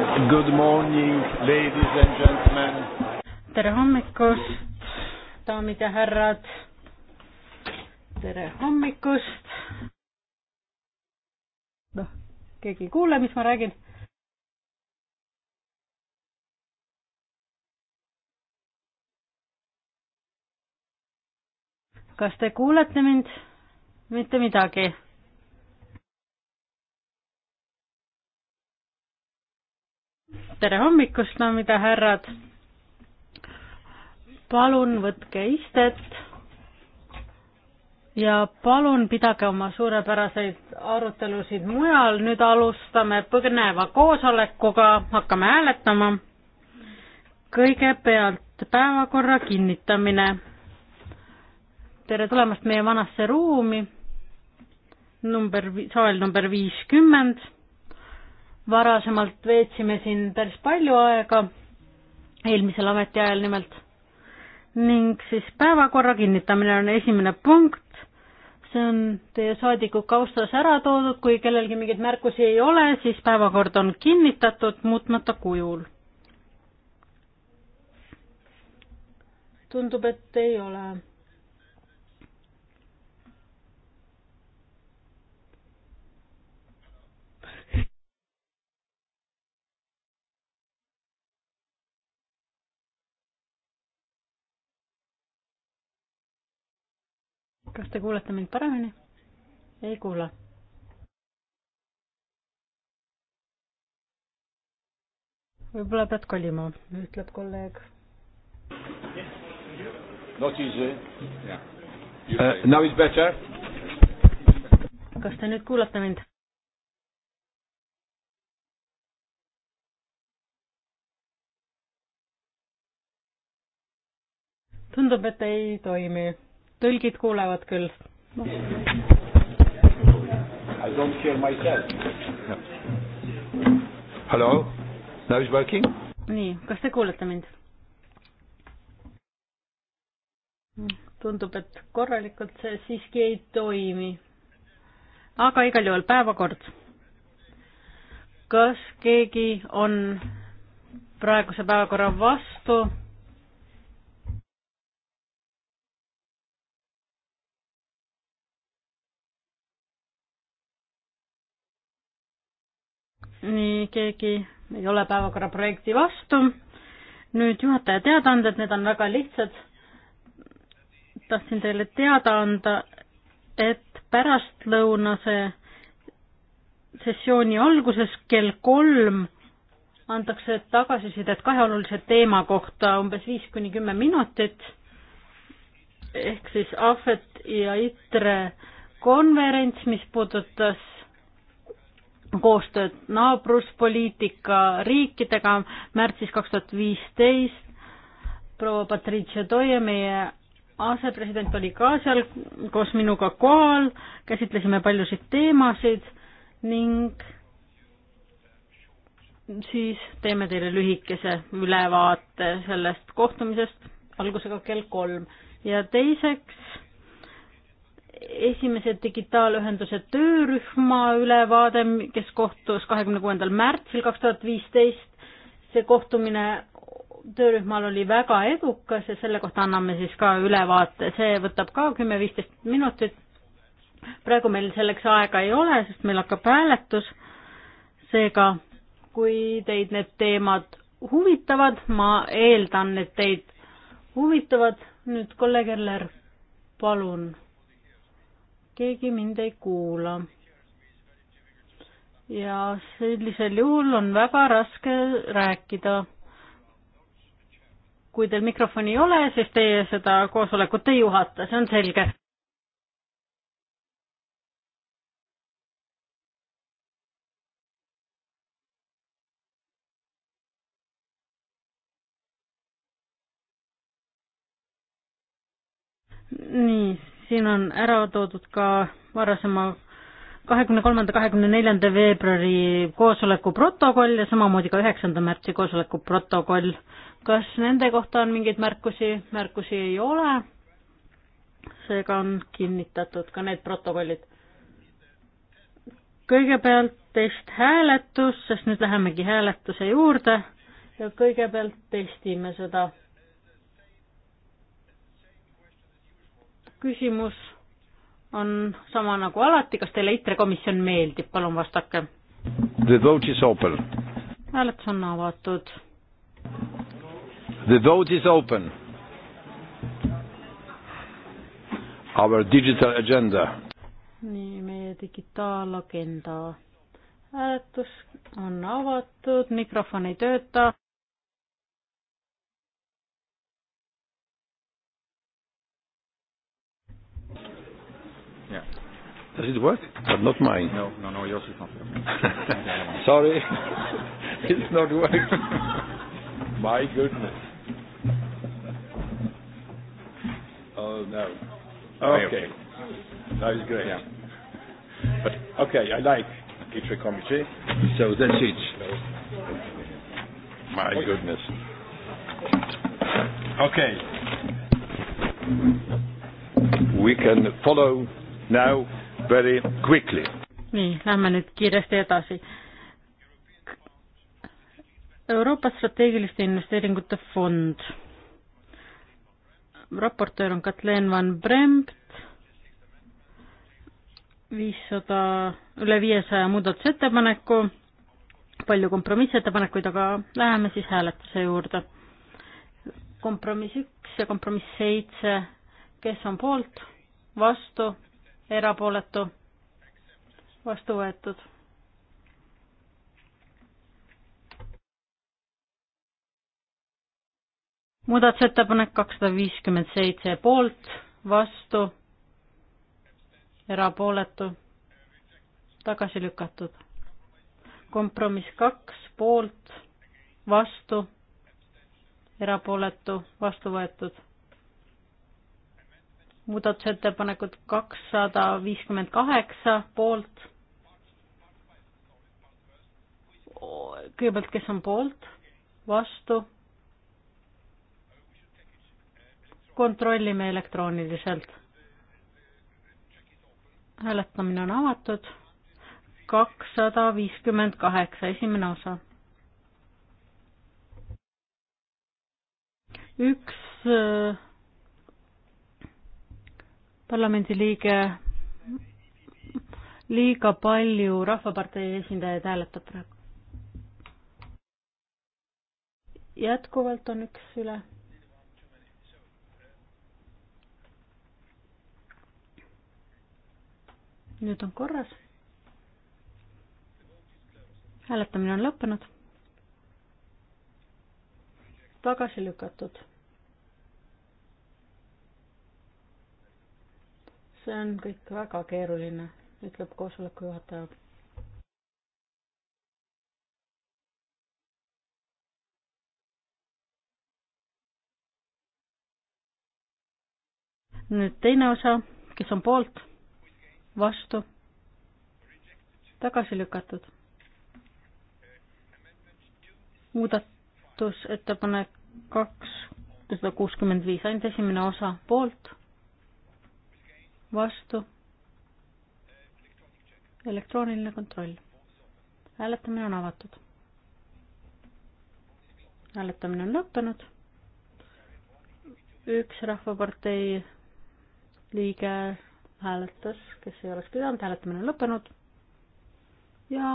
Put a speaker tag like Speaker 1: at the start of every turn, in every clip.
Speaker 1: Good morning, ladies and gentlemen.
Speaker 2: tere hommikust, daamid ja härrad. tere hommikust. noh, keegi ei kuule, mis ma räägin. kas te kuulete mind? mitte midagi tere hommikust, daamid ja härrad. palun võtke istet ja palun pidage oma suurepäraseid arutelusid mujal. nüüd alustame põgneva koosolekuga, hakkame hääletama. kõigepealt päevakorra kinnitamine. tere tulemast meie vanasse ruumi number, saal number viiskümmend varasemalt veetsime siin päris palju aega, eelmisel ametiajal nimelt, ning siis päevakorra kinnitamine on esimene punkt, see on teie saadiku kaustas ära toodud, kui kellelgi mingeid märkusi ei ole, siis päevakord on kinnitatud muutmata kujul. tundub, et ei ole kas te kuulete mind paremini? ei kuule. võib-olla pead kolima, ütleb kolleeg.
Speaker 1: Not easy yeah.. Uh, now it's better.
Speaker 2: kas te nüüd kuulete mind? tundub, et ei toimi tõlgid kuulevad küll no..
Speaker 1: I don't hear myself no.. Hello, now is working?
Speaker 2: nii, kas te kuulete mind? tundub, et korralikult see siiski ei toimi. aga igal juhul päevakord. kas keegi on praeguse päevakorra vastu? nii, keegi ei ole päevakorra projekti vastu. nüüd juhataja teadaanded, need on väga lihtsad. tahtsin teile teada anda, et pärastlõunase sessiooni alguses kell kolm antakse tagasisidet kahe olulise teema kohta umbes viis kuni kümme minutit ehk siis Ahvet ja Itre konverents, mis puudutas koostööd naabruspoliitika riikidega märtsis kaks tuhat viisteist. proua Patricia Toie, meie asepresident oli ka seal koos minuga kohal, käsitlesime paljusid teemasid ning siis teeme teile lühikese ülevaate sellest kohtumisest algusega kell kolm ja teiseks esimese digitaalühenduse töörühma ülevaade, kes kohtus kahekümne kuuendal märtsil kaks tuhat viisteist. see kohtumine töörühmal oli väga edukas ja selle kohta anname siis ka ülevaate, see võtab ka kümme-viisteist minutit. praegu meil selleks aega ei ole, sest meil hakkab hääletus. seega, kui teid need teemad huvitavad, ma eeldan, et teid huvitavad. nüüd kolleeg Eller, palun keegi mind ei kuula. ja sellisel juhul on väga raske rääkida. kui teil mikrofoni ei ole, siis teie seda koosolekut ei juhata, see on selge. nii siin on ära toodud ka varasema kahekümne kolmanda, kahekümne neljanda veebruari koosoleku protokoll ja samamoodi ka üheksanda märtsi koosoleku protokoll. kas nende kohta on mingeid märkusi? märkusi ei ole. seega on kinnitatud ka need protokollid. kõigepealt test hääletus, sest nüüd lähemegi hääletuse juurde ja kõigepealt testime seda küsimus on sama nagu alati, kas teile ITRE komisjon meeldib, palun vastake.
Speaker 1: The vote is open.
Speaker 2: hääletus on avatud.
Speaker 1: The vote is open. Our digital agenda.
Speaker 2: nii, meie digitaalagenda. hääletus on avatud, mikrofon ei tööta.
Speaker 1: Does it work? But not mine. No, no, no, yours is not working. Sorry, it's not working. My goodness. Oh no. Oh, okay, that is great. Yeah. But okay, I like ITRE committee. So that's it. My goodness. Okay. We can follow now very quickly.
Speaker 2: nii, lähme nüüd kiiresti edasi. Euroopa strateegiliste investeeringute fond. raportöör on Katleen Van Brempt, viissada, üle viiesaja muudatusettepaneku, palju kompromissettepanekuid, aga läheme siis hääletuse juurde. kompromiss üks ja kompromiss seitse, kes on poolt, vastu erapooletu, vastu võetud. muudatusettepanek kakssada viiskümmend seitse poolt, vastu, erapooletu, tagasi lükatud. kompromiss kaks poolt, vastu, erapooletu, vastu võetud muudatusettepanekut kakssada viiskümmend kaheksa poolt. kõigepealt, kes on poolt, vastu? kontrollime elektrooniliselt. hääletamine on avatud. kakssada viiskümmend kaheksa, esimene osa. üks äh, parlamendiliige liiga palju Rahvapartei esindajaid hääletab praegu. jätkuvalt on üks üle. nüüd on korras. hääletamine on lõppenud. tagasi lükatud see on kõik väga keeruline, ütleb koosoleku juhataja. nüüd teine osa, kes on poolt, vastu, tagasi lükatud. muudatusettepanek kaks, sada kuuskümmend viis, ainult esimene osa poolt vastu, elektrooniline kontroll. hääletamine on avatud. hääletamine on lõppenud. üks Rahvapartei liige hääletas, kes ei oleks pidanud, hääletamine on lõppenud ja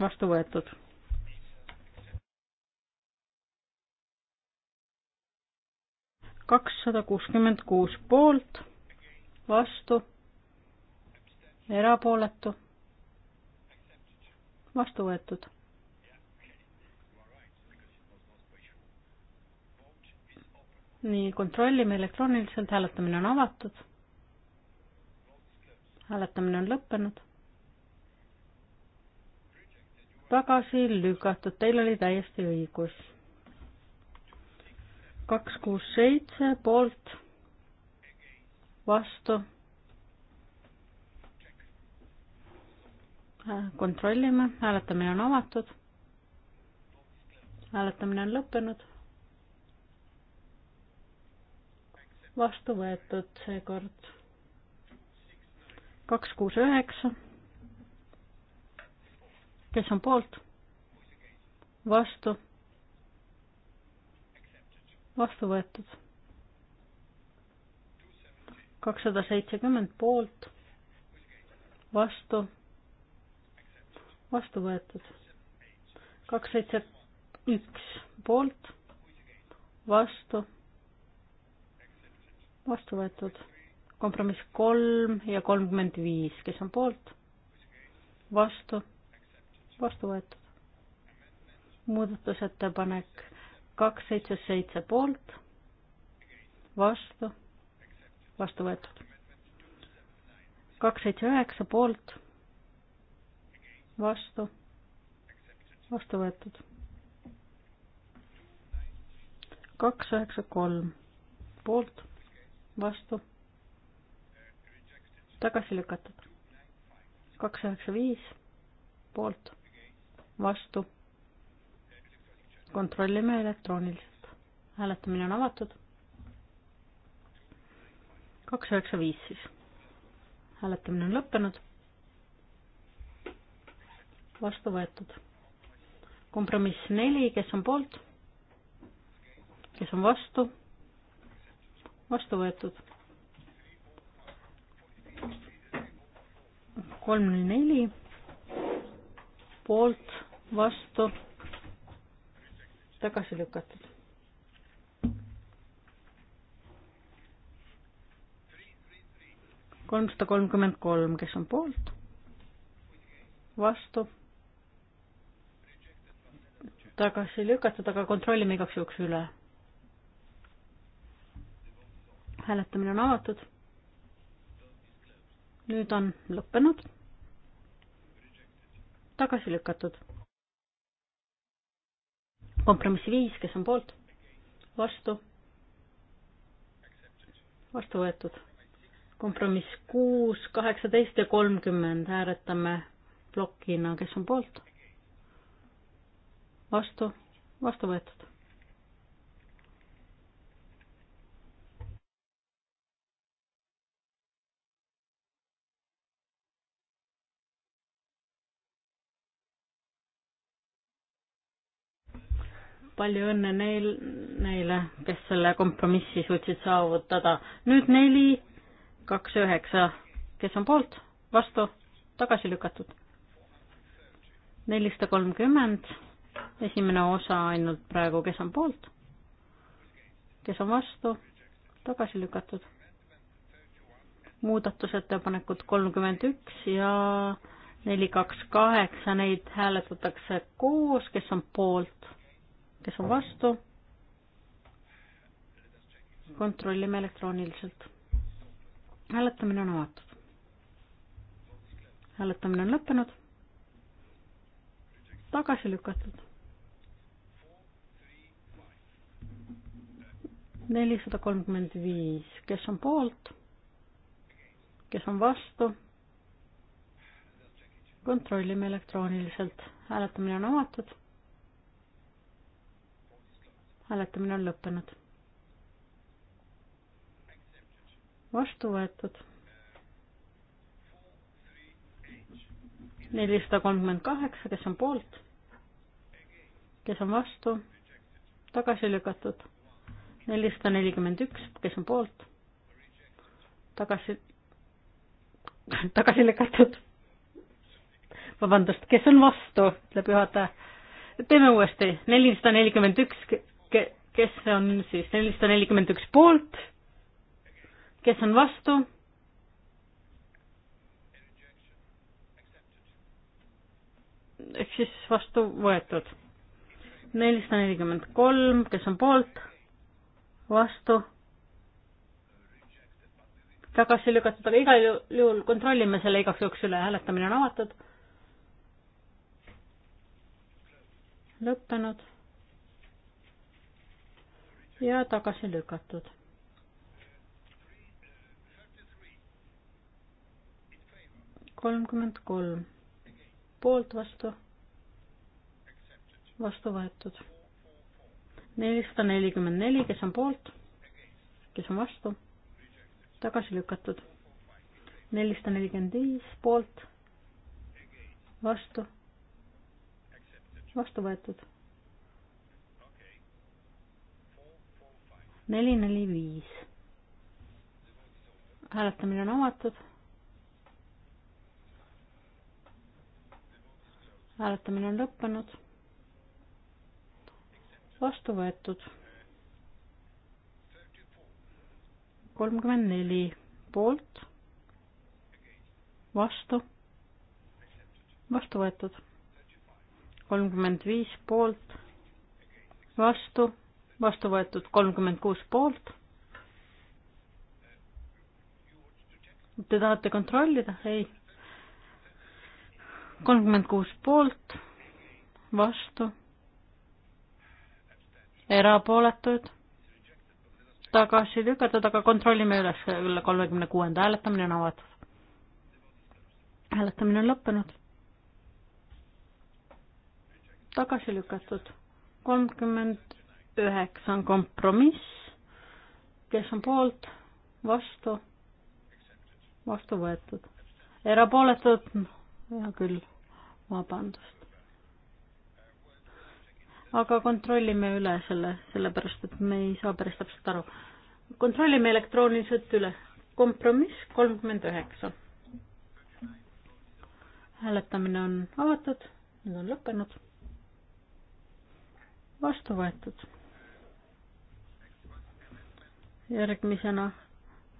Speaker 2: vastu võetud kakssada kuuskümmend kuus poolt, vastu, erapooletu, vastu võetud. nii, kontrollime elektrooniliselt, hääletamine on avatud. hääletamine on lõppenud. tagasi lükatud, teil oli täiesti õigus. kaks, kuus, seitse poolt vastu. kontrollime, hääletamine on avatud. hääletamine on lõppenud. vastu võetud seekord kaks, kuus, üheksa. kes on poolt? vastu? vastu võetud kakssada seitsekümmend poolt, vastu, vastu võetud. kaks seitse üks poolt, vastu, vastu võetud. kompromiss kolm ja kolmkümmend viis, kes on poolt, vastu, vastu võetud. muudatusettepanek kaks seitse seitse poolt, vastu vastu võetud. kaks, seitse, üheksa poolt, vastu, vastu võetud. kaks, üheksa, kolm poolt, vastu, tagasi lükatud. kaks, üheksa, viis poolt, vastu. kontrollime elektrooniliselt. hääletamine on avatud kaks üheksa viis siis. hääletamine on lõppenud. vastu võetud. kompromiss neli, kes on poolt? kes on vastu? vastu võetud. kolm, neli, poolt, vastu, tagasi lükatud. kolmsada kolmkümmend kolm, kes on poolt? vastu? tagasi lükatud, aga kontrollime igaks juhuks üle. hääletamine on avatud. nüüd on lõppenud. tagasi lükatud. kompromiss viis, kes on poolt? vastu? vastu võetud kompromiss kuus, kaheksateist ja kolmkümmend hääletame plokina, kes on poolt? vastu, vastu võetud. palju õnne neil, neile, kes selle kompromissi suutsid saavutada. nüüd neli kaks üheksa, kes on poolt, vastu, tagasi lükatud. nelisada kolmkümmend, esimene osa ainult praegu, kes on poolt, kes on vastu, tagasi lükatud. muudatusettepanekud kolmkümmend üks ja neli, kaks, kaheksa, neid hääletatakse koos, kes on poolt, kes on vastu. kontrollime elektrooniliselt hääletamine on avatud. hääletamine on lõppenud. tagasi lükatud. nelisada kolmkümmend viis, kes on poolt, kes on vastu. kontrollime elektrooniliselt, hääletamine on avatud. hääletamine on lõppenud vastu võetud. nelisada kolmkümmend kaheksa, kes on poolt, kes on vastu, tagasi lükatud. nelisada nelikümmend üks, kes on poolt, tagasi, tagasi lükatud. vabandust, kes on vastu, ütleb juhataja. teeme uuesti, nelisada nelikümmend üks, kes on siis nelisada nelikümmend üks poolt kes on vastu? ehk siis vastu võetud. nelisada nelikümmend kolm, kes on poolt, vastu, tagasi lükatud, aga igal juhul kontrollime selle igaks juhuks üle, hääletamine on avatud. lõppenud ja tagasi lükatud kolmkümmend kolm poolt vastu, vastu võetud. nelisada nelikümmend neli, kes on poolt, kes on vastu, tagasi lükatud. nelisada nelikümmend viis poolt, vastu, vastu võetud. neli, neli, viis. hääletamine on avatud hääletamine on lõppenud. vastu võetud. kolmkümmend neli poolt, vastu, vastu võetud. kolmkümmend viis poolt, vastu, vastu võetud kolmkümmend kuus poolt Te tahate kontrollida? ei kolmkümmend kuus poolt, vastu, erapooletud, tagasi lükatud, aga kontrollime üles, üle kolmekümne kuuenda hääletamine on avatud. hääletamine on lõppenud. tagasi lükatud, kolmkümmend üheksa on kompromiss, kes on poolt, vastu, vastu võetud erapooletud hea küll, vabandust. aga kontrollime üle selle, sellepärast et me ei saa päris täpselt aru. kontrollime elektrooniliselt üle. kompromiss kolmkümmend üheksa. hääletamine on avatud, nüüd on lõppenud. vastu võetud. järgmisena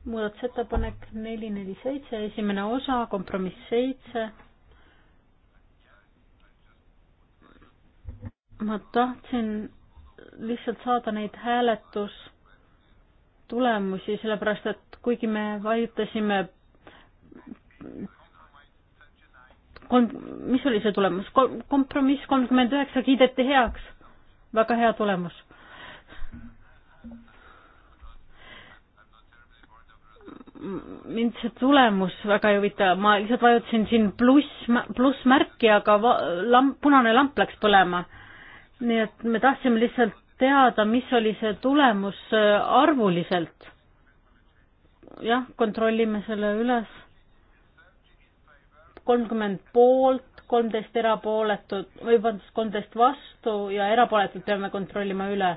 Speaker 2: muudatusettepanek neli, neli, seitse, esimene osa, kompromiss seitse ma tahtsin lihtsalt saada neid hääletustulemusi, sellepärast et kuigi me vajutasime kolm, mis oli see tulemus, kompromiss kolmkümmend üheksa kiideti heaks, väga hea tulemus. mind see tulemus väga ei huvita, ma lihtsalt vajutasin siin pluss, plussmärki, aga va, lamp, punane lamp läks põlema nii et me tahtsime lihtsalt teada, mis oli see tulemus äh, arvuliselt. jah, kontrollime selle üles. kolmkümmend poolt, kolmteist erapooletut või vabandust, kolmteist vastu ja erapooletut peame kontrollima üle.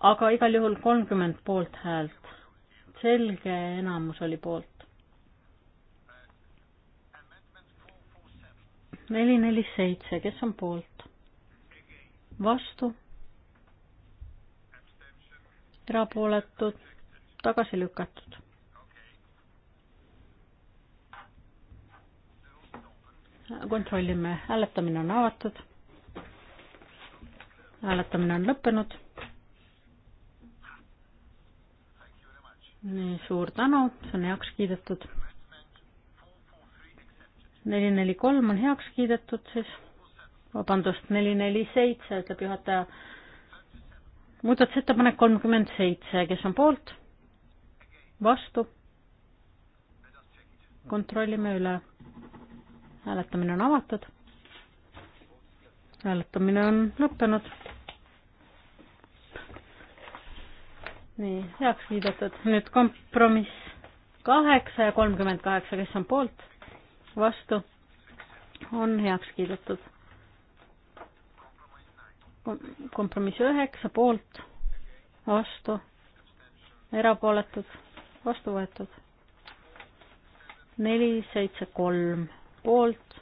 Speaker 2: aga igal juhul kolmkümmend poolthäält. selge enamus oli poolt. neli, neli, seitse, kes on poolt? vastu? erapooletud, tagasi lükatud. kontrollime, hääletamine on avatud. hääletamine on lõppenud. nii, suur tänu, see on heaks kiidetud neli, neli, kolm on heaks kiidetud siis, vabandust, neli, neli, seitse, ütleb juhataja. muudatusettepanek kolmkümmend seitse, kes on poolt? vastu? kontrollime üle. hääletamine on avatud. hääletamine on lõppenud. nii, heaks kiidetud. nüüd kompromiss kaheksa ja kolmkümmend kaheksa, kes on poolt? vastu on heaks kiidetud. kompromiss üheksa poolt, vastu, erapooletud, vastu võetud. neli, seitse, kolm poolt,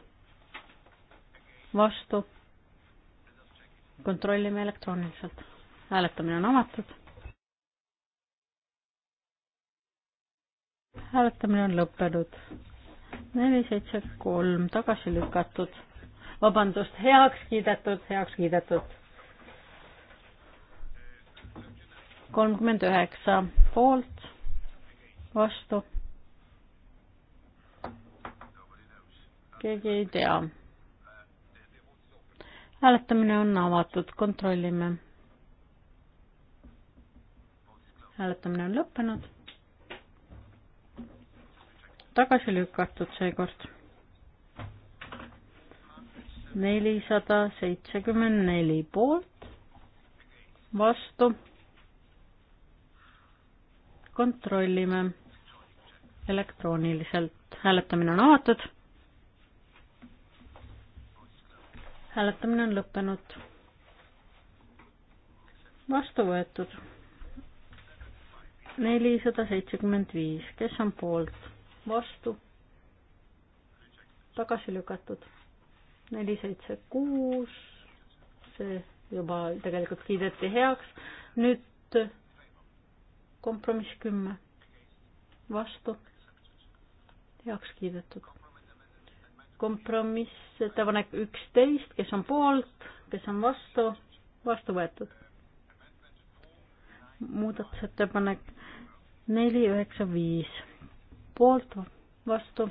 Speaker 2: vastu. kontrollime elektrooniliselt. hääletamine on avatud. hääletamine on lõppenud neli, seitse, kolm tagasi lükatud, vabandust, heaks kiidetud, heaks kiidetud. kolmkümmend üheksa poolt, vastu. keegi ei tea. hääletamine on avatud, kontrollime. hääletamine on lõppenud tagasi lükatud seekord. nelisada seitsekümmend neli poolt, vastu. kontrollime elektrooniliselt, hääletamine on avatud. hääletamine on lõppenud. vastu võetud nelisada seitsekümmend viis, kes on poolt? vastu, tagasi lükatud. neli, seitse, kuus, see juba tegelikult kiideti heaks. nüüd kompromiss kümme, vastu, heaks kiidetud. kompromissettepanek üksteist, kes on poolt, kes on vastu, vastu võetud. muudatusettepanek neli, üheksa, viis poolt, vastu.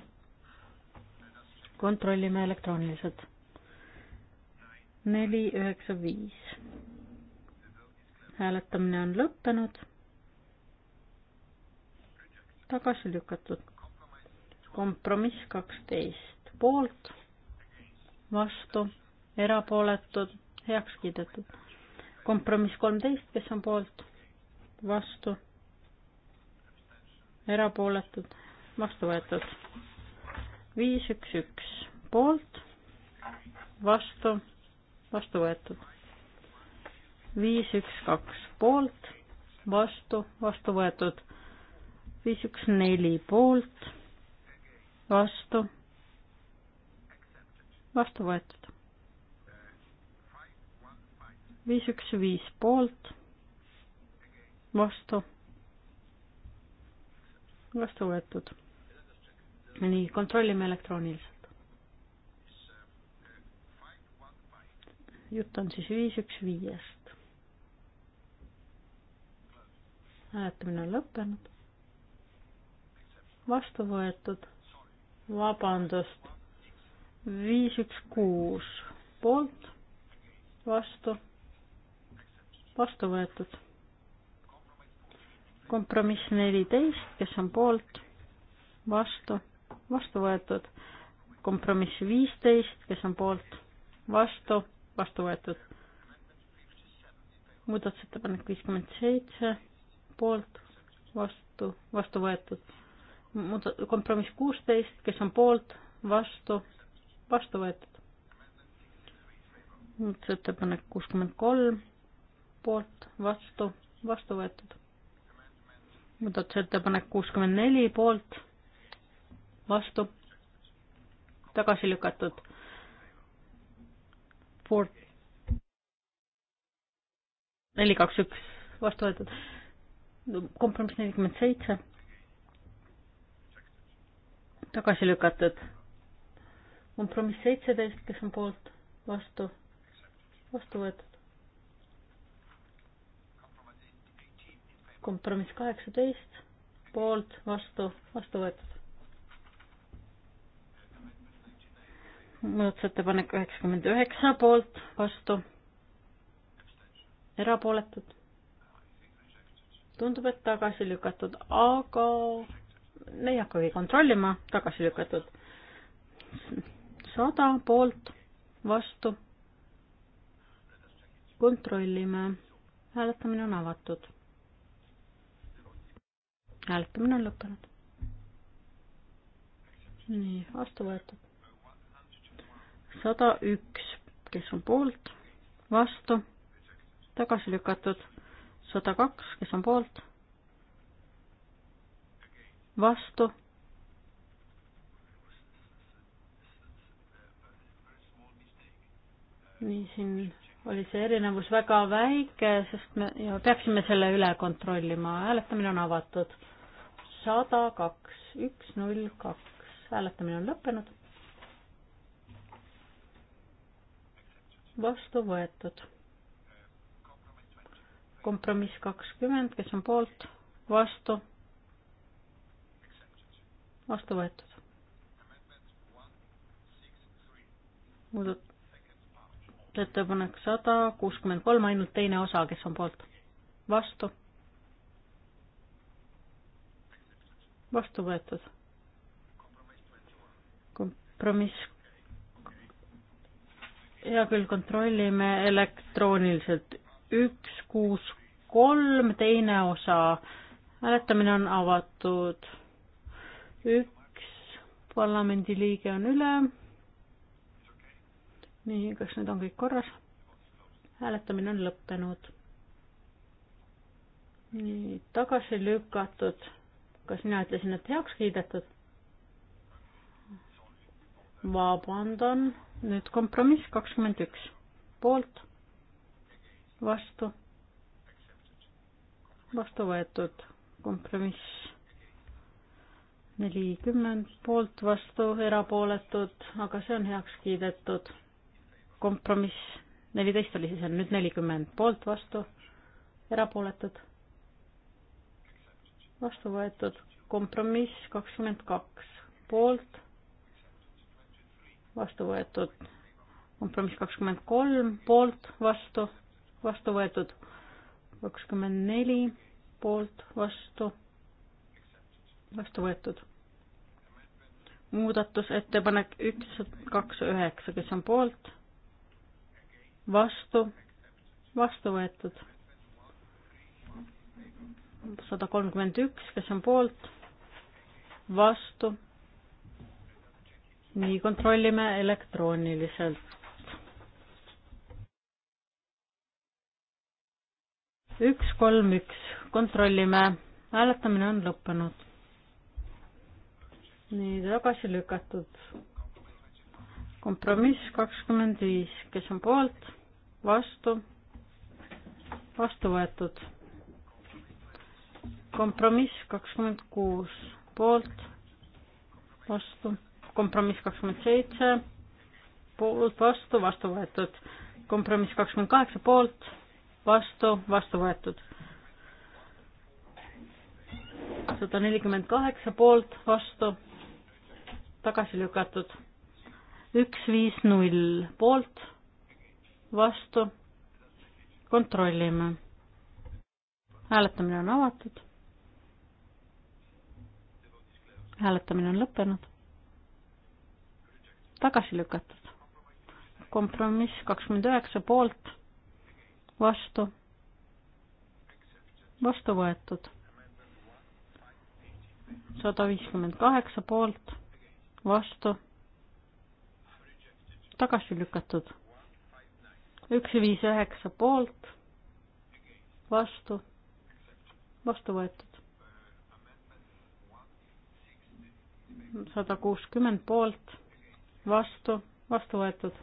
Speaker 2: kontrollime elektrooniliselt. neli, üheksa, viis. hääletamine on lõppenud. tagasi lükatud. kompromiss kaksteist poolt, vastu, erapooletud, heaks kiidetud. kompromiss kolmteist, kes on poolt, vastu erapooletud, vastu võetud. viis, üks, üks poolt, vastu, vastu võetud. viis, üks, kaks poolt, vastu, vastu võetud. viis, üks, neli poolt, vastu, vastu võetud. viis, üks, viis poolt, vastu, vastu võetud nii, kontrollime elektrooniliselt. jutt on siis viis üks viiest. hääletamine on lõppenud. vastu võetud. vabandust. viis üks kuus poolt, vastu, vastu võetud. kompromiss neliteist, kes on poolt, vastu vastu võetud. kompromiss viisteist, kes on poolt, vastu, vastu võetud. muudatusettepanek viiskümmend seitse, poolt, vastu, vastu võetud. muuda-, kompromiss kuusteist, kes on poolt, vastu, vastu võetud. muudatusettepanek kuuskümmend kolm, poolt, vastu, vastu võetud. muudatusettepanek kuuskümmend neli, poolt vastu, tagasi lükatud. Ford neli, kaks, üks, vastu võetud. kompromiss nelikümmend seitse, tagasi lükatud. kompromiss seitseteist, kes on poolt, vastu, vastu võetud. kompromiss kaheksateist, poolt, vastu, vastu võetud muudatusettepanek üheksakümmend üheksa poolt, vastu, erapooletud. tundub, et tagasi lükatud, aga me ei hakkagi kontrollima, tagasi lükatud. sada poolt, vastu. kontrollime, hääletamine on avatud. hääletamine on lõppenud. nii, vastu võetud sada üks, kes on poolt, vastu, tagasi lükatud, sada kaks, kes on poolt, vastu nii siin oli see erinevus väga väike, sest me ja peaksime selle üle kontrollima, hääletamine on avatud. sada kaks, üks, null, kaks, hääletamine on lõppenud. vastu võetud. kompromiss kakskümmend, kes on poolt, vastu, vastu võetud. muudatusettepanek sada kuuskümmend kolm, ainult teine osa, kes on poolt, vastu, vastu võetud. kompromiss hea küll, kontrollime elektrooniliselt. üks, kuus, kolm, teine osa. hääletamine on avatud. üks parlamendiliige on üle. nii, kas nüüd on kõik korras? hääletamine on lõppenud. nii, tagasi lükatud. kas mina ütlesin, et heaks kiidetud? vabandan, nüüd kompromiss kakskümmend üks, poolt, vastu, vastu võetud kompromiss nelikümmend poolt, vastu, erapooletud, aga see on heaks kiidetud. kompromiss neliteist oli siis, on nüüd nelikümmend poolt, vastu, erapooletud, vastu võetud, kompromiss kakskümmend kaks poolt vastu võetud. kompromiss kakskümmend kolm poolt, vastu, vastu võetud. kakskümmend neli poolt, vastu, vastu võetud. muudatusettepanek üks, kaks, üheksa, kes on poolt, vastu, vastu võetud. sada kolmkümmend üks, kes on poolt, vastu nii, kontrollime elektrooniliselt. üks, kolm, üks, kontrollime, hääletamine on lõppenud. nii, tagasi lükatud. kompromiss kakskümmend viis, kes on poolt, vastu, vastu võetud. kompromiss kakskümmend kuus, poolt, vastu kompromiss kakskümmend seitse, poolt, vastu, vastu võetud. kompromiss kakskümmend kaheksa, poolt, vastu, vastu võetud. sada nelikümmend kaheksa poolt, vastu, tagasi lükatud. üks, viis, null poolt, vastu, kontrollime. hääletamine on avatud hääletamine on lõppenud tagasi lükatud. kompromiss kakskümmend üheksa poolt, vastu, vastu võetud. sada viiskümmend kaheksa poolt, vastu, tagasi lükatud. üks viis üheksa poolt, vastu, vastu võetud. sada kuuskümmend poolt vastu, vastu võetud.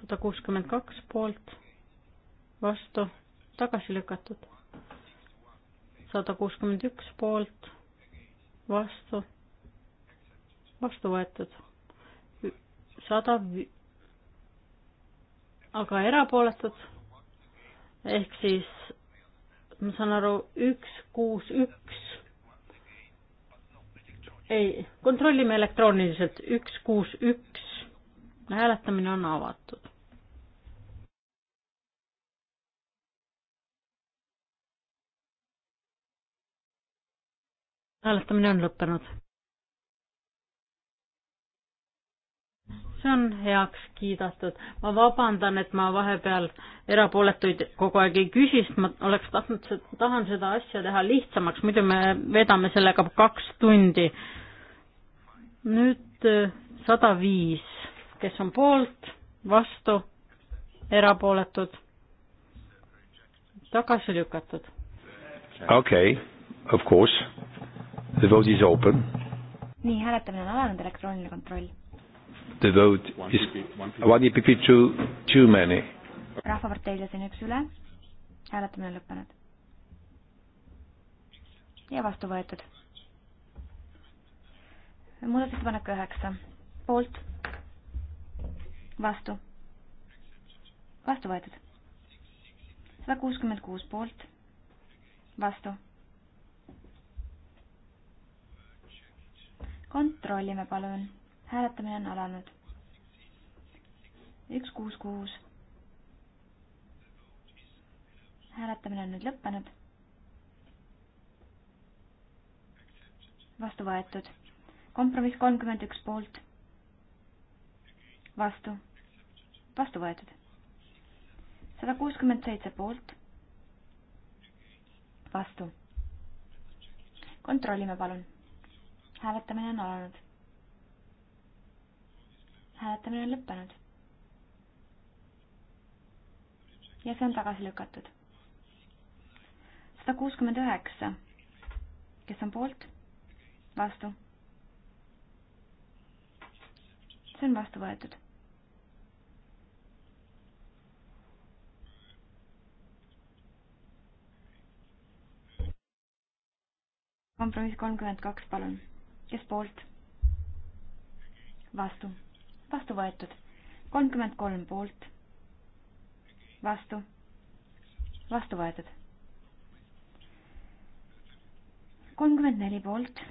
Speaker 2: sada kuuskümmend kaks poolt, vastu, tagasi lükatud. sada kuuskümmend üks poolt, vastu, vastu võetud. sada vi-, aga erapooletud, ehk siis ma saan aru, üks, kuus, üks ei, kontrollime elektrooniliselt, üks, kuus, üks. hääletamine on avatud. hääletamine on lõppenud see on heaks kiidetud. ma vabandan, et ma vahepeal erapooletuid kogu aeg ei küsi, sest ma oleks tahtnud, tahan seda asja teha lihtsamaks, muidu me veedame sellega kaks tundi. nüüd äh, sada viis, kes on poolt, vastu, erapooletud, tagasi lükatud.
Speaker 1: okei okay,, of course, the vote is open.
Speaker 3: nii, hääletamine on alanud, elektrooniline kontroll
Speaker 1: The vote one is EPP, one EPP e too, too many.
Speaker 3: rahvaparteil on üks üle, hääletamine lõppenud. ja vastu võetud. muudatusettepanek üheksa, poolt, vastu, vastu võetud. sada kuuskümmend kuus poolt, vastu kontrollime palun hääletamine on alanud. üks, kuus, kuus. hääletamine on nüüd lõppenud. vastu võetud. kompromiss kolmkümmend üks poolt. vastu. vastu võetud. sada kuuskümmend seitse poolt. vastu. kontrollime palun. hääletamine on alanud hääletamine on lõppenud. ja see on tagasi lükatud. sada kuuskümmend üheksa. kes on poolt? vastu. see on vastu võetud kompromiss kolmkümmend kaks, palun. kes poolt? vastu vastu võetud. kolmkümmend kolm poolt, vastu, vastu võetud. kolmkümmend neli poolt,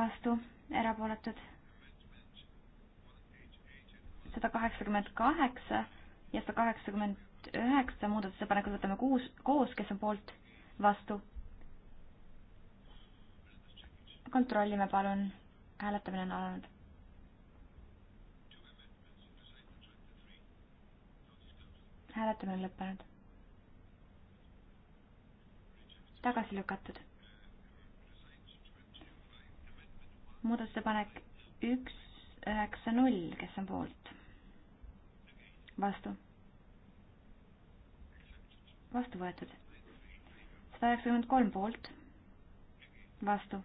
Speaker 3: vastu, erapooletud. sada kaheksakümmend kaheksa ja sada kaheksakümmend üheksa muudatusettepanekut võtame kuus, koos, kes on poolt, vastu. kontrollime palun, hääletamine on alanud hääletamine lõppenud. tagasi lükatud. muudatusepanek üks üheksa null, kes on poolt? vastu. vastu võetud. sada üheksakümmend kolm poolt. vastu.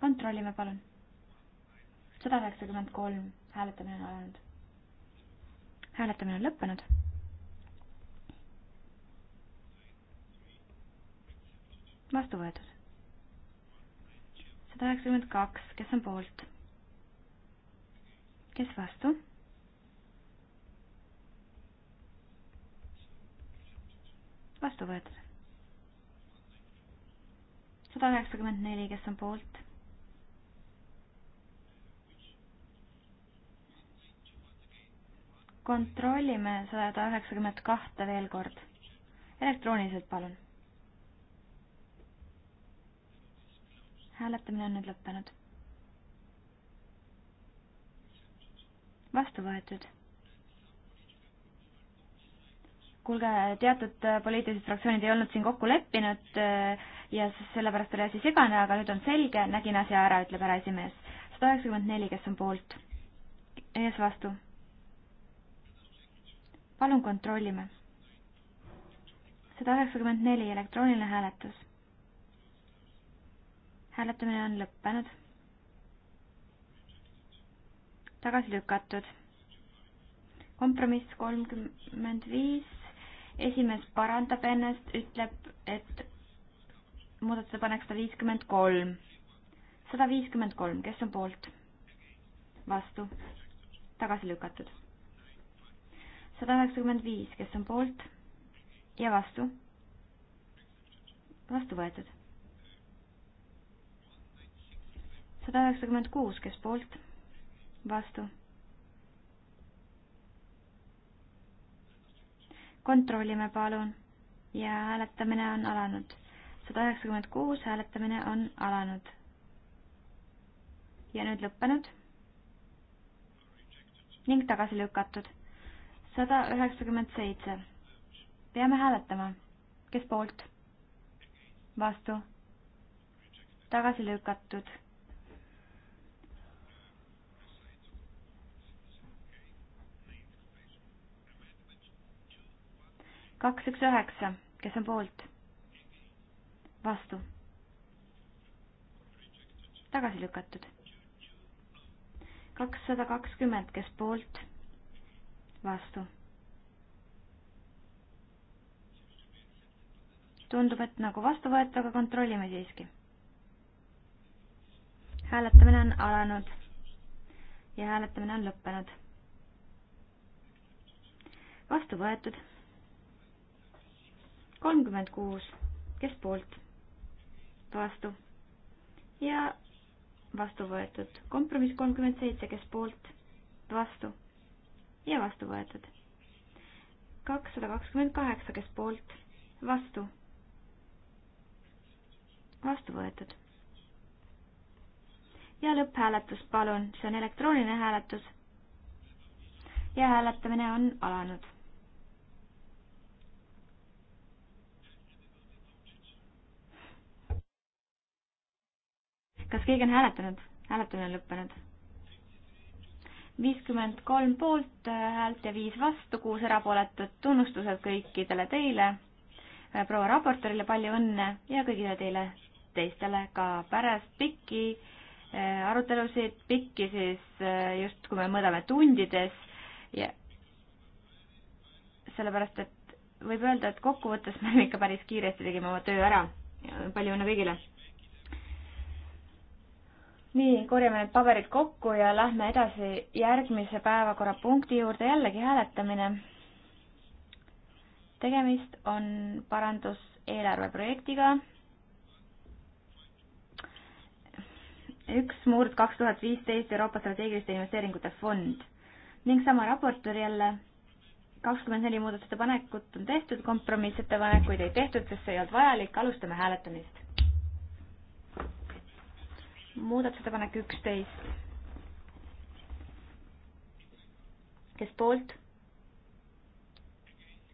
Speaker 3: kontrollime, palun. sada üheksakümmend kolm, hääletamine on alanud hääletamine on lõppenud. vastu võetud. sada üheksakümmend kaks, kes on poolt? kes vastu? vastu võetud. sada üheksakümmend neli, kes on poolt? kontrollime sada üheksakümmend kahte veel kord. elektrooniliselt, palun. hääletamine on nüüd lõppenud. vastu võetud. kuulge, teatud poliitilised fraktsioonid ei olnud siin kokku leppinud äh, ja sellepärast oli asi segane, aga nüüd on selge, nägin asja ära, ütleb härra esimees. sada üheksakümmend neli, kes on poolt? ees vastu palun kontrollime. sada üheksakümmend neli, elektrooniline hääletus. hääletamine on lõppenud. tagasi lükatud. kompromiss kolmkümmend viis, esimees parandab ennast, ütleb, et muudatusepanek sada viiskümmend kolm. sada viiskümmend kolm, kes on poolt? vastu. tagasi lükatud sada üheksakümmend viis, kes on poolt ja vastu? vastu võetud. sada üheksakümmend kuus, kes poolt? vastu. kontrollime palun ja hääletamine on alanud. sada üheksakümmend kuus, hääletamine on alanud. ja nüüd lõppenud ning tagasi lükatud sada üheksakümmend seitse. peame hääletama. kes poolt? vastu? tagasi lükatud. kaks, üks, üheksa, kes on poolt? vastu? tagasi lükatud. kakssada kakskümmend, kes poolt? vastu. tundub, et nagu vastu võetud, aga kontrollime siiski. hääletamine on alanud ja hääletamine on lõppenud. vastu võetud. kolmkümmend kuus, kes poolt? vastu. ja vastu võetud. kompromiss kolmkümmend seitse, kes poolt? vastu ja vastu võetud. kakssada kakskümmend kaheksa, kes poolt, vastu, vastu võetud. ja lõpphääletus, palun, see on elektrooniline hääletus. ja hääletamine on alanud. kas keegi on hääletanud? hääletamine on lõppenud viiskümmend kolm poolt äh, häält ja viis vastu, kuus erapooletut. tunnustused kõikidele teile, äh, proua raportöörile palju õnne ja kõigile teile teistele ka pärast pikki äh, arutelusid, pikki siis just, kui me mõõdame tundides ja sellepärast, et võib öelda, et kokkuvõttes me ikka päris kiiresti tegime oma töö ära. palju õnne kõigile! nii, korjame need paberid kokku ja lähme edasi järgmise päevakorrapunkti juurde, jällegi hääletamine. tegemist on paranduseelarve projektiga. üks murd kaks tuhat viisteist Euroopa strateegiliste investeeringute fond ning sama raportöör jälle. kakskümmend neli muudatusettepanekut on tehtud, kompromissettepanekuid ei tehtud, sest see ei olnud vajalik, alustame hääletamist muudatusettepanek üksteist. kes poolt?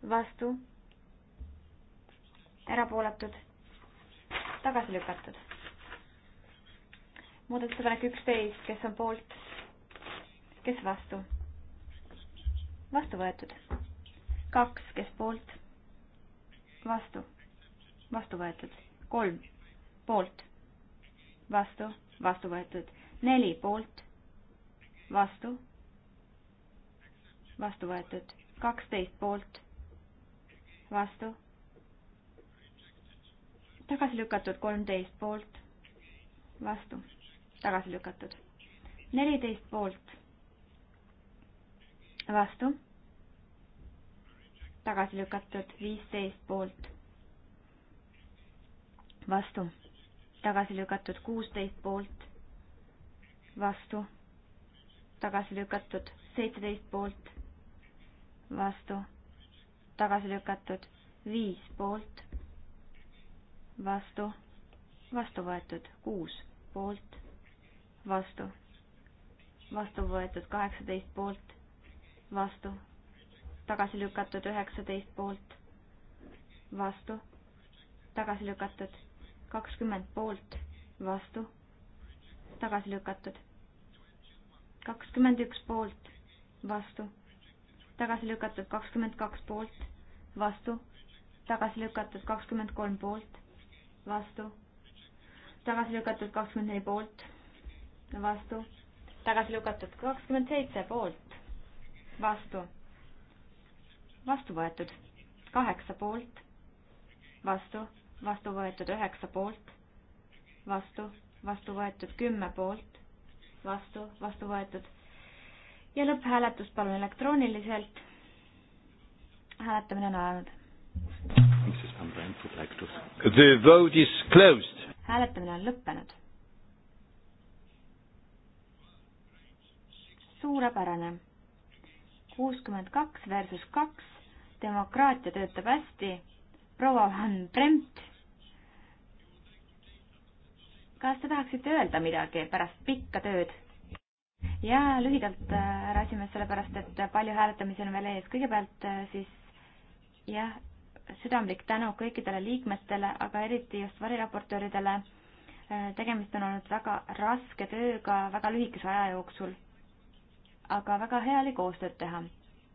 Speaker 3: vastu? erapooletud? tagasi lükatud? muudatusettepanek üksteist, kes on poolt? kes vastu? vastu võetud. kaks, kes poolt? vastu, vastu võetud. kolm, poolt, vastu vastu võetud. neli poolt, vastu, vastu võetud. kaksteist poolt, vastu, tagasi lükatud. kolmteist poolt, vastu, tagasi lükatud. neliteist poolt, vastu, tagasi lükatud. viisteist poolt, vastu tagasi lükatud kuusteist poolt, vastu, tagasi lükatud seitseteist poolt, vastu, tagasi lükatud viis poolt, vastu, vastu võetud kuus poolt, vastu, vastu võetud kaheksateist poolt, vastu, tagasi lükatud üheksateist poolt, vastu, tagasi lükatud kakskümmend poolt, vastu, tagasi lükatud. kakskümmend üks poolt, vastu, tagasi lükatud, kakskümmend kaks poolt, vastu, tagasi lükatud, kakskümmend kolm poolt, vastu, tagasi lükatud, kakskümmend neli poolt, vastu, tagasi lükatud, kakskümmend seitse poolt, vastu, vastu võetud, kaheksa poolt, vastu vastu võetud üheksa poolt, vastu, vastu võetud kümme poolt, vastu, vastu võetud. ja lõpphääletus palun elektrooniliselt. hääletamine on alanud.
Speaker 1: The vote is
Speaker 3: closed. hääletamine on lõppenud. suurepärane. kuuskümmend kaks versus kaks, demokraatia töötab hästi proua Van Bremt kas te tahaksite öelda midagi pärast pikka tööd? ja lühidalt, äh, härra esimees, sellepärast et palju hääletamisi on veel ees. kõigepealt äh, siis jah, südamlik tänu kõikidele liikmetele, aga eriti just variraportööridele. Äh, tegemist on olnud väga raske tööga väga lühikese aja jooksul. aga väga hea oli koostööd teha.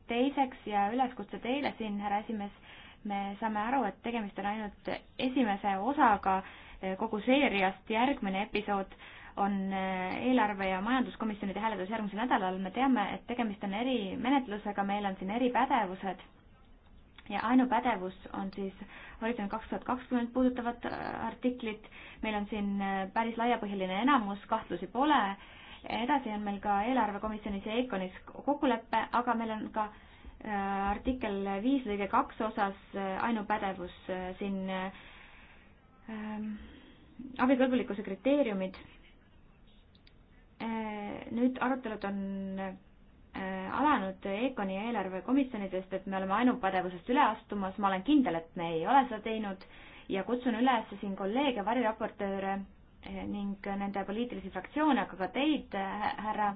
Speaker 3: teiseks ja üleskutse teile siin, härra esimees, me saame aru, et tegemist on ainult esimese osaga kogu seeriast. järgmine episood on äh, eelarve- ja majanduskomisjonide hääletus järgmisel nädalal. me teame, et tegemist on erimenetlusega, meil on siin eripädevused ja ainupädevus on siis Horisont kaks tuhat kakskümmend puudutavat äh, artiklit. meil on siin äh, päris laiapõhjaline enamus, kahtlusi pole. edasi on meil ka eelarvekomisjonis ja EKONis kokkulepe, aga meil on ka artikkel viis lõige kaks osas ainupädevus siin äh, Ähm, abikõlbulikkuse kriteeriumid. Äh, nüüd arutelud on äh, alanud EKONi eelarvekomisjonidest, et me oleme ainupädevusest üle astumas, ma olen kindel, et me ei ole seda teinud ja kutsun üles siin kolleege, variraportööre äh, ning nende poliitilisi fraktsioone, aga ka teid, härra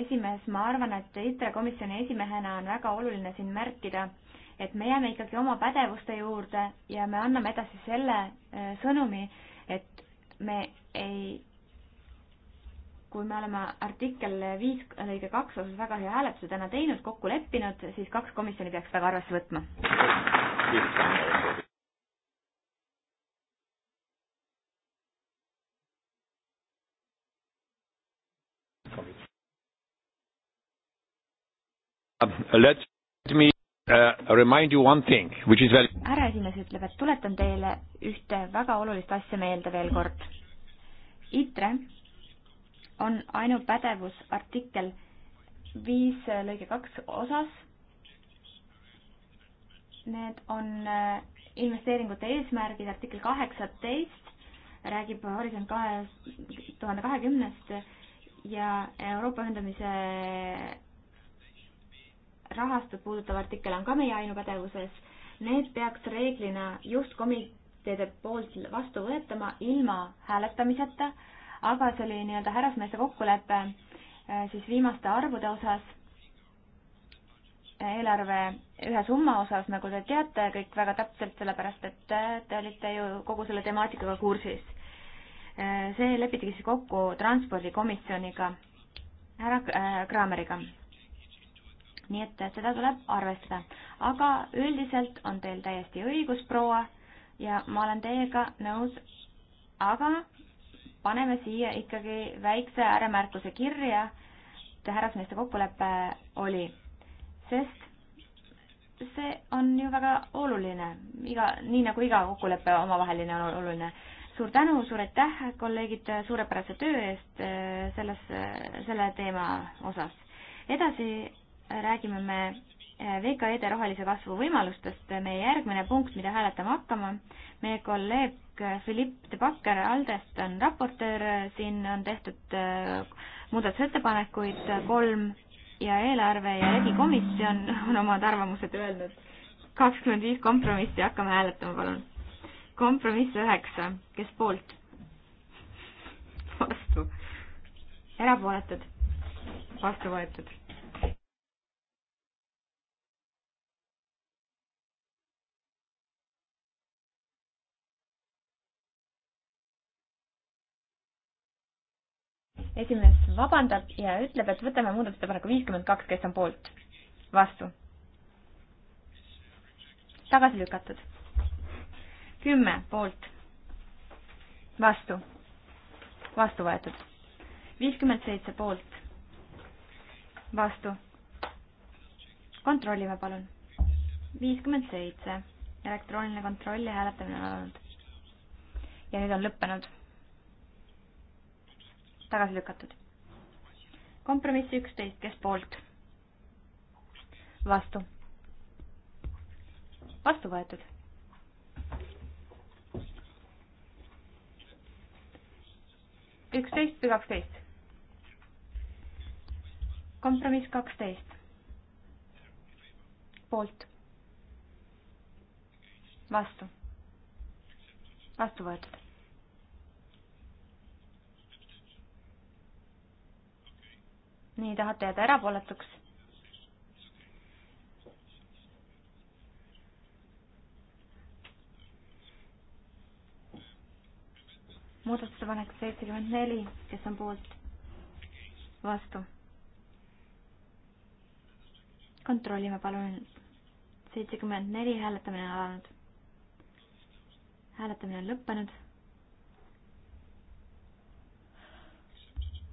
Speaker 3: esimees, ma arvan, et ITRE komisjoni esimehena on väga oluline siin märkida äh, et me jääme ikkagi oma pädevuste juurde ja me anname edasi selle äh, sõnumi, et me ei, kui me oleme artikkel viis lõige kaks osas väga hea hääletuse täna teinud, kokku leppinud, siis kaks komisjoni peaks väga arvesse võtma.
Speaker 1: Let me uh, remind you one thing, which is very
Speaker 3: härra esimees ütleb, et tuletan teile ühte väga olulist asja meelde veel kord. ITRE on ainupädevus artikkel viis äh, lõige kaks osas. Need on äh, investeeringute eesmärgid, artikkel kaheksateist räägib Horisont kahe tuhande kahekümnest ja Euroopa ühendamise rahastut puudutav artikkel on ka meie ainupädevuses. Need peaks reeglina juhtkomiteede poolt vastu võetama ilma hääletamiseta, aga see oli nii-öelda härrasmeeste kokkulepe äh, siis viimaste arvude osas, äh, eelarve ühe summa osas, nagu te teate kõik väga täpselt, sellepärast et äh, te olite ju kogu selle temaatikaga kursis. see lepitigi siis kokku transpordikomisjoniga, härra Kraameriga nii et seda tuleb arvestada. aga üldiselt on teil täiesti õigus, proua, ja ma olen teiega nõus, aga paneme siia ikkagi väikse ääremärkuse kirja, et härrasmeeste kokkulepe oli, sest see on ju väga oluline, iga, nii nagu iga kokkulepe omavaheline on oluline suur tänu, suur aitäh, kolleegid, suurepärase töö eest eh, selles, eh, selle teema osas. edasi räägime me äh, VKE-de rohelise kasvu võimalustest, meie järgmine punkt, mida hääletama hakkama. meie kolleeg Philipp de Backer Aldest on raportöör, siin on tehtud äh, muudatusettepanekuid kolm ja eelarve ja regikomisjon on omad arvamused öelnud. kakskümmend viis kompromissi, hakkame hääletama, palun. kompromiss üheksa, kes poolt? vastu. erapooletud? vastu võetud esimees vabandab ja ütleb, et võtame muudatusettepaneku viiskümmend kaks, kes on poolt, vastu. tagasi lükatud. kümme poolt, vastu, vastu võetud. viiskümmend seitse poolt, vastu. kontrollime palun. viiskümmend seitse, elektrooniline kontroll ja hääletamine on olnud. ja nüüd on lõppenud tagasi lükatud. kompromiss üksteist, kes poolt? vastu. vastu võetud. üksteist või kaksteist? kompromiss kaksteist. poolt. vastu.
Speaker 2: vastu võetud.
Speaker 3: nii, tahate jääda erapooletuks? muudatusepanek seitsekümmend neli, kes on poolt? vastu. kontrollime palun. seitsekümmend neli, hääletamine on alanud. hääletamine on lõppenud.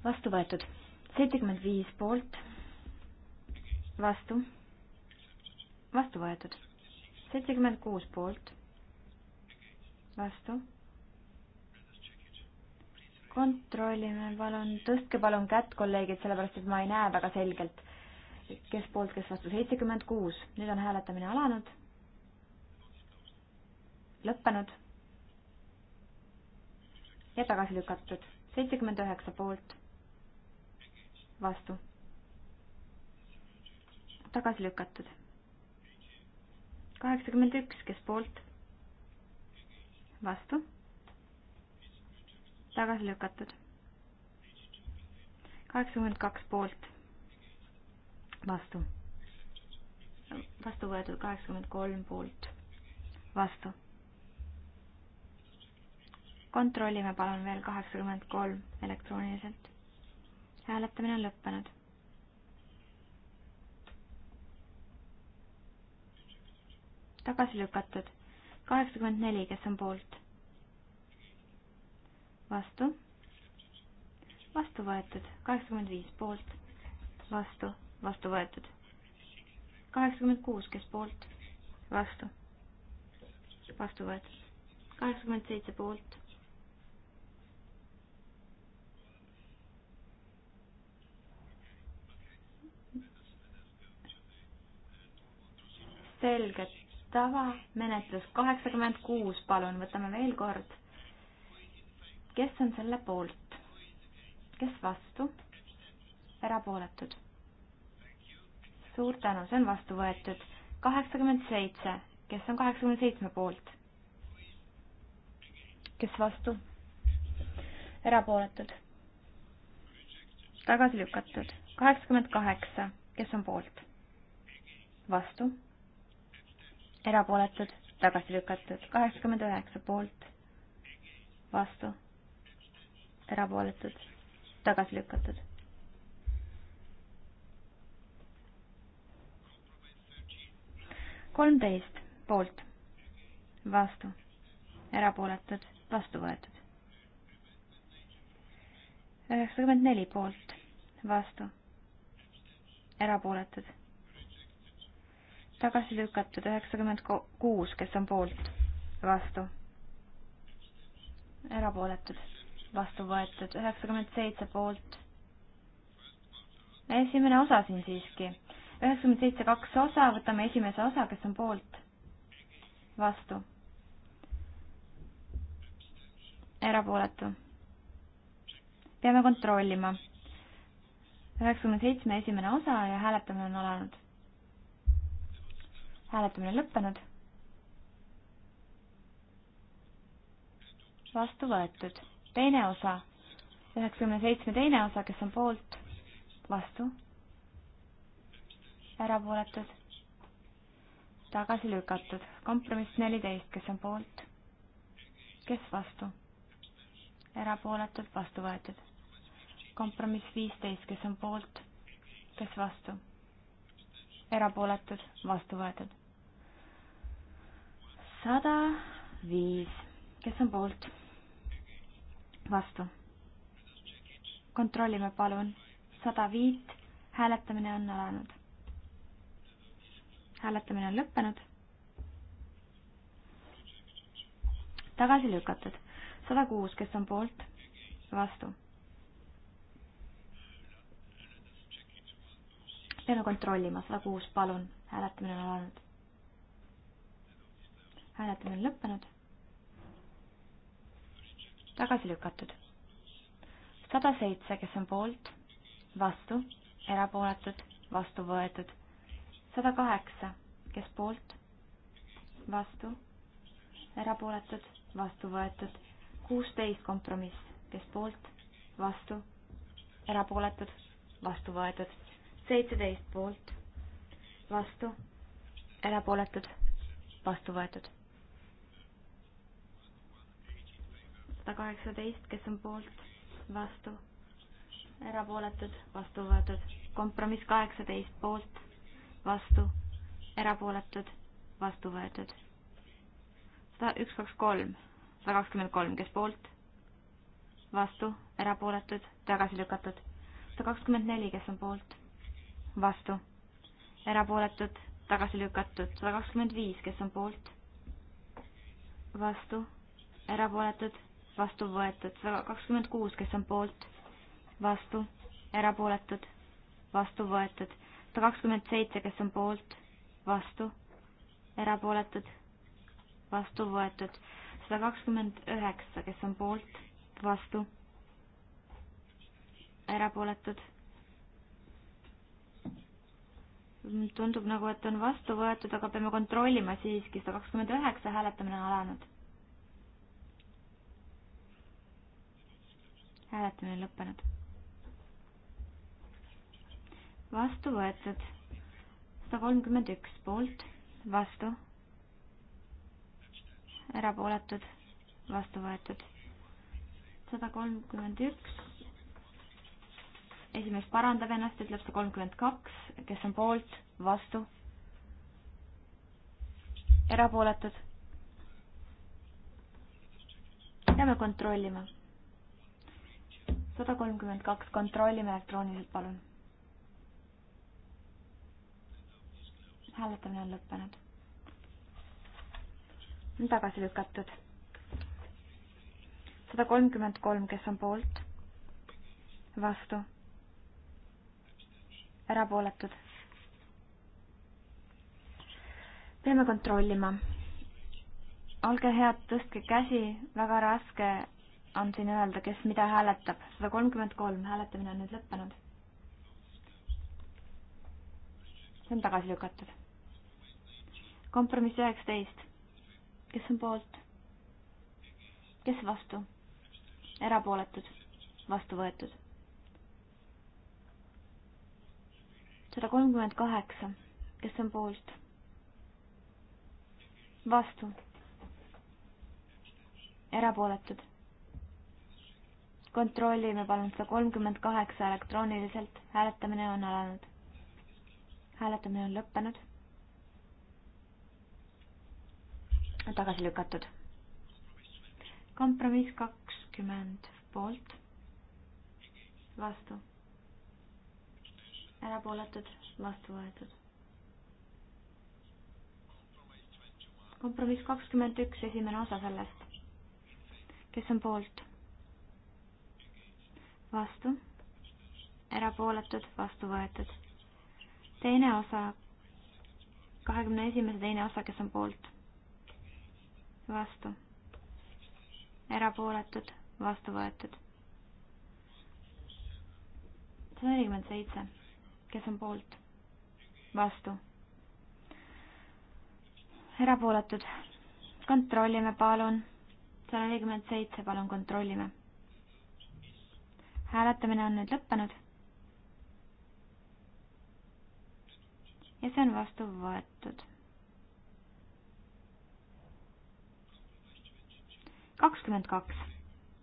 Speaker 3: vastu võetud seitsekümmend viis poolt, vastu, vastu võetud. seitsekümmend kuus poolt, vastu. kontrollime palun, tõstke palun kätt, kolleegid, sellepärast et ma ei näe väga selgelt, kes poolt, kes vastu. seitsekümmend kuus, nüüd on hääletamine alanud, lõppenud ja tagasi lükatud. seitsekümmend üheksa poolt vastu. tagasi lükatud. kaheksakümmend üks, kes poolt? vastu. tagasi lükatud. kaheksakümmend kaks poolt. vastu. vastu võetud kaheksakümmend kolm poolt. vastu. kontrollime palun veel kaheksakümmend kolm elektrooniliselt hääletamine on lõppenud. tagasi lükatud. kaheksakümmend neli, kes on poolt? vastu? vastu võetud. kaheksakümmend viis poolt. vastu, vastu võetud. kaheksakümmend kuus, kes poolt? vastu. vastu võetud. kaheksakümmend seitse poolt. selget tava, menetlus kaheksakümmend kuus, palun, võtame veel kord. kes on selle poolt? kes vastu? erapooletud? suur tänu, see on vastu võetud. kaheksakümmend seitse, kes on kaheksakümne seitsme poolt? kes vastu? erapooletud? tagasi lükatud. kaheksakümmend kaheksa, kes on poolt? vastu erapooletud, tagasi lükatud, kaheksakümmend üheksa poolt, vastu, erapooletud, tagasi lükatud. kolmteist poolt, vastu, erapooletud, vastu võetud. üheksakümmend neli poolt, vastu, erapooletud tagasi lükatud üheksakümmend kuus, kes on poolt, vastu. erapooletud, vastu võetud üheksakümmend seitse poolt. esimene osa siin siiski, üheksakümmend seitse kaks osa, võtame esimese osa, kes on poolt, vastu. erapooletu. peame kontrollima. üheksakümne seitsme esimene osa ja hääletamine on alanud hääletamine lõppenud. vastu võetud. teine osa, üheksakümne seitsme teine osa, kes on poolt, vastu, erapooletud, tagasi lükatud. kompromiss neliteist, kes on poolt, kes vastu, erapooletud, vastu võetud. kompromiss viisteist, kes on poolt, kes vastu erapooletud, vastu võetud. sada viis, kes on poolt? vastu. kontrollime palun, sada viit, hääletamine on alanud. hääletamine on lõppenud. tagasi lükatud, sada kuus, kes on poolt? vastu peame kontrollima, sada kuus, palun, hääletamine on alanud. hääletamine on lõppenud. tagasi lükatud. sada seitse, kes on poolt, vastu, erapooletud, vastu võetud. sada kaheksa, kes poolt, vastu, erapooletud, vastu võetud. kuusteist kompromiss, kes poolt, vastu, erapooletud, vastu võetud seitseteist poolt, vastu, erapooletud, vastu võetud. sada kaheksateist, kes on poolt, vastu, erapooletud, vastu võetud. kompromiss kaheksateist poolt, vastu, erapooletud, vastu võetud. sada üks, kaks, kolm, sada kakskümmend kolm, kes poolt, vastu, erapooletud, tagasi lükatud. sada kakskümmend neli, kes on poolt, vastu, erapooletud, tagasi lükatud, sada kakskümmend viis, kes on poolt, vastu, erapooletud, vastu võetud, sada kakskümmend kuus, kes on poolt, vastu, erapooletud, vastu võetud, sada kakskümmend seitse, kes on poolt, vastu, erapooletud, vastu võetud, sada kakskümmend üheksa, kes on poolt, vastu, erapooletud tundub nagu, et on vastu võetud, aga peame kontrollima siiski, sada kakskümmend üheksa hääletamine on alanud. hääletamine lõppenud. vastu võetud sada kolmkümmend üks poolt, vastu, erapooletud, vastu võetud sada kolmkümmend üks esimees parandab ennast, ütleb sada kolmkümmend kaks, kes on poolt, vastu, erapooletud. peame kontrollima. sada kolmkümmend kaks, kontrollime elektrooniliselt, palun. hääletamine on lõppenud. on tagasi lükatud. sada kolmkümmend kolm, kes on poolt, vastu erapooletud. peame kontrollima. olge head, tõstke käsi, väga raske on siin öelda, kes mida hääletab. sada kolmkümmend kolm, hääletamine on nüüd lõppenud. see on tagasi lükatud. kompromiss üheksateist. kes on poolt? kes vastu? erapooletud? vastu võetud sada kolmkümmend kaheksa, kes on poolt? vastu? erapooletud? kontrollime palun sada kolmkümmend kaheksa elektrooniliselt, hääletamine on alanud. hääletamine on lõppenud. tagasi lükatud. kompromiss kakskümmend poolt, vastu erapooletud, vastu võetud. kompromiss kakskümmend üks, esimene osa sellest. kes on poolt? vastu, erapooletud, vastu võetud. teine osa, kahekümne esimese teine osa, kes on poolt? vastu, erapooletud, vastu võetud. sada nelikümmend seitse kes on poolt? vastu. erapooletud. kontrollime, palun. sada nelikümmend seitse, palun kontrollime. hääletamine on nüüd lõppenud. ja see on vastu võetud. kakskümmend kaks,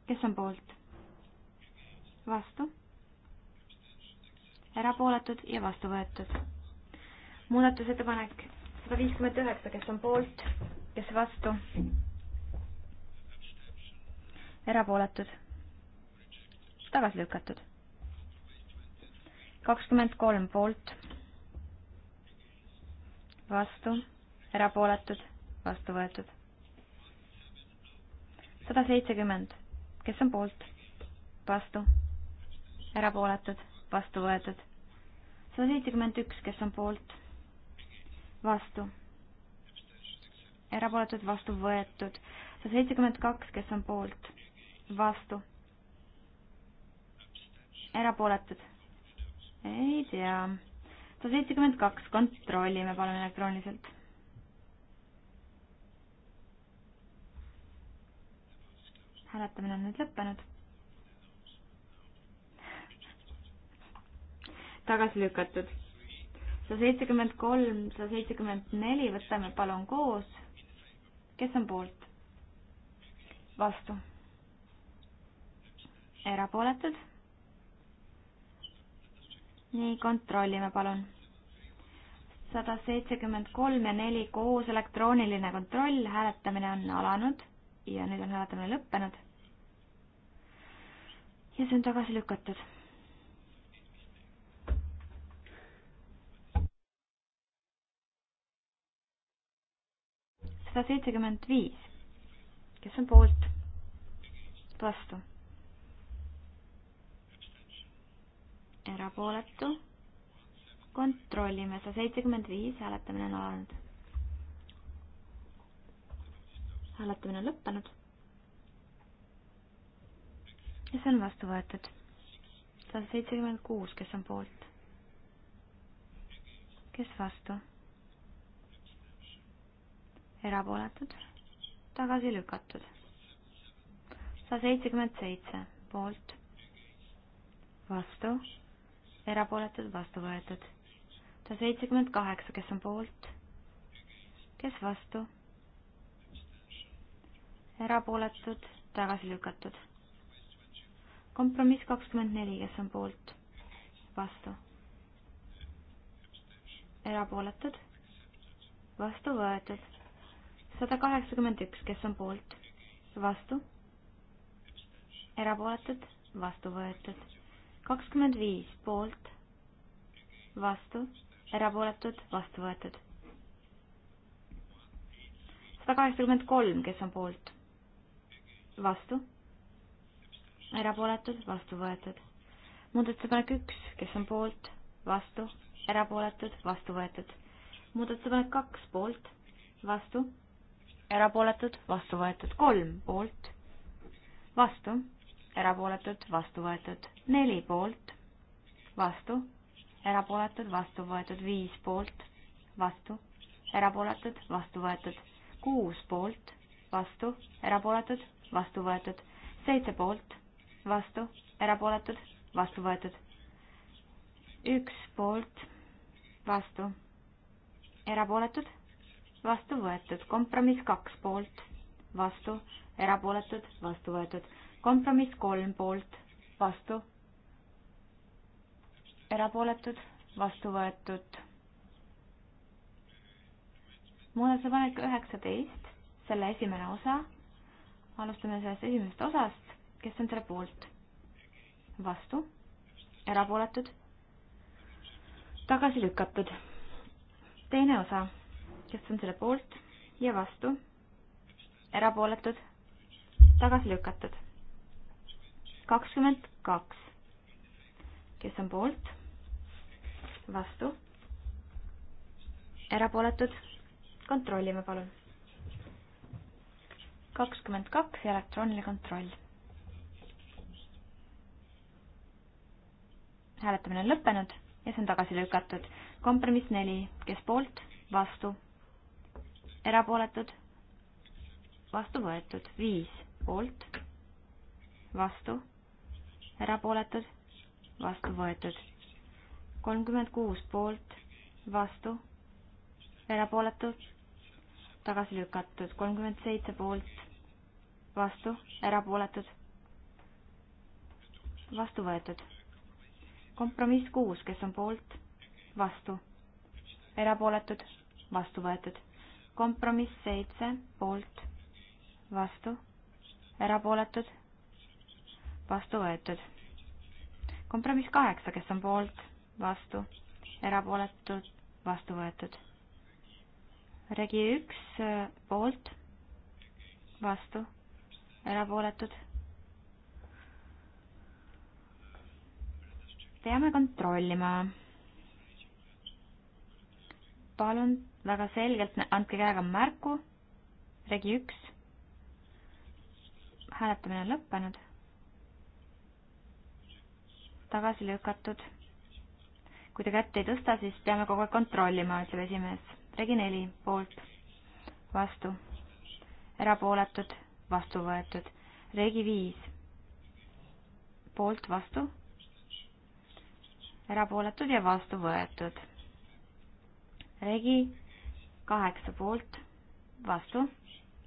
Speaker 3: kes on poolt? vastu erapooletud ja vastu võetud. muudatusettepanek sada viiskümmend üheksa, kes on poolt, kes vastu? erapooletud, tagasi lükatud. kakskümmend kolm poolt, vastu, erapooletud, vastu võetud. sada seitsekümmend, kes on poolt, vastu, erapooletud vastu võetud. sada seitsekümmend üks, kes on poolt, vastu, erapooletud, vastu võetud. sada seitsekümmend kaks, kes on poolt, vastu, erapooletud, ei tea. sada seitsekümmend kaks, kontrollime palun elektrooniliselt. hääletamine on nüüd lõppenud tagasi lükatud. sada seitsekümmend kolm, sada seitsekümmend neli, võtame palun koos. kes on poolt? vastu. erapooletud? nii, kontrollime palun. sada seitsekümmend kolm ja neli koos elektrooniline kontroll, hääletamine on alanud ja nüüd on hääletamine lõppenud. ja see on tagasi lükatud kakssada seitsekümmend viis. kes on poolt? vastu? erapooletu? kontrollime, sada seitsekümmend viis, hääletamine on alanud. hääletamine on lõppenud. ja see on vastu võetud. sada seitsekümmend kuus, kes on poolt? kes vastu? erapooletud, tagasi lükatud. sada seitsekümmend seitse poolt, vastu, erapooletud, vastu võetud. sada seitsekümmend kaheksa, kes on poolt, kes vastu, erapooletud, tagasi lükatud. kompromiss kakskümmend neli, kes on poolt, vastu, erapooletud, vastu võetud sada kaheksakümmend üks, kes on poolt, vastu, erapooletud, vastu võetud. kakskümmend viis poolt, vastu, erapooletud, vastu võetud. sada kaheksakümmend kolm, kes on poolt, vastu, erapooletud, vastu võetud. muudatusepanek üks, kes on poolt, vastu, erapooletud, vastu võetud. muudatusepanek kaks poolt, vastu erapooletud, vastu võetud kolm poolt, vastu, erapooletud, vastu võetud neli poolt, vastu, erapooletud, vastu võetud viis poolt, vastu, erapooletud, vastu võetud kuus poolt, vastu, erapooletud, vastu võetud seitse poolt, vastu, erapooletud, vastu võetud üks poolt, vastu, erapooletud vastu võetud, kompromiss kaks poolt, vastu, erapooletud, vastu võetud, kompromiss kolm poolt, vastu, erapooletud, vastu võetud. muudatusepanek üheksateist, selle esimene osa, alustame sellest esimesest osast, kes on selle poolt? vastu, erapooletud, tagasi lükatud. teine osa kes on selle poolt ja vastu, erapooletud, tagasi lükatud. kakskümmend kaks, kes on poolt, vastu, erapooletud, kontrollime palun. kakskümmend kaks, elektrooniline kontroll. hääletamine on lõppenud ja see on tagasi lükatud. kompromiss neli, kes poolt, vastu erapooletud, vastu võetud, viis poolt, vastu, erapooletud, vastu võetud, kolmkümmend kuus poolt, vastu, erapooletud, tagasi lükatud, kolmkümmend seitse poolt, vastu, erapooletud, vastu võetud. kompromiss kuus, kes on poolt, vastu, erapooletud, vastu võetud kompromiss seitse poolt, vastu, erapooletud, vastu võetud. kompromiss kaheksa, kes on poolt, vastu, erapooletud, vastu võetud. regi üks poolt, vastu, erapooletud. peame kontrollima. palun väga selgelt, andke käega märku. regi üks. hääletamine on lõppenud. tagasi lükatud. kui te kätt ei tõsta, siis peame kogu aeg kontrollima, ütleb esimees. regi neli, poolt, vastu, erapooletud, vastu võetud. regi viis, poolt, vastu, erapooletud ja vastu võetud. regi kaheksa poolt, vastu,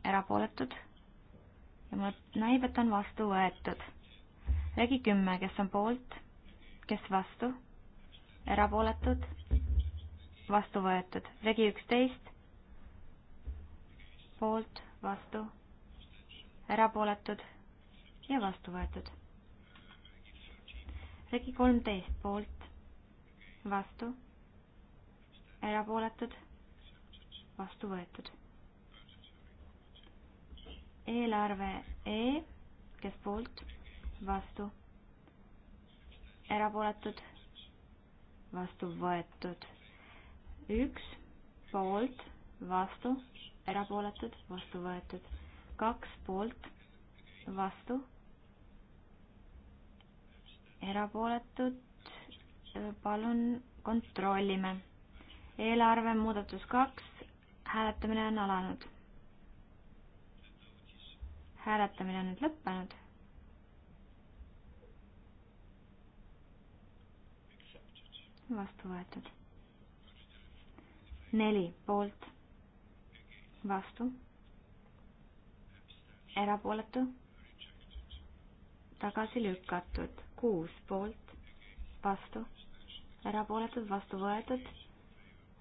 Speaker 3: erapooletud ja mulle näib, et on vastu võetud. regi kümme, kes on poolt, kes vastu, erapooletud, vastu võetud. regi üksteist, poolt, vastu, erapooletud ja vastu võetud. regi kolmteist, poolt, vastu, erapooletud vastu võetud. eelarve E, kes poolt, vastu, erapooletud, vastu võetud. üks, poolt, vastu, erapooletud, vastu võetud. kaks poolt, vastu, erapooletud, palun kontrollime. eelarve muudatus kaks, hääletamine on alanud. hääletamine on nüüd lõppenud. vastu võetud. neli poolt, vastu, erapooletu, tagasi lükatud, kuus poolt, vastu, erapooletud, vastu võetud,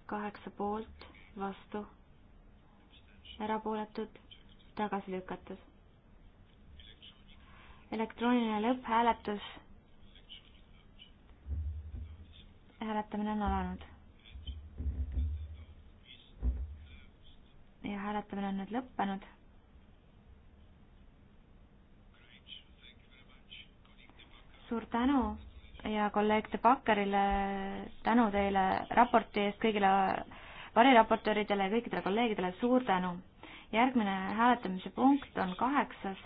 Speaker 3: kaheksa poolt, vastu erapooletud, tagasi lükatud. elektrooniline lõpphääletus. hääletamine on alanud. ja hääletamine on nüüd lõppenud. suur tänu ja kolleeg De Bakkerile, tänu teile raporti eest, kõigile variraportööridele ja kõikidele kolleegidele suur tänu. järgmine hääletamise punkt on kaheksas.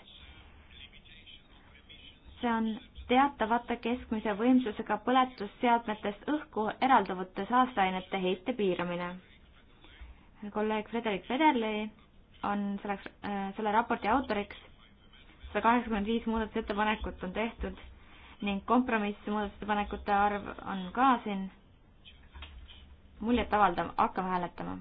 Speaker 3: see on teatavate keskmise võimsusega põletusseadmetest õhku eralduvate saasteainete heite piiramine. kolleeg Frederik Federli on selleks, äh, selle raporti autoriks. sada kaheksakümmend viis muudatusettepanekut on tehtud ning kompromissmuudatusettepanekute arv on ka siin muljetavaldav, hakkame hääletama.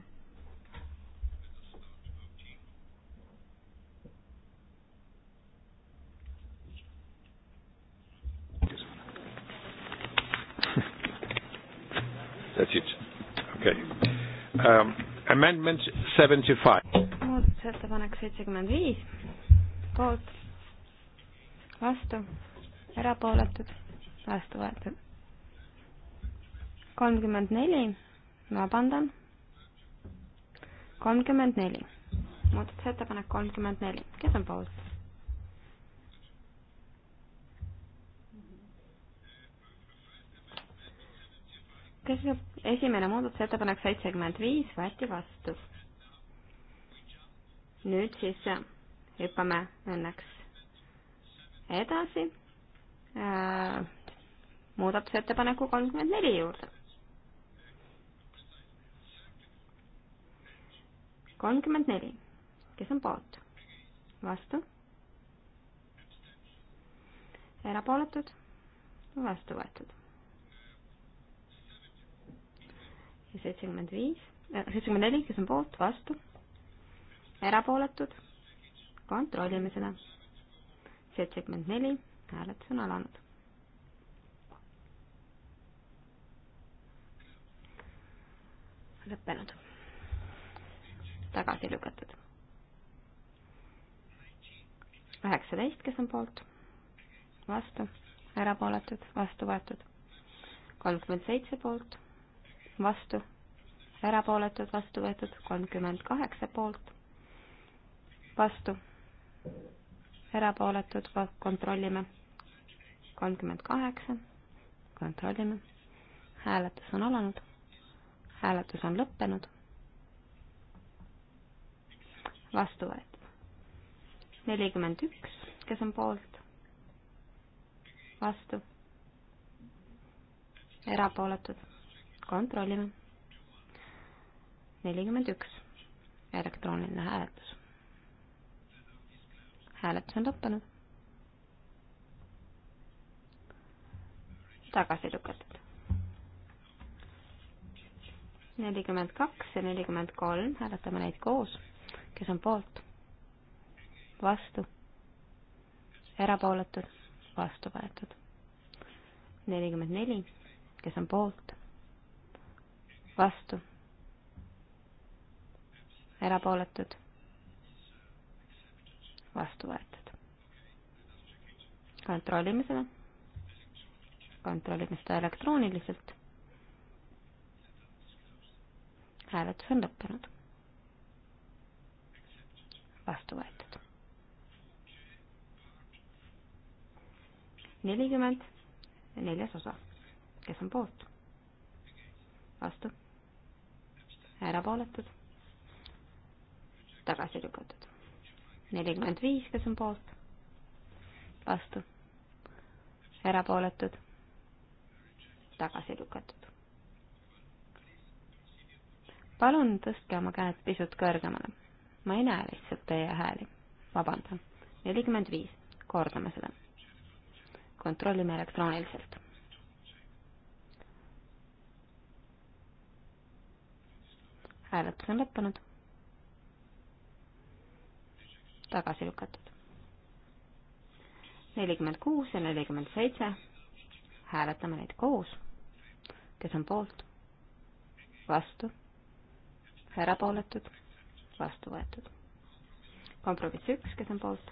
Speaker 1: That's it. Okay. Um, amendment 75.
Speaker 3: Muudatusettepanek 75. Poolt. Vastu. Erapooletud. Vastu võetud. 34 vabandan, kolmkümmend neli, muudatusettepanek kolmkümmend neli, kes on poolt? kõigepealt esimene muudatusettepanek seitsekümmend viis võeti vastu. nüüd siis äh, hüppame õnneks edasi äh, muudatusettepaneku kolmkümmend neli juurde kolmkümmend neli, kes on poolt, vastu, erapooletud, vastu võetud. ja seitsekümmend viis, äh, seitsekümmend neli, kes on poolt, vastu, erapooletud, kontrollime seda. seitsekümmend neli, hääletus on alanud lõppenud tagasi lükatud. üheksateist, kes on poolt, vastu, erapooletud, vastu võetud. kolmkümmend seitse poolt, vastu, erapooletud, vastu võetud, kolmkümmend kaheksa poolt, vastu, erapooletud, kontrollime, kolmkümmend kaheksa, kontrollime, hääletus on alanud, hääletus on lõppenud vastu võetud. nelikümmend üks, kes on poolt, vastu, erapooletud, kontrollime. nelikümmend üks, elektrooniline hääletus. hääletus on lõppenud. tagasi lükatud. nelikümmend kaks ja nelikümmend kolm, hääletame neid koos kes on poolt, vastu, erapooletud, vastu võetud. nelikümmend neli, kes on poolt, vastu, erapooletud, vastu võetud. kontrollime seda, kontrollime seda elektrooniliselt hääletus on lõppenud vastu võetud. nelikümmend, neljas osa, kes on poolt? vastu, erapooletud, tagasi lükatud. nelikümmend viis, kes on poolt? vastu, erapooletud, tagasi lükatud. palun tõstke oma käed pisut kõrgemale ma ei näe lihtsalt teie hääli. vabandan. nelikümmend viis, kordame seda. kontrollime elektrooniliselt. hääletus on lõppenud. tagasi lükatud. nelikümmend kuus ja nelikümmend seitse. hääletame neid koos. kes on poolt? vastu? erapooletud? vastu võetud. kompromiss üks, kes on poolt,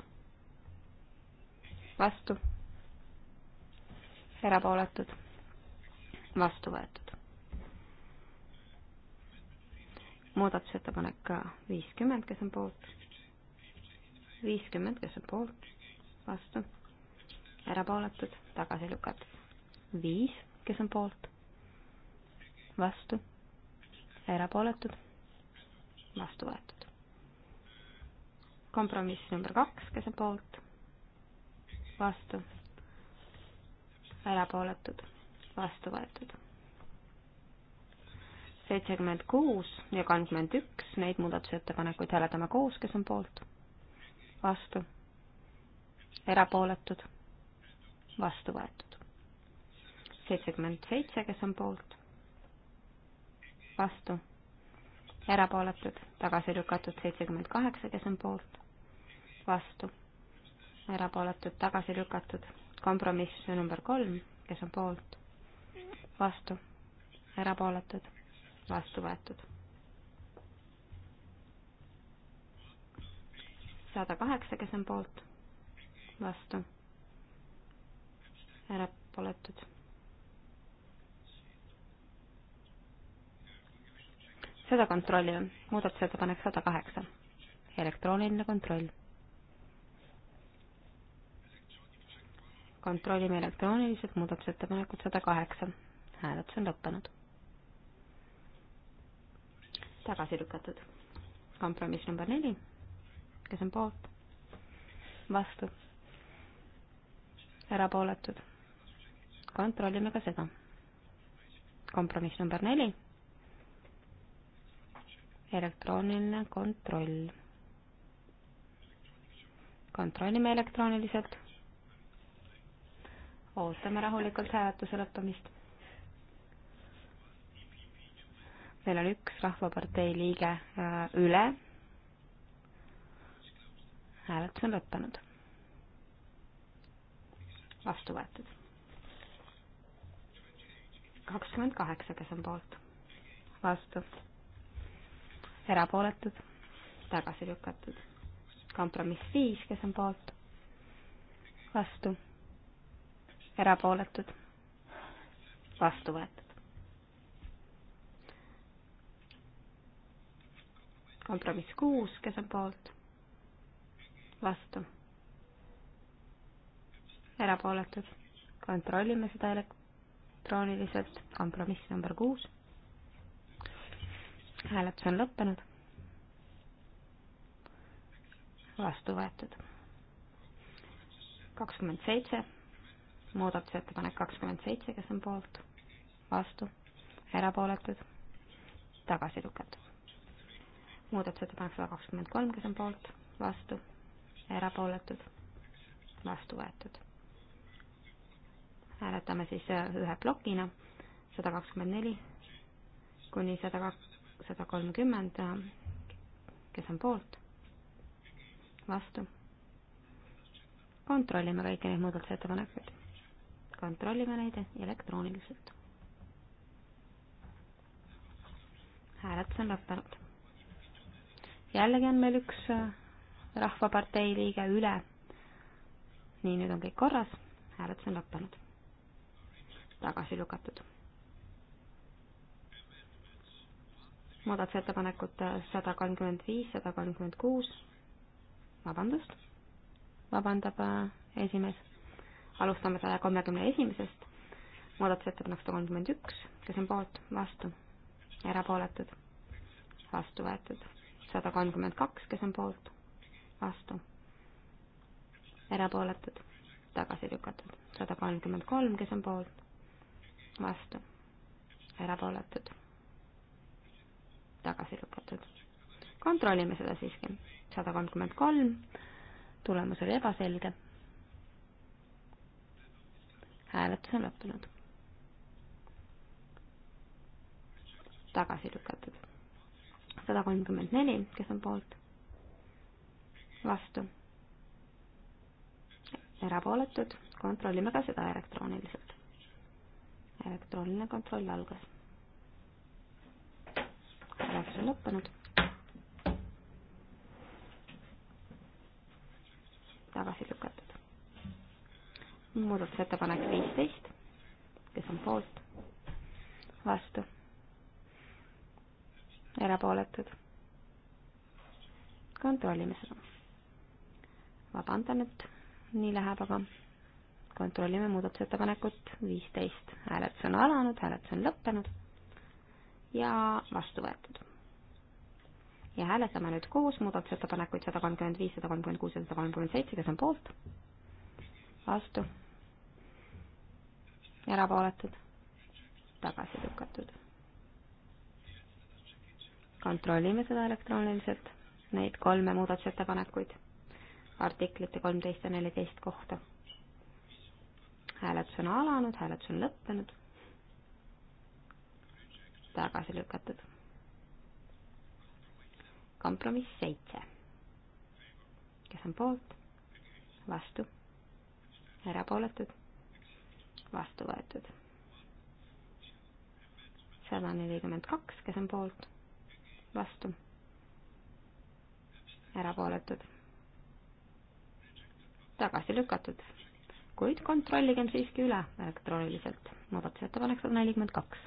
Speaker 3: vastu, erapooletud, vastu võetud. muudatusettepanek ka viiskümmend, kes on poolt, viiskümmend, kes on poolt, vastu, erapooletud, tagasi lükatud. viis, kes on poolt, vastu, erapooletud, vastu võetud kompromiss number kaks, kes on poolt, vastu, erapooletud, vastu võetud. seitsekümmend kuus ja kakskümmend üks, neid muudatusettepanekuid hääletame koos, kes on poolt, vastu, erapooletud, vastu võetud. seitsekümmend seitse, kes on poolt, vastu erapooletud, tagasi lükatud seitsekümmend kaheksa, kes on poolt, vastu, erapooletud, tagasi lükatud. kompromiss number kolm, kes on poolt, vastu, erapooletud, vastu võetud. sada kaheksa, kes on poolt, vastu, erapooletud. seda kontrollime, muudatusettepanek sada kaheksa, elektrooniline kontroll. kontrollime elektrooniliselt muudatusettepanekut sada kaheksa. hääletus on lõppenud. tagasi lükatud. kompromiss number neli. kes on poolt? vastu? erapooletud? kontrollime ka seda. kompromiss number neli. elektrooniline kontroll kontrollime elektrooniliselt ootame rahulikult hääletuse lõppemist. meil on üks Rahvapartei liige äh, üle. hääletus on lõppenud. vastu võetud. kakskümmend kaheksa, kes on poolt, vastu, erapooletud, tagasi lükatud. kompromiss viis, kes on poolt, vastu erapooletud, vastu võetud. kompromiss kuus, kes on poolt, vastu, erapooletud, kontrollime seda elektrooniliselt, kompromiss number kuus. hääletus on lõppenud. vastu võetud. kakskümmend seitse muudatusettepanek kakskümmend seitse, kes on poolt, vastu, erapooletud, tagasi lükatud. muudatusettepanek sada kakskümmend kolm, kes on poolt, vastu, erapooletud, vastu võetud. hääletame siis äh, ühe plokina, sada kakskümmend neli kuni sada kak-, sada kolmkümmend, äh, kes on poolt, vastu kontrollime kõiki neid muudatusettepanekuid kontrollime neid elektrooniliselt. hääletus on lõppenud. jällegi on meil üks äh, Rahvapartei liige üle. nii, nüüd on kõik korras, hääletus on lõppenud. tagasi lükatud. muudatusettepanekud sada kolmkümmend viis, sada kolmkümmend kuus, vabandust, vabandab äh, esimees alustame saja kolmekümne esimesest, muudatusettepanek sada kolmkümmend üks, kes on poolt, vastu, erapooletud, vastu võetud, sada kolmkümmend kaks, kes on poolt, vastu, erapooletud, tagasi lükatud, sada kolmkümmend kolm, kes on poolt, vastu, erapooletud, tagasi lükatud. kontrollime seda siiski, sada kolmkümmend kolm, tulemus oli ebaselge hääletus on lõppenud. tagasi lükatud. sada kolmkümmend neli, kes on poolt? vastu. erapooletud, kontrollime ka seda elektrooniliselt. elektrooniline kontroll algas. hääletus on lõppenud. tagasi lükatud muudatusettepanek viisteist, kes on poolt, vastu, erapooletud. kontrollime seda. vabandan, et nii läheb, aga kontrollime muudatusettepanekut viisteist. hääletus on alanud, hääletus on lõppenud ja vastu võetud. ja hääletame nüüd koos muudatusettepanekuid sada kolmkümmend viis, sada kolmkümmend kuus ja sada kolmkümmend seitse, kes on poolt, vastu erapooletud, tagasi lükatud. kontrollime seda elektrooniliselt, neid kolme muudatusettepanekuid artiklite kolmteist ja neliteist kohta. hääletus on alanud, hääletus on lõppenud, tagasi lükatud. kompromiss seitse. kes on poolt? vastu? erapooletud? vastu võetud. sada nelikümmend kaks, kes on poolt, vastu, erapooletud, tagasi lükatud, kuid kontrolligem siiski üle elektrooniliselt, muudatusettepanek sada nelikümmend kaks.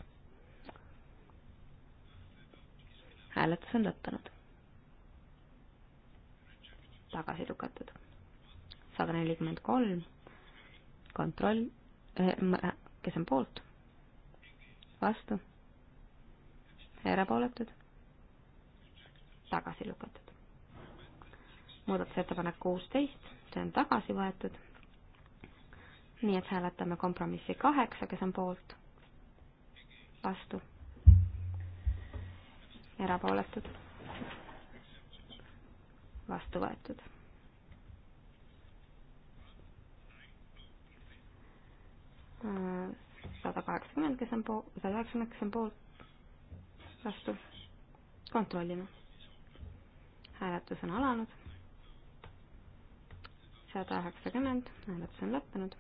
Speaker 3: hääletus on lõppenud. tagasi lükatud, sada nelikümmend kolm, kontroll Äh, äh, kes on poolt, vastu, erapooletud, tagasi lükatud. muudatusettepanek kuusteist, see on tagasi võetud. nii et hääletame kompromissi kaheksa, kes on poolt, vastu, erapooletud, vastu võetud sada äh, kaheksakümmend, kes on po-, sada üheksakümmend, kes on poolt, vastu. kontrollime. hääletus on alanud. sada üheksakümmend, hääletus on lõppenud.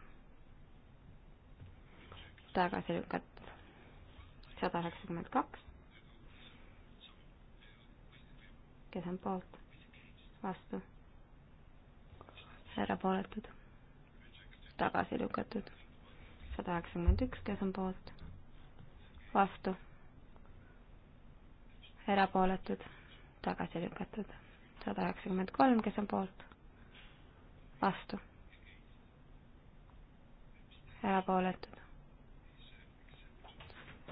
Speaker 3: tagasi lükatud. sada üheksakümmend kaks. kes on poolt, vastu, erapooletud, tagasi lükatud sada üheksakümmend üks, kes on poolt, vastu, erapooletud, tagasi lükatud, sada üheksakümmend kolm, kes on poolt, vastu, erapooletud,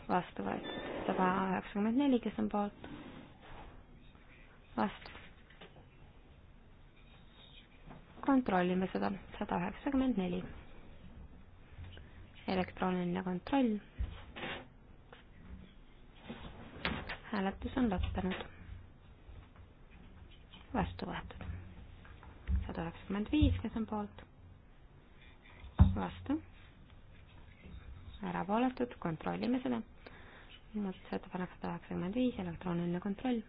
Speaker 3: vastu võetud, sada üheksakümmend neli, kes on poolt, vastu. kontrollime seda, sada üheksakümmend neli elektrooniline kontroll. hääletus on lõppenud. vastu võetud. sada üheksakümmend viis, kes on poolt? vastu. erapooletud, kontrollime seda. muudatusettepanek sada üheksakümmend viis, elektrooniline kontroll.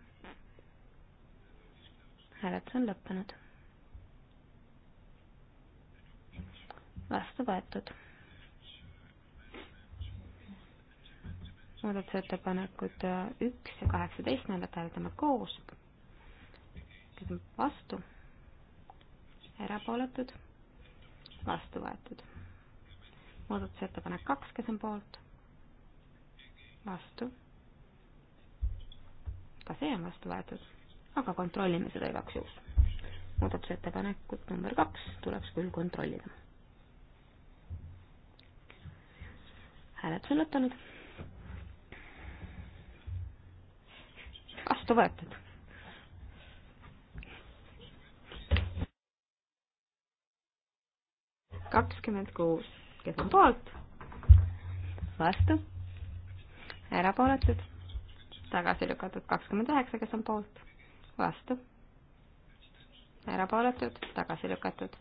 Speaker 3: hääletus on lõppenud. vastu võetud muudatusettepanekud äh, üks ja kaheksateist, nad hääletame koos. vastu, erapooletud, vastu võetud. muudatusettepanek kaks, kes on poolt, vastu. ka see on vastu võetud, aga kontrollime seda igaks juhuks. muudatusettepanekut number kaks tuleks küll kontrollida. hääletus on lõppenud vastu võetud. kakskümmend kuus, kes on poolt, vastu, erapooletud, tagasi lükatud kakskümmend üheksa, kes on poolt, vastu, erapooletud, tagasi lükatud.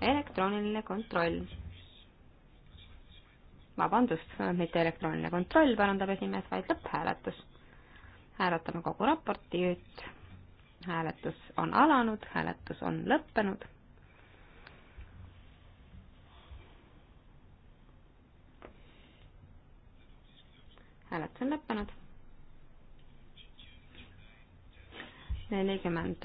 Speaker 3: elektrooniline kontroll vabandust, mitte elektrooniline kontroll, parandab esimees, vaid lõpphääletus hääletame kogu raportit. hääletus on alanud, hääletus on lõppenud. hääletus on lõppenud. nelikümmend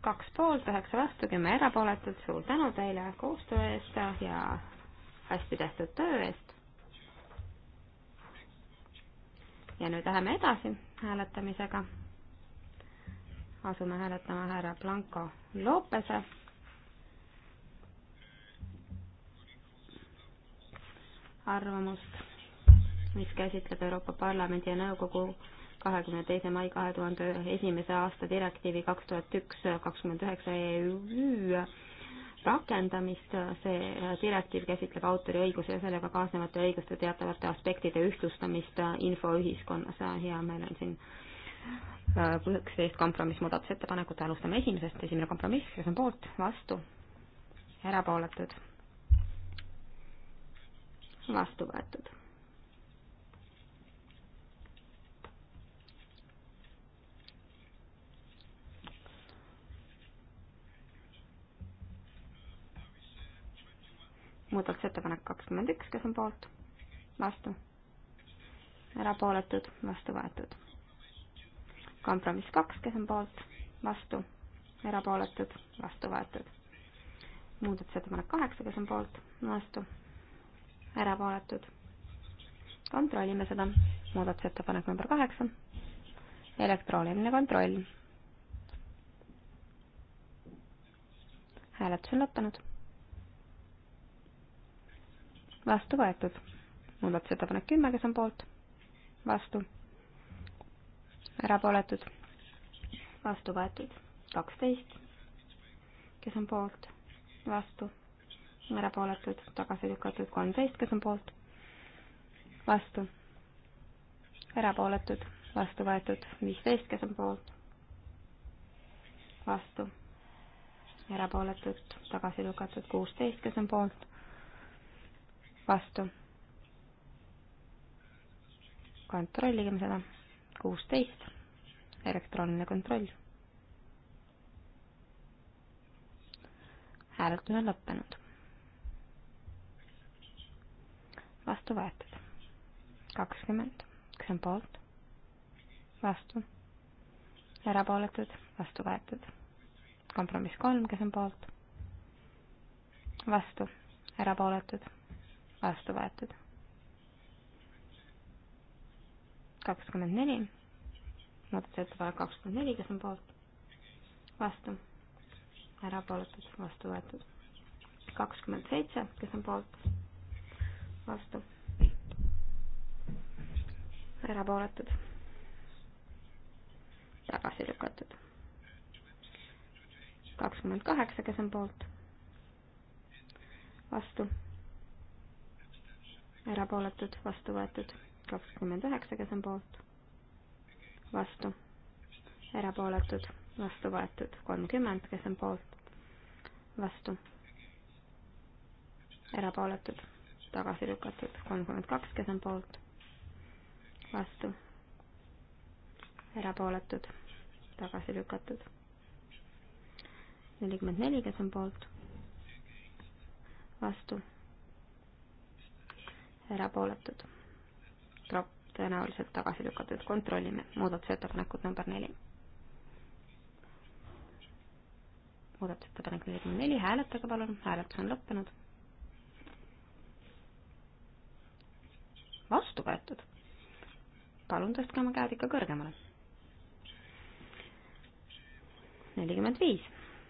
Speaker 3: kaks poolt, üheksa vastu, kümme erapooletut, suur tänu teile koostöö eest ja hästi tehtud töö eest. ja nüüd läheme edasi hääletamisega. asume hääletama härra Blanco Lopese. arvamust, mis käsitleb Euroopa Parlamendi ja Nõukogu kahekümne teise mai kahe tuhande esimese aasta direktiivi kaks tuhat üks kakskümmend üheksa EÜ rakendamist, see direktiiv käsitleb autoriõiguse ja sellega kaasnevate õiguste teatavate aspektide ühtlustamist infoühiskonnas. hea meel on siin äh, üksteist kompromissmuudatusettepanekut, alustame esimesest, esimene kompromiss, kes on poolt, vastu, erapooletud, vastu võetud muudatusettepanek kakskümmend üks, kes on poolt, vastu, erapooletud, vastu võetud. kompromiss kaks, kes on poolt, vastu, erapooletud, vastu võetud. muudatusettepanek kaheksa, kes on poolt, vastu, erapooletud. kontrollime seda, muudatusettepanek number kaheksa, elektrooniline kontroll. hääletus on lõppenud vastu võetud. muudatusettepanek kümme, kes on poolt, vastu, erapooletud, vastu võetud. kaksteist, kes on poolt, vastu, erapooletud, tagasi lükatud. kolmteist, kes on poolt, vastu, erapooletud, vastu võetud. viisteist, kes on poolt, vastu, erapooletud, tagasi lükatud. kuusteist, kes on poolt vastu. kontrolligem seda. kuusteist, elektrooniline kontroll. hääletus on lõppenud. vastu võetud. kakskümmend, kes on poolt? vastu. erapooletud, vastu võetud. kompromiss kolm, kes on poolt? vastu, erapooletud vastu võetud. kakskümmend neli, muudatusettepanek kakskümmend neli, kes on poolt, vastu, erapooletud, vastu võetud. kakskümmend seitse, kes on poolt, vastu, erapooletud, tagasi lükatud. kakskümmend kaheksa, kes on poolt, vastu erapooletud, vastu võetud kakskümmend üheksa, kes on poolt, vastu, erapooletud, vastu võetud kolmkümmend, kes on poolt, vastu, erapooletud, tagasi lükatud kolmkümmend kaks, kes on poolt, vastu, erapooletud, tagasi lükatud nelikümmend neli, kes on poolt, vastu erapooletud. tõenäoliselt tagasi lükatud, kontrollime muudatusettepanekut number neli. muudatusettepanek nelikümmend neli, hääletage palun, hääletus on lõppenud. vastu võetud. palun tõstke oma käed ikka kõrgemale. nelikümmend viis,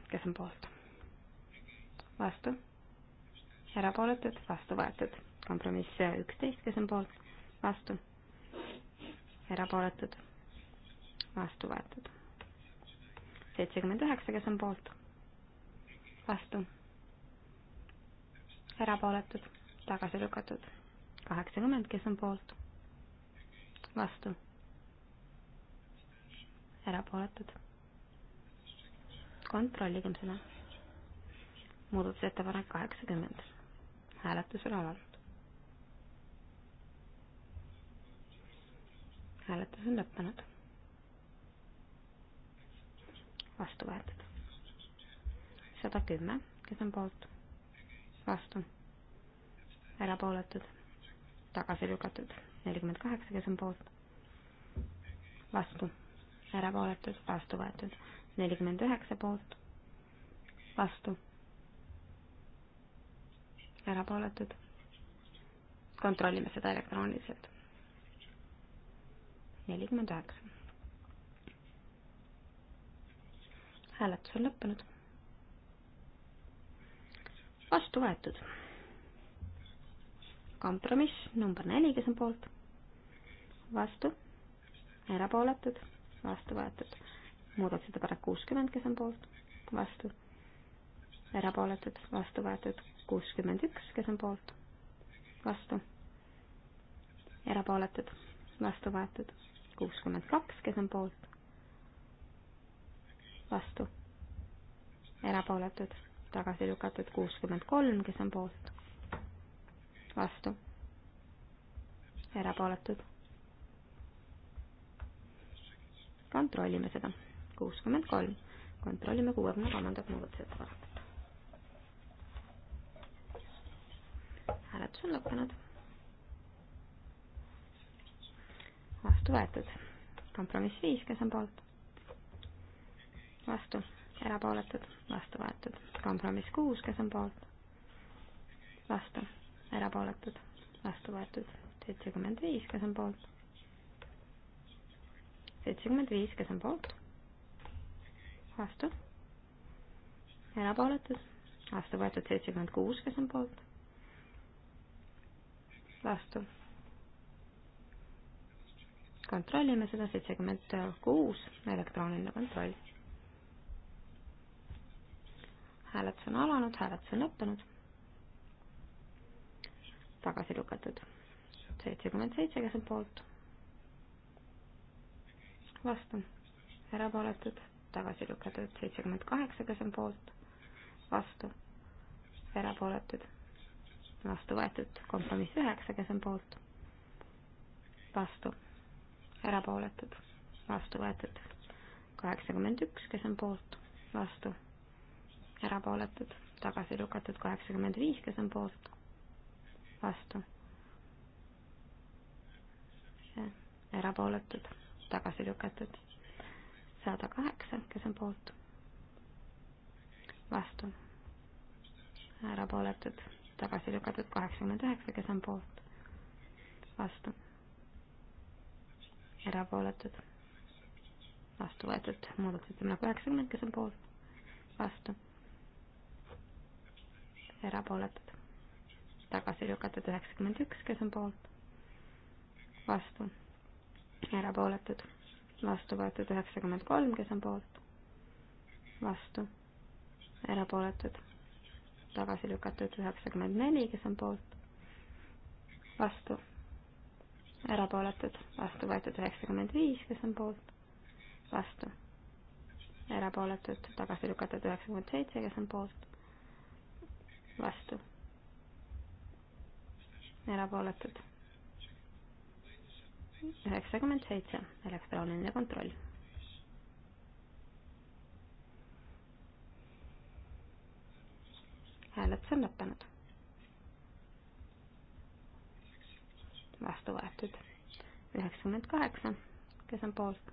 Speaker 3: kes on poolt? vastu erapooletud, vastu võetud kompromiss üksteist, kes on poolt, vastu, erapooletud, vastu võetud. seitsekümmend üheksa, kes on poolt, vastu, erapooletud, tagasi lükatud. kaheksakümmend, kes on poolt, vastu, erapooletud. kontrolligem seda muudatusettepanek kaheksakümmend. hääletus on alanud. hääletus on lõppenud. vastu võetud. sada kümme, kes on poolt, vastu, erapooletud, tagasi lükatud, nelikümmend kaheksa, kes on poolt, vastu, erapooletud, vastu võetud, nelikümmend üheksa poolt, vastu, erapooletud kontrollime seda elektrooniliselt nelikümmend üheksa. hääletus on lõppenud. vastu võetud. kompromiss number neli, kes on poolt, vastu, erapooletud, vastu võetud. muudatusettepanek kuuskümmend, kes on poolt, vastu, erapooletud, vastu võetud. kuuskümmend üks, kes on poolt, vastu erapooletud, vastu võetud kuuskümmend kaks, kes on poolt, vastu, erapooletud, tagasi lükatud kuuskümmend kolm, kes on poolt, vastu, erapooletud. kontrollime seda, kuuskümmend kolm, kontrollime kuuekümne kolmandat muudatusettepanekut. hääletus on lõppenud vastu võetud. kompromiss viis, kes on poolt? vastu, erapooletud, vastu võetud. kompromiss kuus, kes on poolt? vastu, erapooletud, vastu võetud. seitsekümmend viis, kes on poolt? seitsekümmend viis, kes on poolt? vastu, erapooletud, vastu võetud seitsekümmend kuus, kes on poolt? vastu kontrollime seda, seitsekümmend kuus, elektrooniline kontroll. hääletus on alanud, hääletus on lõppenud. tagasi lükatud. seitsekümmend seitse, kes on poolt? vastu. erapooletud, tagasi lükatud. seitsekümmend kaheksa, kes on poolt? vastu. erapooletud, vastu võetud. kompromiss üheksa, kes on poolt? vastu erapooletud, vastu võetud. kaheksakümmend üks, kes on poolt, vastu, erapooletud, tagasi lükatud kaheksakümmend viis, kes on poolt, vastu, erapooletud, tagasi lükatud, sada kaheksa, kes on poolt, vastu, erapooletud, tagasi lükatud kaheksakümmend üheksa, kes on poolt, vastu erapooletud, vastu võetud muudatusettepanek üheksakümmend, kes on poolt, vastu, erapooletud, tagasi lükatud üheksakümmend üks, kes on poolt, vastu, erapooletud, vastu võetud üheksakümmend kolm, kes on poolt, vastu, erapooletud, tagasi lükatud üheksakümmend neli, kes on poolt, vastu erapooletud, vastu võetud üheksakümmend viis, kes on poolt, vastu, erapooletud, tagasi lükatud üheksakümmend seitse, kes on poolt, vastu, erapooletud, üheksakümmend seitse, elektrooniline kontroll. hääletus on lõppenud vastu võetud. üheksakümmend kaheksa, kes on poolt?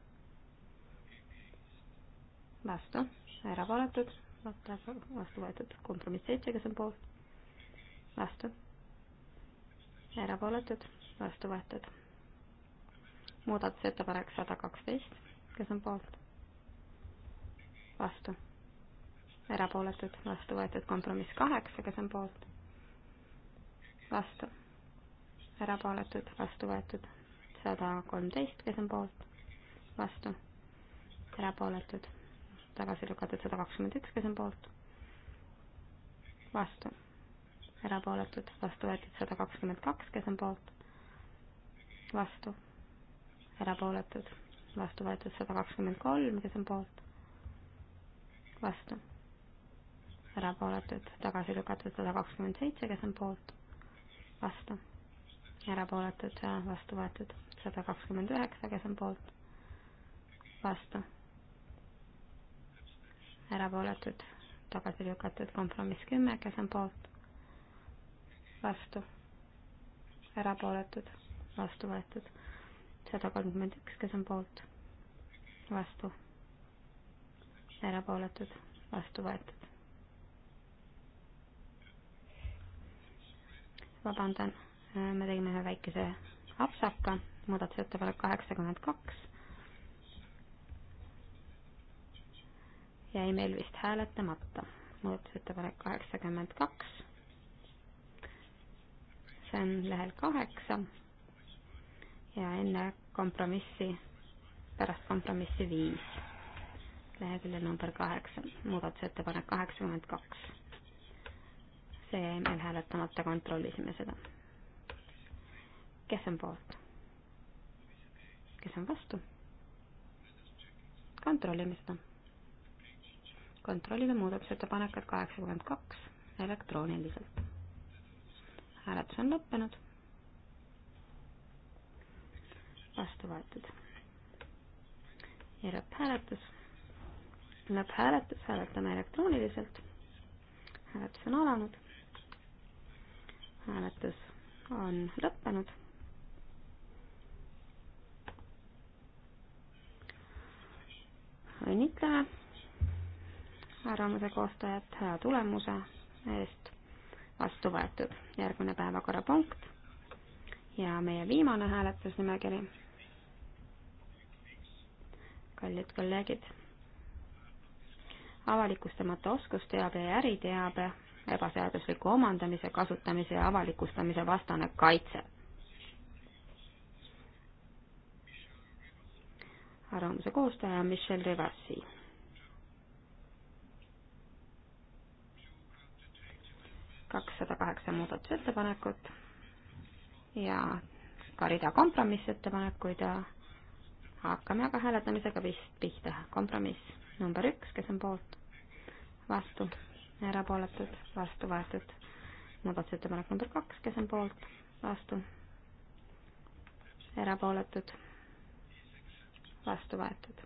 Speaker 3: vastu, erapooletud, vastu võetud, kompromiss seitse, kes on poolt? vastu, erapooletud, vastu võetud. muudatusettepanek sada kaksteist, kes on poolt? vastu, erapooletud, vastu võetud, kompromiss kaheksa, kes on poolt? vastu erapooletud, vastu võetud sada kolmteist, kes on poolt, vastu, erapooletud, tagasi lükatud sada kakskümmend üks, kes on poolt, vastu, erapooletud, vastu võetud sada kakskümmend kaks, kes on poolt, vastu, erapooletud, vastu võetud sada kakskümmend kolm, kes on poolt, vastu, erapooletud, tagasi lükatud sada kakskümmend seitse, kes on poolt, vastu erapooletud, vastu võetud sada kakskümmend üheksa, kes on poolt, vastu, erapooletud, tagasi lükatud kompromiss kümme, kes on poolt, vastu, erapooletud, vastu võetud sada kolmkümmend üks, kes on poolt, vastu, erapooletud, vastu võetud. vabandan Äh, me tegime ühe väikese apsaka, muudatusettepanek kaheksakümmend kaks. jäi meil vist hääletamata, muudatusettepanek kaheksakümmend kaks. see on lehel kaheksa ja enne kompromissi, pärast kompromissi viis, leheküljel number kaheksa, muudatusettepanek kaheksakümmend kaks. see jäi meil hääletamata, kontrollisime seda kes on poolt? kes on vastu? kontrollime seda. kontrollime muudatusettepanekut kaheksakümmend kaks elektrooniliselt. hääletus on lõppenud. vastu võetud. ja lõpphääletus. lõpphääletus hääletame elektrooniliselt. hääletus on alanud. hääletus on lõppenud õnnitleme arvamuse koostajat hea tulemuse eest vastu võetud. järgmine päevakorrapunkt ja meie viimane hääletusnimekiri. kallid kolleegid, avalikustamata oskusteabe ja äriteabe ebaseadusliku omandamise, kasutamise ja avalikustamise vastane kaitse arvamuse koostaja on Michel Rivasi. kakssada kaheksa muudatusettepanekut ja ka rida kompromissettepanekuid ja hakkame aga hääletamisega vist pihta. kompromiss number üks, kes on poolt, vastu, erapooletud, vastu võetud. muudatusettepanek number kaks, kes on poolt, vastu, erapooletud vastu võetud.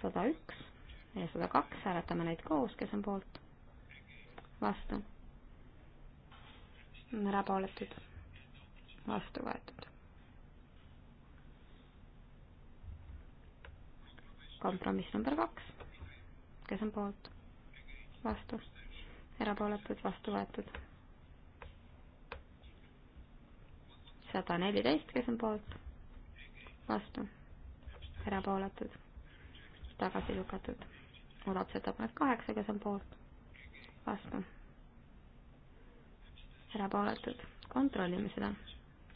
Speaker 3: sada üks ja sada kaks, hääletame neid koos, kes on poolt, vastu, erapooletud, vastu võetud. kompromiss number kaks, kes on poolt, vastu, erapooletud, vastu võetud sada neliteist, kes on poolt, vastu, erapooletud, tagasi lükatud. muudatusettepanek kaheksa, kes on poolt, vastu, erapooletud, kontrollime seda.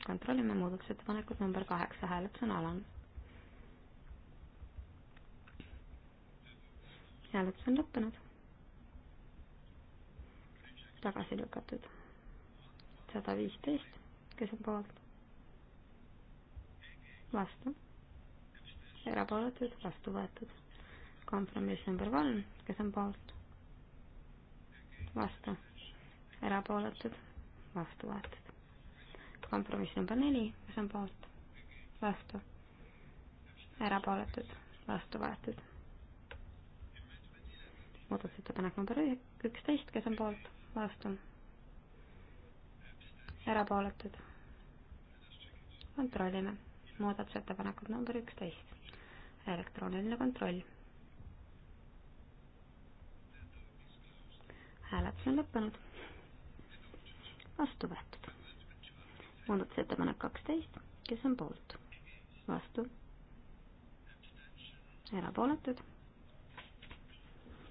Speaker 3: kontrollime muudatusettepanekut number kaheksa, hääletus on alanud. hääletus on lõppenud. tagasi lükatud. sada viisteist, kes on poolt? vastu erapooletud, vastu võetud. kompromiss number kolm, kes on poolt, vastu, erapooletud, vastu võetud. kompromiss number neli, kes on poolt, vastu, erapooletud, vastu võetud. muudatusettepanek number üksteist, kes on poolt, vastu, erapooletud kontrollime muudatusettepanekut number üksteist elektrooniline kontroll. hääletus on lõppenud. vastu võetud. muudatusettepanek kaksteist, kes on poolt? vastu. erapooletud.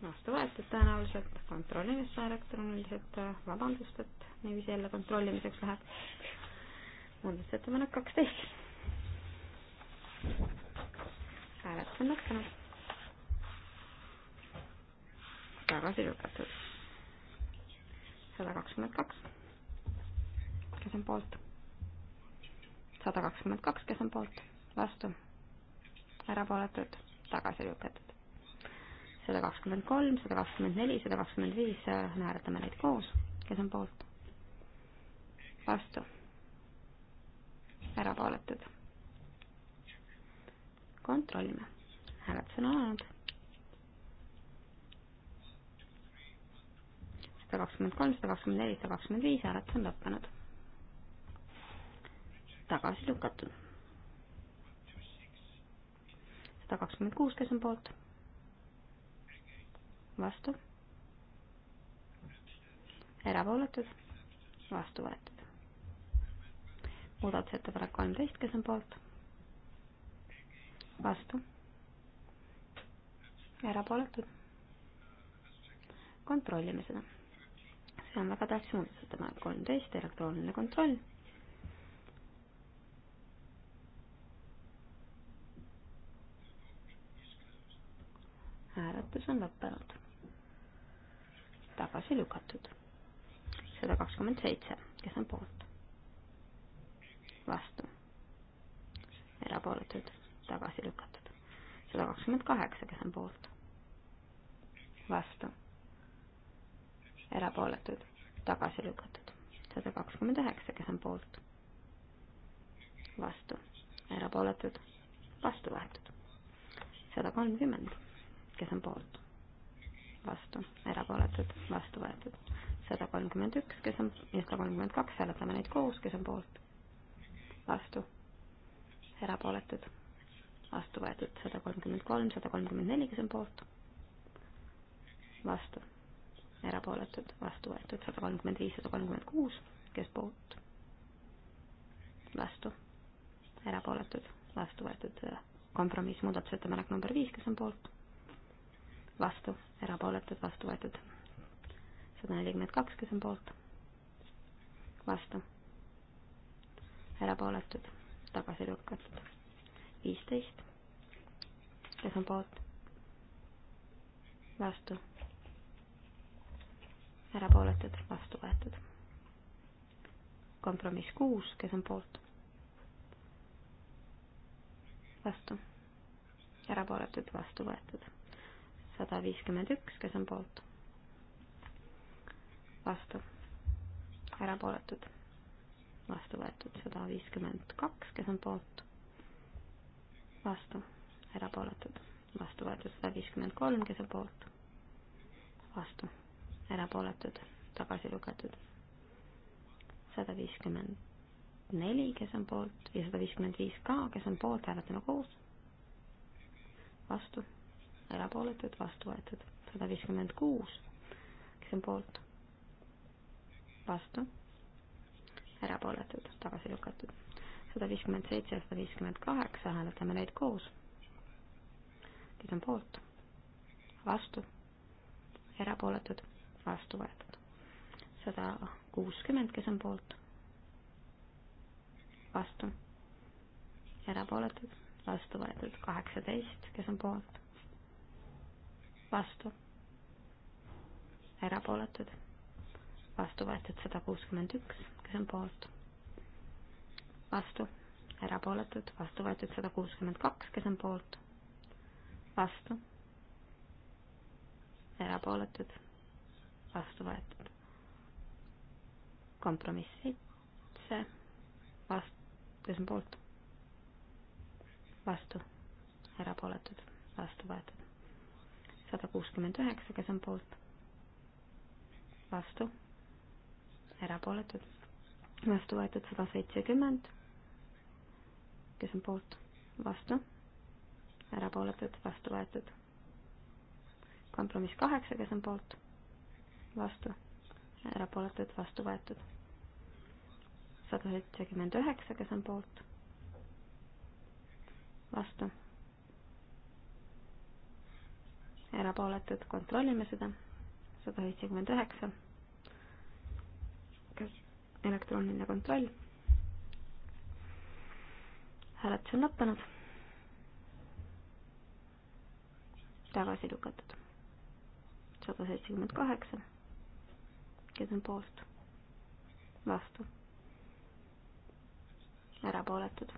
Speaker 3: vastu võetud tõenäoliselt, kontrollime seda elektrooniliselt, vabandust, et niiviisi jälle kontrollimiseks läheb. muudatusettepanek kaksteist hääletus on lõppenud. tagasi lükatud. sada kakskümmend kaks, kes on poolt? sada kakskümmend kaks, kes on poolt? vastu? erapooletud? tagasi lükatud. sada kakskümmend kolm, sada kakskümmend neli, sada kakskümmend viis, hääletame neid koos, kes on poolt? vastu? erapooletud kontrollime. hääletus on alanud. sada kakskümmend kolm, sada kakskümmend neli, sada kakskümmend viis, hääletus on lõppenud. tagasi lükatud. sada kakskümmend kuus, kes on poolt? vastu? erapooletud? vastu võetud. muudatusettepanek kolmteist, kes on poolt? vastu, erapooletud. kontrollime seda. see on väga tähtis muudatusettepanek kolmteist, elektrooniline kontroll. hääletus on lõppenud. tagasi lükatud. sada kakskümmend seitse, kes on poolt? vastu. erapooletud tagasi lükatud. sada kakskümmend kaheksa, kes on poolt? vastu. erapooletud, tagasi lükatud. sada kakskümmend üheksa, kes on poolt? vastu. erapooletud, vastu võetud. sada kolmkümmend, kes on poolt? vastu, erapooletud, vastu võetud. sada kolmkümmend üks, kes on, ja sada kolmkümmend kaks, hääletame neid koos, kes on poolt, vastu, erapooletud vastu võetud sada kolmkümmend kolm, sada kolmkümmend neli, kes on poolt, vastu, erapooletud, vastu võetud sada kolmkümmend viis, sada kolmkümmend kuus, kes poolt, vastu, erapooletud, vastu võetud kompromiss, muudatusettepanek number viis, kes on poolt, vastu, erapooletud, vastu võetud sada nelikümmend kaks, kes on poolt, vastu, erapooletud, tagasi lükatud viisteist, kes on poolt, vastu, erapooletud, vastu võetud. kompromiss kuus, kes on poolt, vastu, erapooletud, vastu võetud. sada viiskümmend üks, kes on poolt, vastu, erapooletud vastu võetud sada viiskümmend kaks, kes on poolt, vastu, erapooletud, vastu võetud sada viiskümmend kolm, kes on poolt, vastu, erapooletud, tagasi lükatud sada viiskümmend neli, kes on poolt ja sada viiskümmend viis ka, kes on poolt, hääletame koos, vastu, erapooletud, vastu võetud sada viiskümmend kuus, kes on poolt, vastu, erapooletud, tagasi lükatud sada viiskümmend seitse ja sada viiskümmend kaheksa, hääletame neid koos. Need on poolt, vastu, erapooletud, vastu võetud. sada kuuskümmend, kes on poolt, vastu, erapooletud, vastu võetud. kaheksateist, kes on poolt, vastu, erapooletud, vastu võetud. sada kuuskümmend üks, kes on poolt vastu, erapooletud, vastu võetud sada kuuskümmend kaks, kes on poolt, vastu, erapooletud,
Speaker 2: vastu võetud. kompromiss seitse, vastu, kes on poolt, vastu,
Speaker 3: erapooletud, vastu võetud. sada kuuskümmend üheksa, kes on poolt, vastu, erapooletud, vastu võetud sada seitsekümmend kes on poolt, vastu, erapooletud, vastu võetud. kompromiss kaheksa, kes on poolt, vastu, erapooletud, vastu võetud. sada seitsekümmend üheksa, kes on poolt, vastu, erapooletud, kontrollime seda, sada seitsekümmend üheksa, elektrooniline kontroll hääletus on lõppenud. tagasi lükatud. sada seitsekümmend kaheksa. kes on poolt? vastu. erapooletud.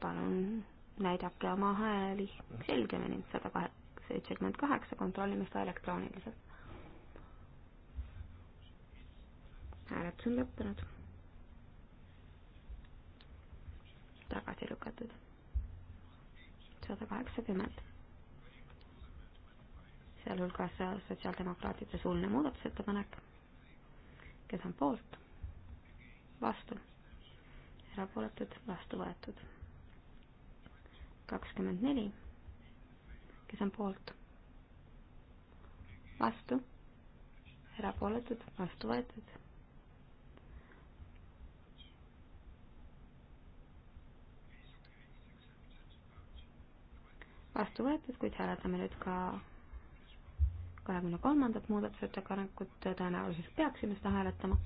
Speaker 3: palun näidake oma hääli selgemini, sada kahe-, seitsekümmend kaheksa, kontrollime seda elektrooniliselt hääletus on lõppenud. tagasi lükatud. sada kaheksakümmend. sealhulgas sotsiaaldemokraatide suuline muudatusettepanek. kes on poolt? vastu. erapooletud, vastu võetud. kakskümmend neli. kes on poolt? vastu. erapooletud, vastu võetud vastu võetud, kuid hääletame nüüd ka kahekümne kolmandat muudatusettepanekut, tõenäoliselt peaksime seda hääletama,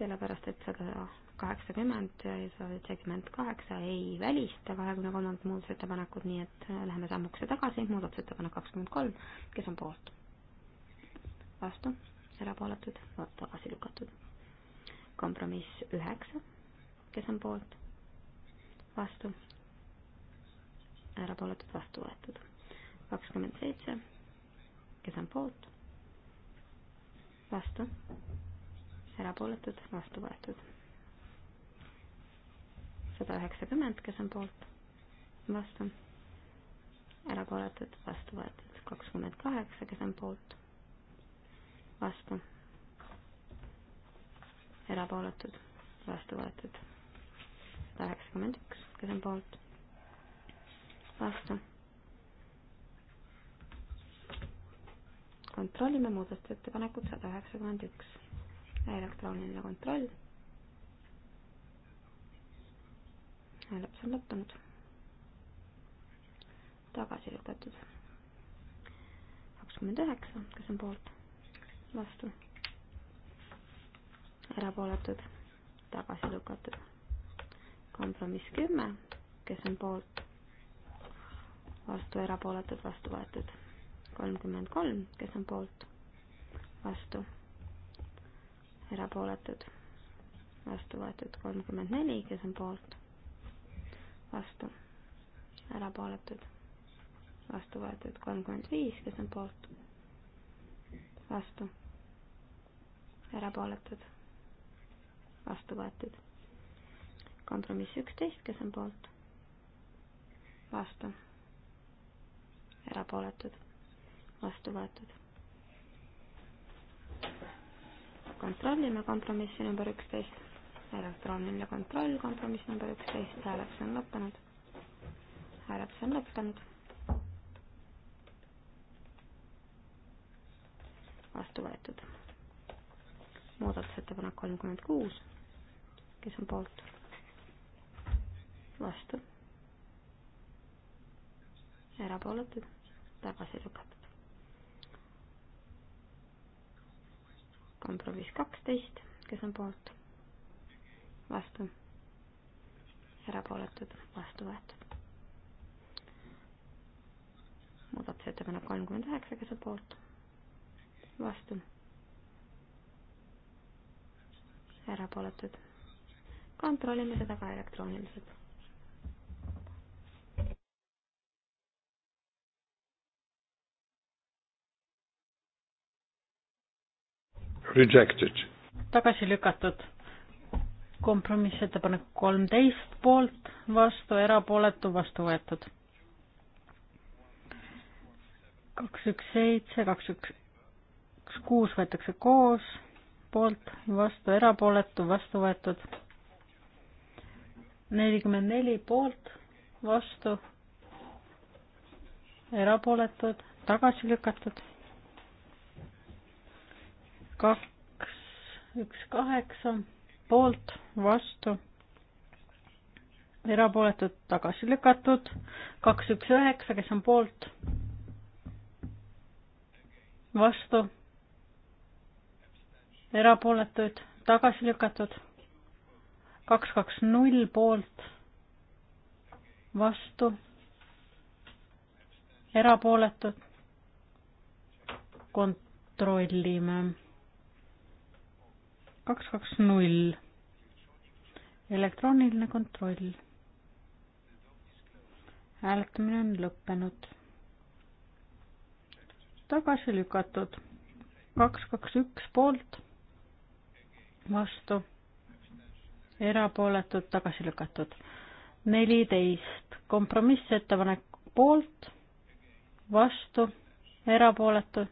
Speaker 3: sellepärast et sada kaheksakümmend ja sada seitsekümmend kaheksa ei välista kahekümne kolmandat muudatusettepanekut, nii et läheme sammukese tagasi, muudatusettepanek kakskümmend kolm, kes on poolt? vastu, erapooletud, tagasi lükatud. kompromiss üheksa, kes on poolt? vastu erapooletud vastu võetud. kakskümmend seitse, kes on poolt, vastu, erapooletud, vastu võetud. sada üheksakümmend, kes on poolt, vastu, erapooletud, vastu võetud. kakskümmend kaheksa, kes on poolt, vastu, erapooletud, vastu võetud. sada üheksakümmend üks, kes on poolt vastu. kontrollime muudatusettepanekut sada üheksakümmend üks. elektrooniline kontroll. hääletus on lõppenud. tagasi lükatud. kakskümmend üheksa, kes on poolt? vastu. erapooletud, tagasi lükatud. kompromiss kümme, kes on poolt? vastu erapooletud, vastu võetud. kolmkümmend kolm, kes on poolt, vastu, erapooletud, vastu võetud. kolmkümmend neli, kes on poolt, vastu, erapooletud, vastu võetud. kolmkümmend viis, kes on poolt, vastu, erapooletud, vastu võetud. kompromiss üksteist, kes on poolt, vastu erapooletud, vastu võetud. kontrollime kompromissi number üksteist, elektrooniline kontroll, kompromiss number üksteist, hääletus on lõppenud. hääletus on lõppenud. vastu võetud. muudatusettepanek kolmkümmend kuus, kes on poolt? vastu erapooletud tagasi lükatud. kompromiss kaksteist, kes on poolt, vastu, erapooletud, vastu võetud. muudatusettepanek kolmkümmend üheksa, kes on poolt, vastu, erapooletud. kontrollime seda ka elektrooniliselt.
Speaker 1: Rejected.
Speaker 2: tagasi lükatud. kompromissettepanek kolmteist poolt, vastu, erapooletu, vastu võetud. kaks, üks, seitse, kaks, üks, kuus võetakse koos, poolt, vastu, erapooletu, vastu võetud. nelikümmend neli poolt, vastu, erapooletud, tagasi lükatud kaks, üks, kaheksa poolt, vastu, erapooletud, tagasi lükatud, kaks, üks, üheksa, kes on poolt, vastu, erapooletuid, tagasi lükatud, kaks, kaks, null poolt, vastu, erapooletud, kontrollime kaks, kaks, null. elektrooniline kontroll. hääletamine on lõppenud. tagasi lükatud. kaks, kaks, üks poolt, vastu, erapooletud, tagasi lükatud. neliteist, kompromissettepanek poolt, vastu, erapooletud,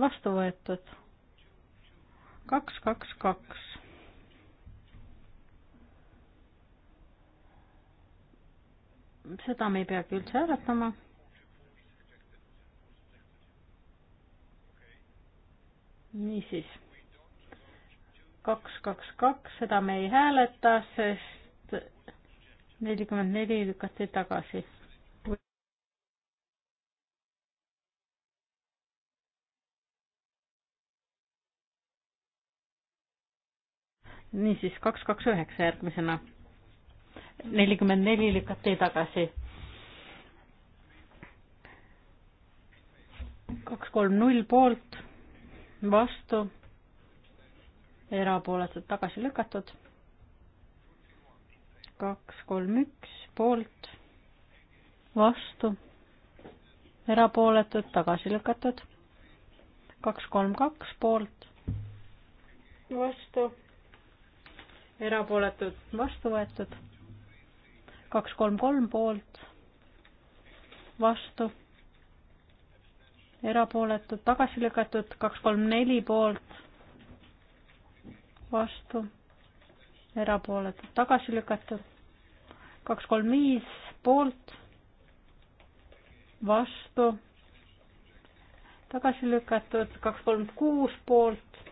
Speaker 2: vastu võetud. kaks, kaks, kaks. seda me ei peagi üldse hääletama. niisiis, kaks, kaks, kaks, seda me ei hääleta, sest nelikümmend neli lükati tagasi niisiis kaks, kaks, üheksa järgmisena. nelikümmend neli lükati tagasi. kaks, kolm, null poolt, vastu, erapooletud tagasi lükatud. kaks, kolm, üks poolt, vastu, erapooletud tagasi lükatud. kaks, kolm, kaks poolt, vastu erapooletud, vastu võetud. kaks, kolm, kolm poolt, vastu, erapooletud, tagasi lükatud, kaks, kolm, neli poolt, vastu, erapooletud, tagasi lükatud, kaks, kolm, viis poolt, vastu, tagasi lükatud, kaks, kolm, kuus poolt,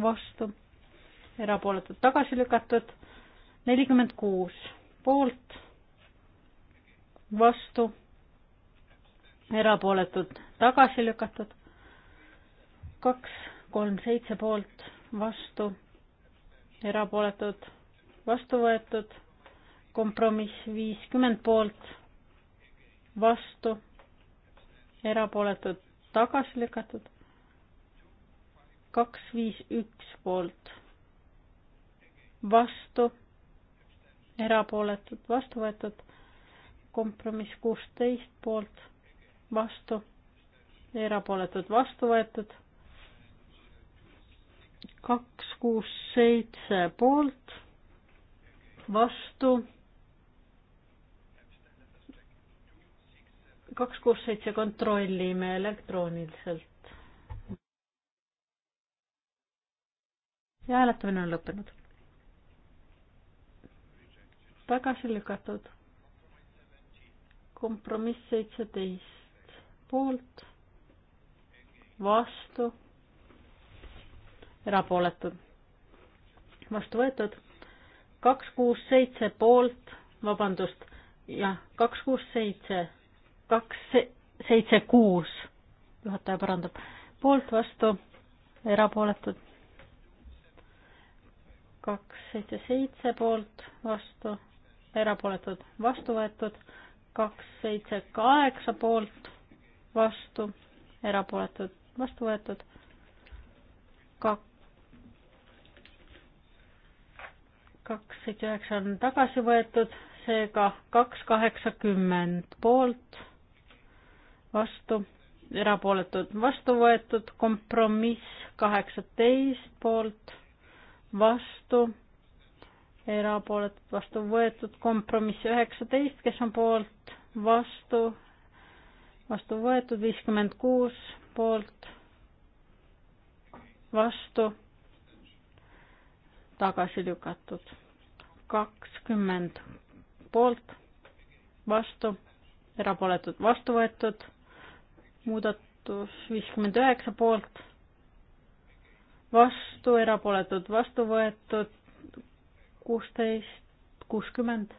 Speaker 2: vastu erapooletud tagasi lükatud, nelikümmend kuus poolt, vastu, erapooletud tagasi lükatud, kaks, kolm, seitse poolt, vastu, erapooletud vastu võetud, kompromiss viiskümmend poolt, vastu, erapooletud tagasi lükatud, kaks, viis, üks poolt vastu, erapooletud, vastu võetud, kompromiss kuusteist poolt, vastu, erapooletud, vastu võetud, kaks, kuus, seitse poolt, vastu, kaks, kuus, seitse kontrollime elektrooniliselt. ja hääletamine on lõppenud tagasi lükatud. kompromiss seitseteist poolt, vastu, erapooletud, vastu võetud, kaks, kuus, seitse poolt, vabandust, jah, kaks, kuus, seitse, kaks, seitse, kuus, juhataja parandab, poolt, vastu, erapooletud, kaks, seitse, seitse poolt, vastu erapooletud, vastu võetud, kaks, seitse, kaheksa poolt, vastu, erapooletud, vastu võetud, kaks, kaks, seitse, üheksa on tagasi võetud, seega kaks kaheksakümmend poolt, vastu, erapooletud vastu võetud, kompromiss kaheksateist poolt, vastu erapooletud vastu võetud, kompromiss üheksateist, kes on poolt, vastu, vastu võetud, viiskümmend kuus poolt, vastu, tagasi lükatud, kakskümmend poolt, vastu, erapooletud, vastu võetud, muudatus viiskümmend üheksa poolt, vastu, erapooletud, vastu võetud, kuusteist, kuuskümmend,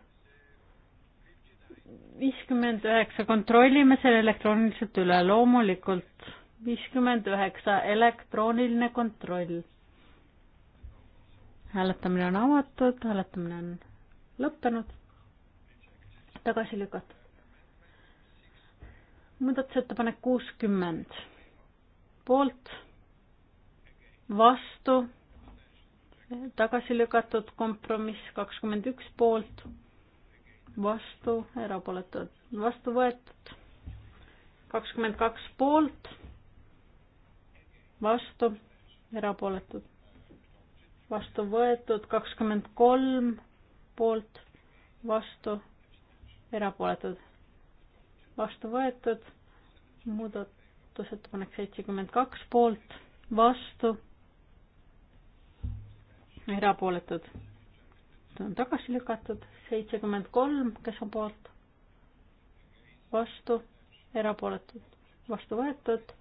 Speaker 2: viiskümmend üheksa, kontrollime selle elektrooniliselt üle, loomulikult viiskümmend üheksa, elektrooniline kontroll. hääletamine on avatud, hääletamine on lõppenud, tagasi lükatud. muudatusettepanek kuuskümmend, poolt, vastu tagasi lükatud kompromiss kakskümmend üks poolt, vastu, erapooletud, vastu võetud, kakskümmend kaks poolt, vastu, erapooletud, vastu võetud, kakskümmend kolm poolt, vastu, erapooletud, vastu võetud, muudatusettepanek seitsekümmend kaks poolt, vastu erapooletud, ta on tagasi lükatud, seitsekümmend kolm, kes on poolt, vastu, erapooletud, vastu võetud,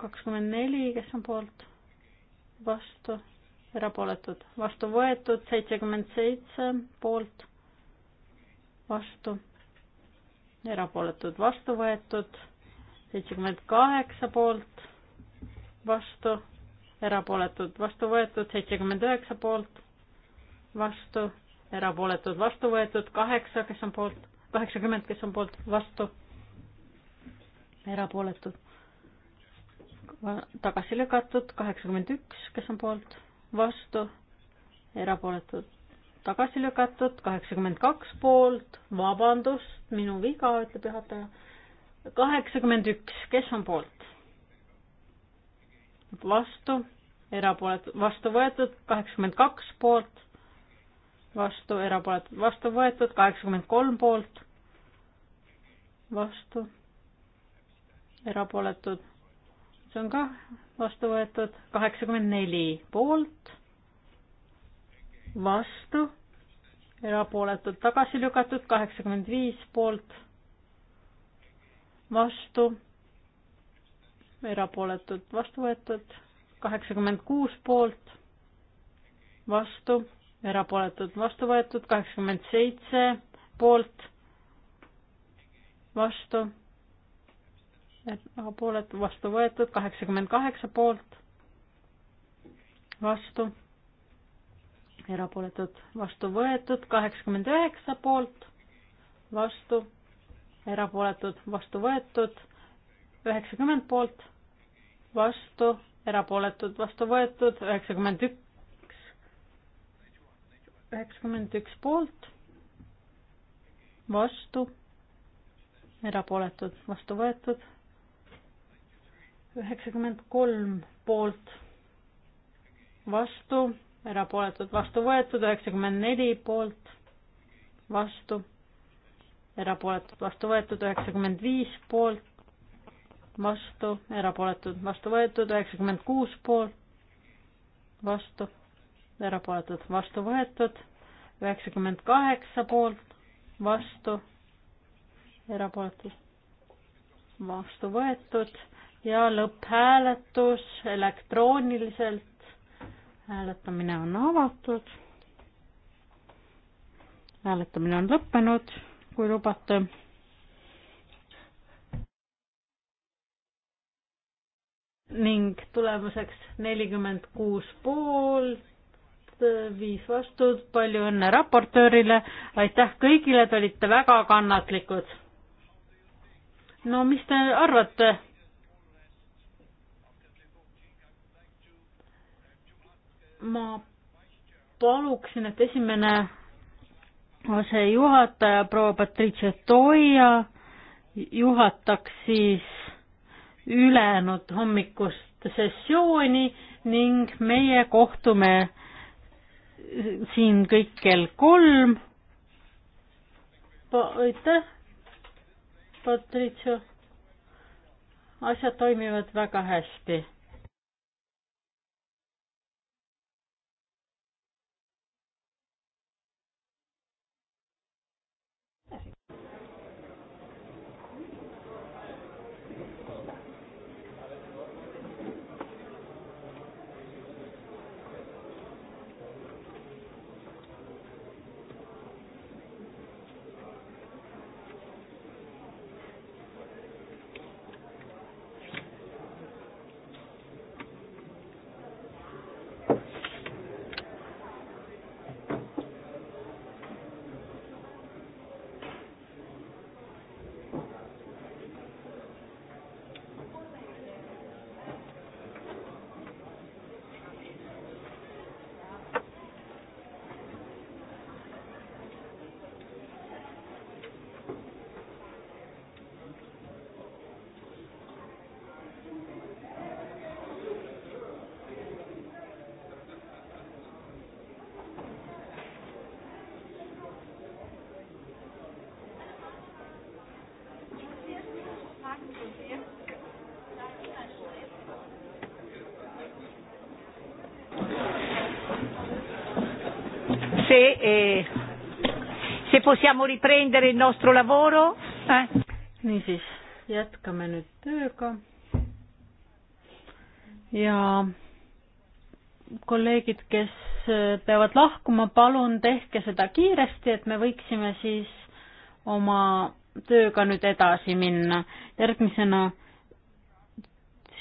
Speaker 2: kakskümmend neli, kes on poolt, vastu, erapooletud, vastu võetud, seitsekümmend seitse poolt, vastu, erapooletud, vastu võetud, seitsekümmend kaheksa poolt, vastu erapooletud, vastu võetud, seitsekümmend üheksa poolt, vastu, erapooletud, vastu võetud, kaheksa, kes on poolt, kaheksakümmend, kes on poolt, vastu, erapooletud, tagasi lükatud, kaheksakümmend üks, kes on poolt, vastu, erapooletud, tagasi lükatud, kaheksakümmend kaks poolt, vabandust, minu viga, ütleb juhataja, kaheksakümmend üks, kes on poolt vastu, erapooletud, vastu võetud, kaheksakümmend kaks poolt, vastu, erapooletud, vastu võetud, kaheksakümmend kolm poolt, vastu, erapooletud, see on ka vastu võetud, kaheksakümmend neli poolt, vastu, erapooletud, tagasi lükatud, kaheksakümmend viis poolt, vastu erapooletud vastu võetud, kaheksakümmend kuus poolt, vastu, erapooletud vastu võetud, kaheksakümmend seitse poolt, vastu, erapooletu vastu võetud, kaheksakümmend kaheksa poolt, vastu, erapooletud vastu võetud, kaheksakümmend üheksa poolt, vastu, erapooletud vastu võetud, üheksakümmend poolt vastu, erapooletud, vastu võetud, üheksakümmend üks, üheksakümmend üks poolt, vastu, erapooletud, vastu võetud, üheksakümmend kolm poolt, vastu, erapooletud, vastu võetud, üheksakümmend neli poolt, vastu, erapooletud, vastu võetud, üheksakümmend viis poolt, vastu, erapooletud, vastu võetud, üheksakümmend kuus poolt, vastu, erapooletud, vastu võetud, üheksakümmend kaheksa poolt, vastu, erapooletud, vastu võetud ja lõpphääletus elektrooniliselt. hääletamine on avatud. hääletamine on lõppenud, kui lubate ning tulemuseks nelikümmend kuus pool, viis vastu, palju õnne raportöörile, aitäh kõigile, te olite väga kannatlikud. no mis te arvate? ma paluksin, et esimene asejuhataja proua Patricia Toia juhataks siis ülejäänud hommikust sessiooni ning meie kohtume siin kõik kell kolm. aitäh, Patricio. asjad toimivad väga hästi possiamo riprendere il nostro lavoro eh?. niisiis, jätkame nüüd tööga. ja kolleegid, kes peavad lahkuma, palun tehke seda kiiresti, et me võiksime siis oma tööga nüüd edasi minna. järgmisena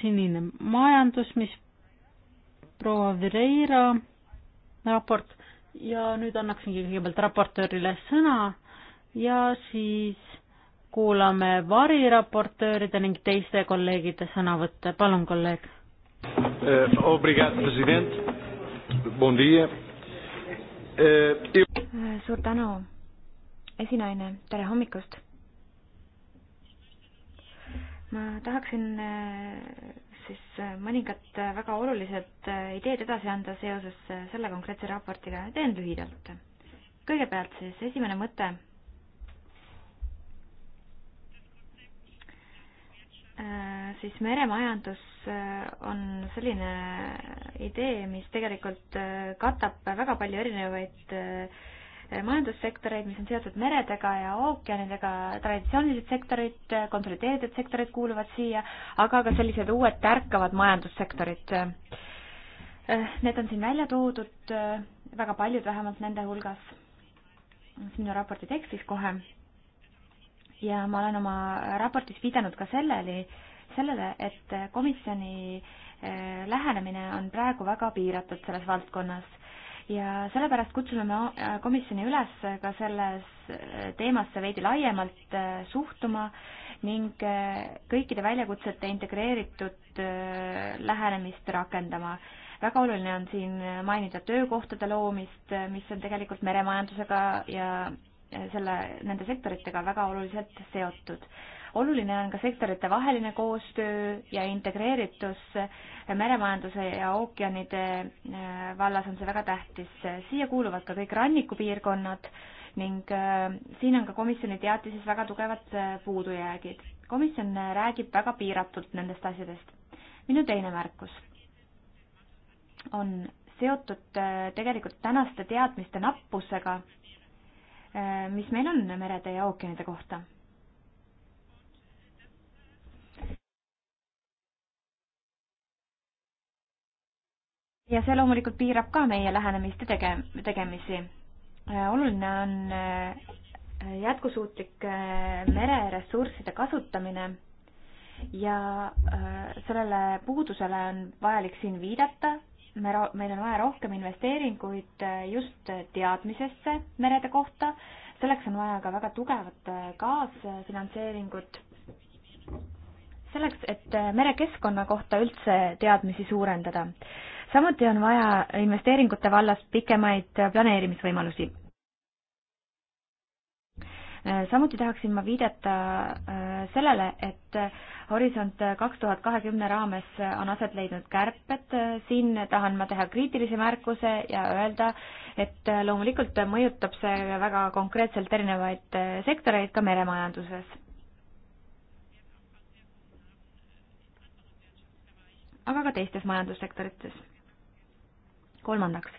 Speaker 2: sinine majandus, mis proua Vireira raport ja nüüd annaksingi kõigepealt raportöörile sõna ja siis kuulame variraportööride ning teiste kolleegide sõnavõtte. palun, kolleeg.
Speaker 1: Eh,
Speaker 2: eh, suur tänu,
Speaker 3: esinaine, tere hommikust. ma tahaksin eh, siis äh, mõningad äh, väga olulised äh, ideed edasi anda seoses selle konkreetse raportiga. teen lühidalt. kõigepealt siis esimene mõte. siis meremajandus on selline idee, mis tegelikult katab väga palju erinevaid majandussektoreid, mis on seotud meredega ja ookeanidega, traditsioonilised sektorid, konsolideeritud sektorid kuuluvad siia, aga ka sellised uued tärkavad majandussektorid. Need on siin välja toodud, väga paljud vähemalt nende hulgas, minu raporti tekstis kohe. ja ma olen oma raportis viidanud ka selleli, sellele, et komisjoni eh, lähenemine on praegu väga piiratud selles valdkonnas ja sellepärast kutsume me äh, komisjoni üles ka selles äh, teemasse veidi laiemalt äh, suhtuma ning kõikide väljakutsete integreeritud lähenemist rakendama. väga oluline on siin mainida töökohtade loomist, mis on tegelikult meremajandusega ja selle, nende sektoritega väga oluliselt seotud oluline on ka sektorite vaheline koostöö ja integreeritus meremajanduse ja ookeanide äh, vallas on see väga tähtis. siia kuuluvad ka kõik rannikupiirkonnad ning äh, siin on ka komisjoni teatises väga tugevad äh, puudujäägid. komisjon räägib väga piiratult nendest asjadest. minu teine märkus on seotud tegelikult tänaste teadmiste nappusega, mis meil on merede ja ookeanide kohta ja see loomulikult piirab ka meie lähenemist ja tege-, tegemisi. Äh, oluline on äh, jätkusuutlik äh, mereressursside kasutamine ja sellele puudusele on vajalik siin viidata, me, meil on vaja rohkem investeeringuid just teadmisesse merede kohta, selleks on vaja ka väga tugevat kaasfinantseeringut, selleks, et merekeskkonna kohta üldse teadmisi suurendada samuti on vaja investeeringute vallas pikemaid planeerimisvõimalusi. samuti tahaksin ma viidata äh, sellele, et Horisont kaks tuhat kahekümne raames on aset leidnud kärped, siin tahan ma teha kriitilise märkuse ja öelda, et loomulikult mõjutab see väga konkreetselt erinevaid äh, sektoreid ka meremajanduses aga ka teistes majandussektorites kolmandaks.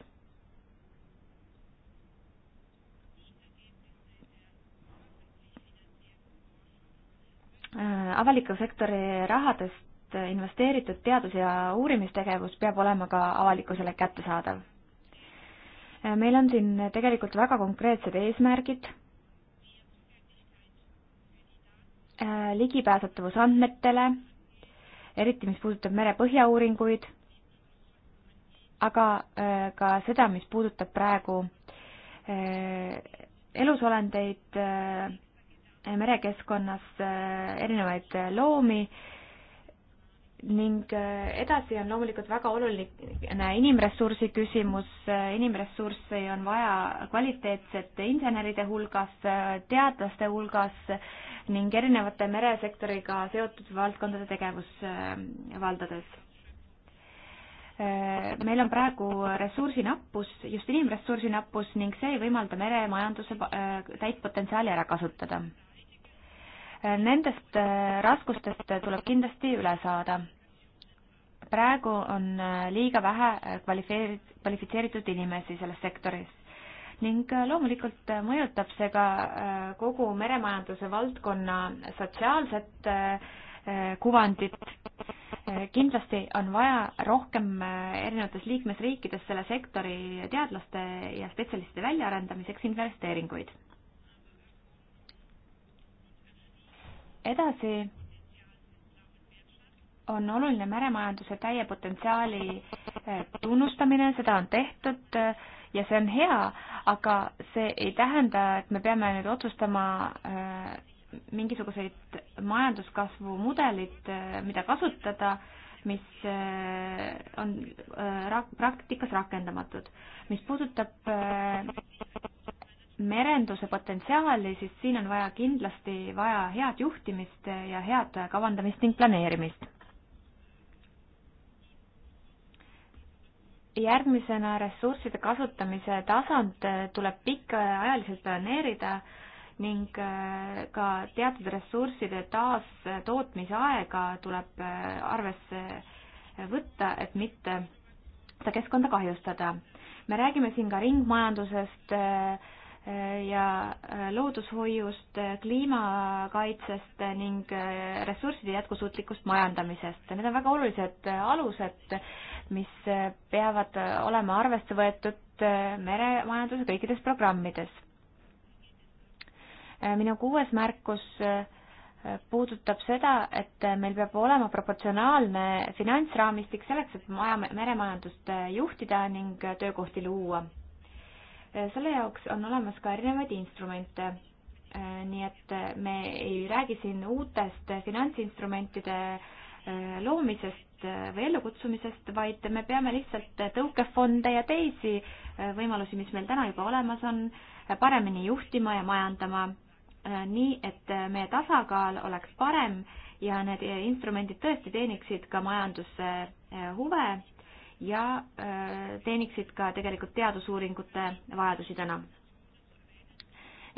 Speaker 3: Äh, avaliku sektori rahadest investeeritud teadus- ja uurimistegevus peab olema ka avalikkusele kättesaadav. Äh, meil on siin tegelikult väga konkreetsed eesmärgid. Äh, ligipääsetavus andmetele, eriti mis puudutab merepõhjauuringuid aga äh, ka seda, mis puudutab praegu äh, elusolendeid äh, merekeskkonnas, erinevaid loomi ning edasi on loomulikult väga oluline inimressursi küsimus, inimressurssi on vaja kvaliteetsete inseneride hulgas, teadlaste hulgas ning erinevate meresektoriga seotud valdkondade tegevusvaldades Äh, meil on praegu ressursinappus, just inimressursi nappus ning see ei võimalda meremajanduse äh, täit potentsiaali ära kasutada. Äh, nendest raskustest tuleb kindlasti üle saada. praegu on liiga vähe kvalifitseeritud inimesi selles sektoris ning loomulikult mõjutab see ka kogu meremajanduse valdkonna sotsiaalset Äh, kuvandit. Äh, kindlasti on vaja rohkem äh, erinevates liikmesriikides selle sektori teadlaste ja spetsialistide väljaarendamiseks investeeringuid. edasi on oluline meremajanduse täie potentsiaali tunnustamine, seda on tehtud ja see on hea, aga see ei tähenda, et me peame nüüd otsustama äh, mingisuguseid majanduskasvu mudelit, äh, mida kasutada, mis äh, on äh, praktikas rakendamatud. mis puudutab merenduse potentsiaali, siis siin on vaja kindlasti vaja head juhtimist ja head kavandamist ning planeerimist. järgmisena ressursside kasutamise tasand tuleb pikaajaliselt planeerida äh, ning äh, ka teatud ressursside taastootmise aega tuleb äh, arvesse äh, võtta, et mitte seda keskkonda kahjustada. me räägime siin ka ringmajandusest ja loodushoiust, kliimakaitsest ning ressursside jätkusuutlikust majandamisest. Need on väga olulised alused, mis peavad olema arvesse võetud meremajanduse kõikides programmides Äh, minu kuues märkus äh, puudutab seda, et äh, meil peab olema proportsionaalne finantsraamistik selleks, et maja, meremajandust juhtida ning töökohti luua. selle jaoks on olemas ka erinevaid instrumente. nii et me ei räägi siin uutest finantsinstrumentide loomisest või ellukutsumisest, vaid me peame lihtsalt tõukefonde ja teisi võimalusi, mis meil täna juba olemas on, paremini juhtima ja majandama Äh, nii, et äh, meie tasakaal oleks parem ja need äh, instrumendid tõesti teeniksid ka majanduse huve ja teeniksid ka tegelikult teadusuuringute vajadusi täna.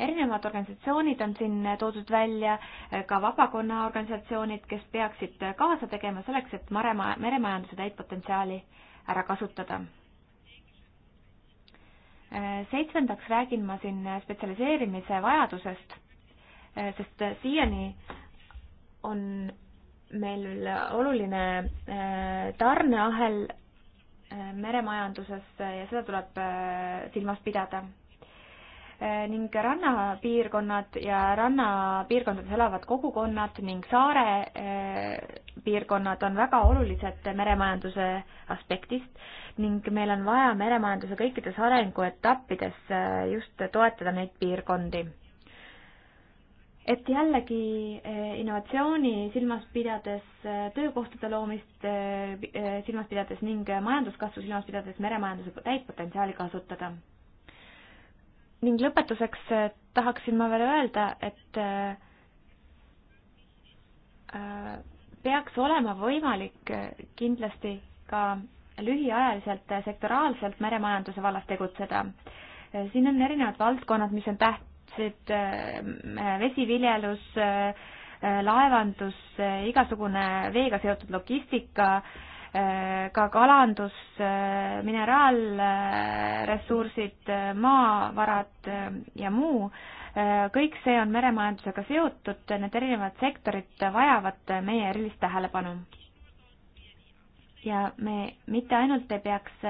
Speaker 3: erinevad organisatsioonid on siin toodud välja, ka vabakonna organisatsioonid, kes peaksid kaasa tegema selleks, et marema, meremajanduse täit potentsiaali ära kasutada seitsmendaks räägin ma siin spetsialiseerimise vajadusest. Eh, sest eh, siiani on meil oluline eh, tarneahel meremajanduses ja seda tuleb silmas pidada. ning rannapiirkonnad ja rannapiirkondades elavad kogukonnad ning saare piirkonnad on väga olulised meremajanduse aspektist ning meil on vaja meremajanduse kõikides arenguetappides just toetada neid piirkondi et jällegi eh, innovatsiooni silmas pidades, eh, töökohtade loomist eh, silmas pidades ning majanduskasvu silmas pidades meremajanduse täitpotentsiaali kasutada. ning lõpetuseks tahaksin ma veel öelda, et peaks olema võimalik kindlasti ka lühiajaliselt sektoraalselt meremajanduse vallas tegutseda. siin on erinevad valdkonnad, mis on täht-, põllumajandussektorid, äh, vesiviljelus, äh, laevandus, äh, igasugune veega seotud logistika, ka kalandus, mineraalressursid, maavarad ja muu, kõik see on meremajandusega seotud, need erinevad sektorid vajavad meie erilist tähelepanu ja me mitte ainult ei peaks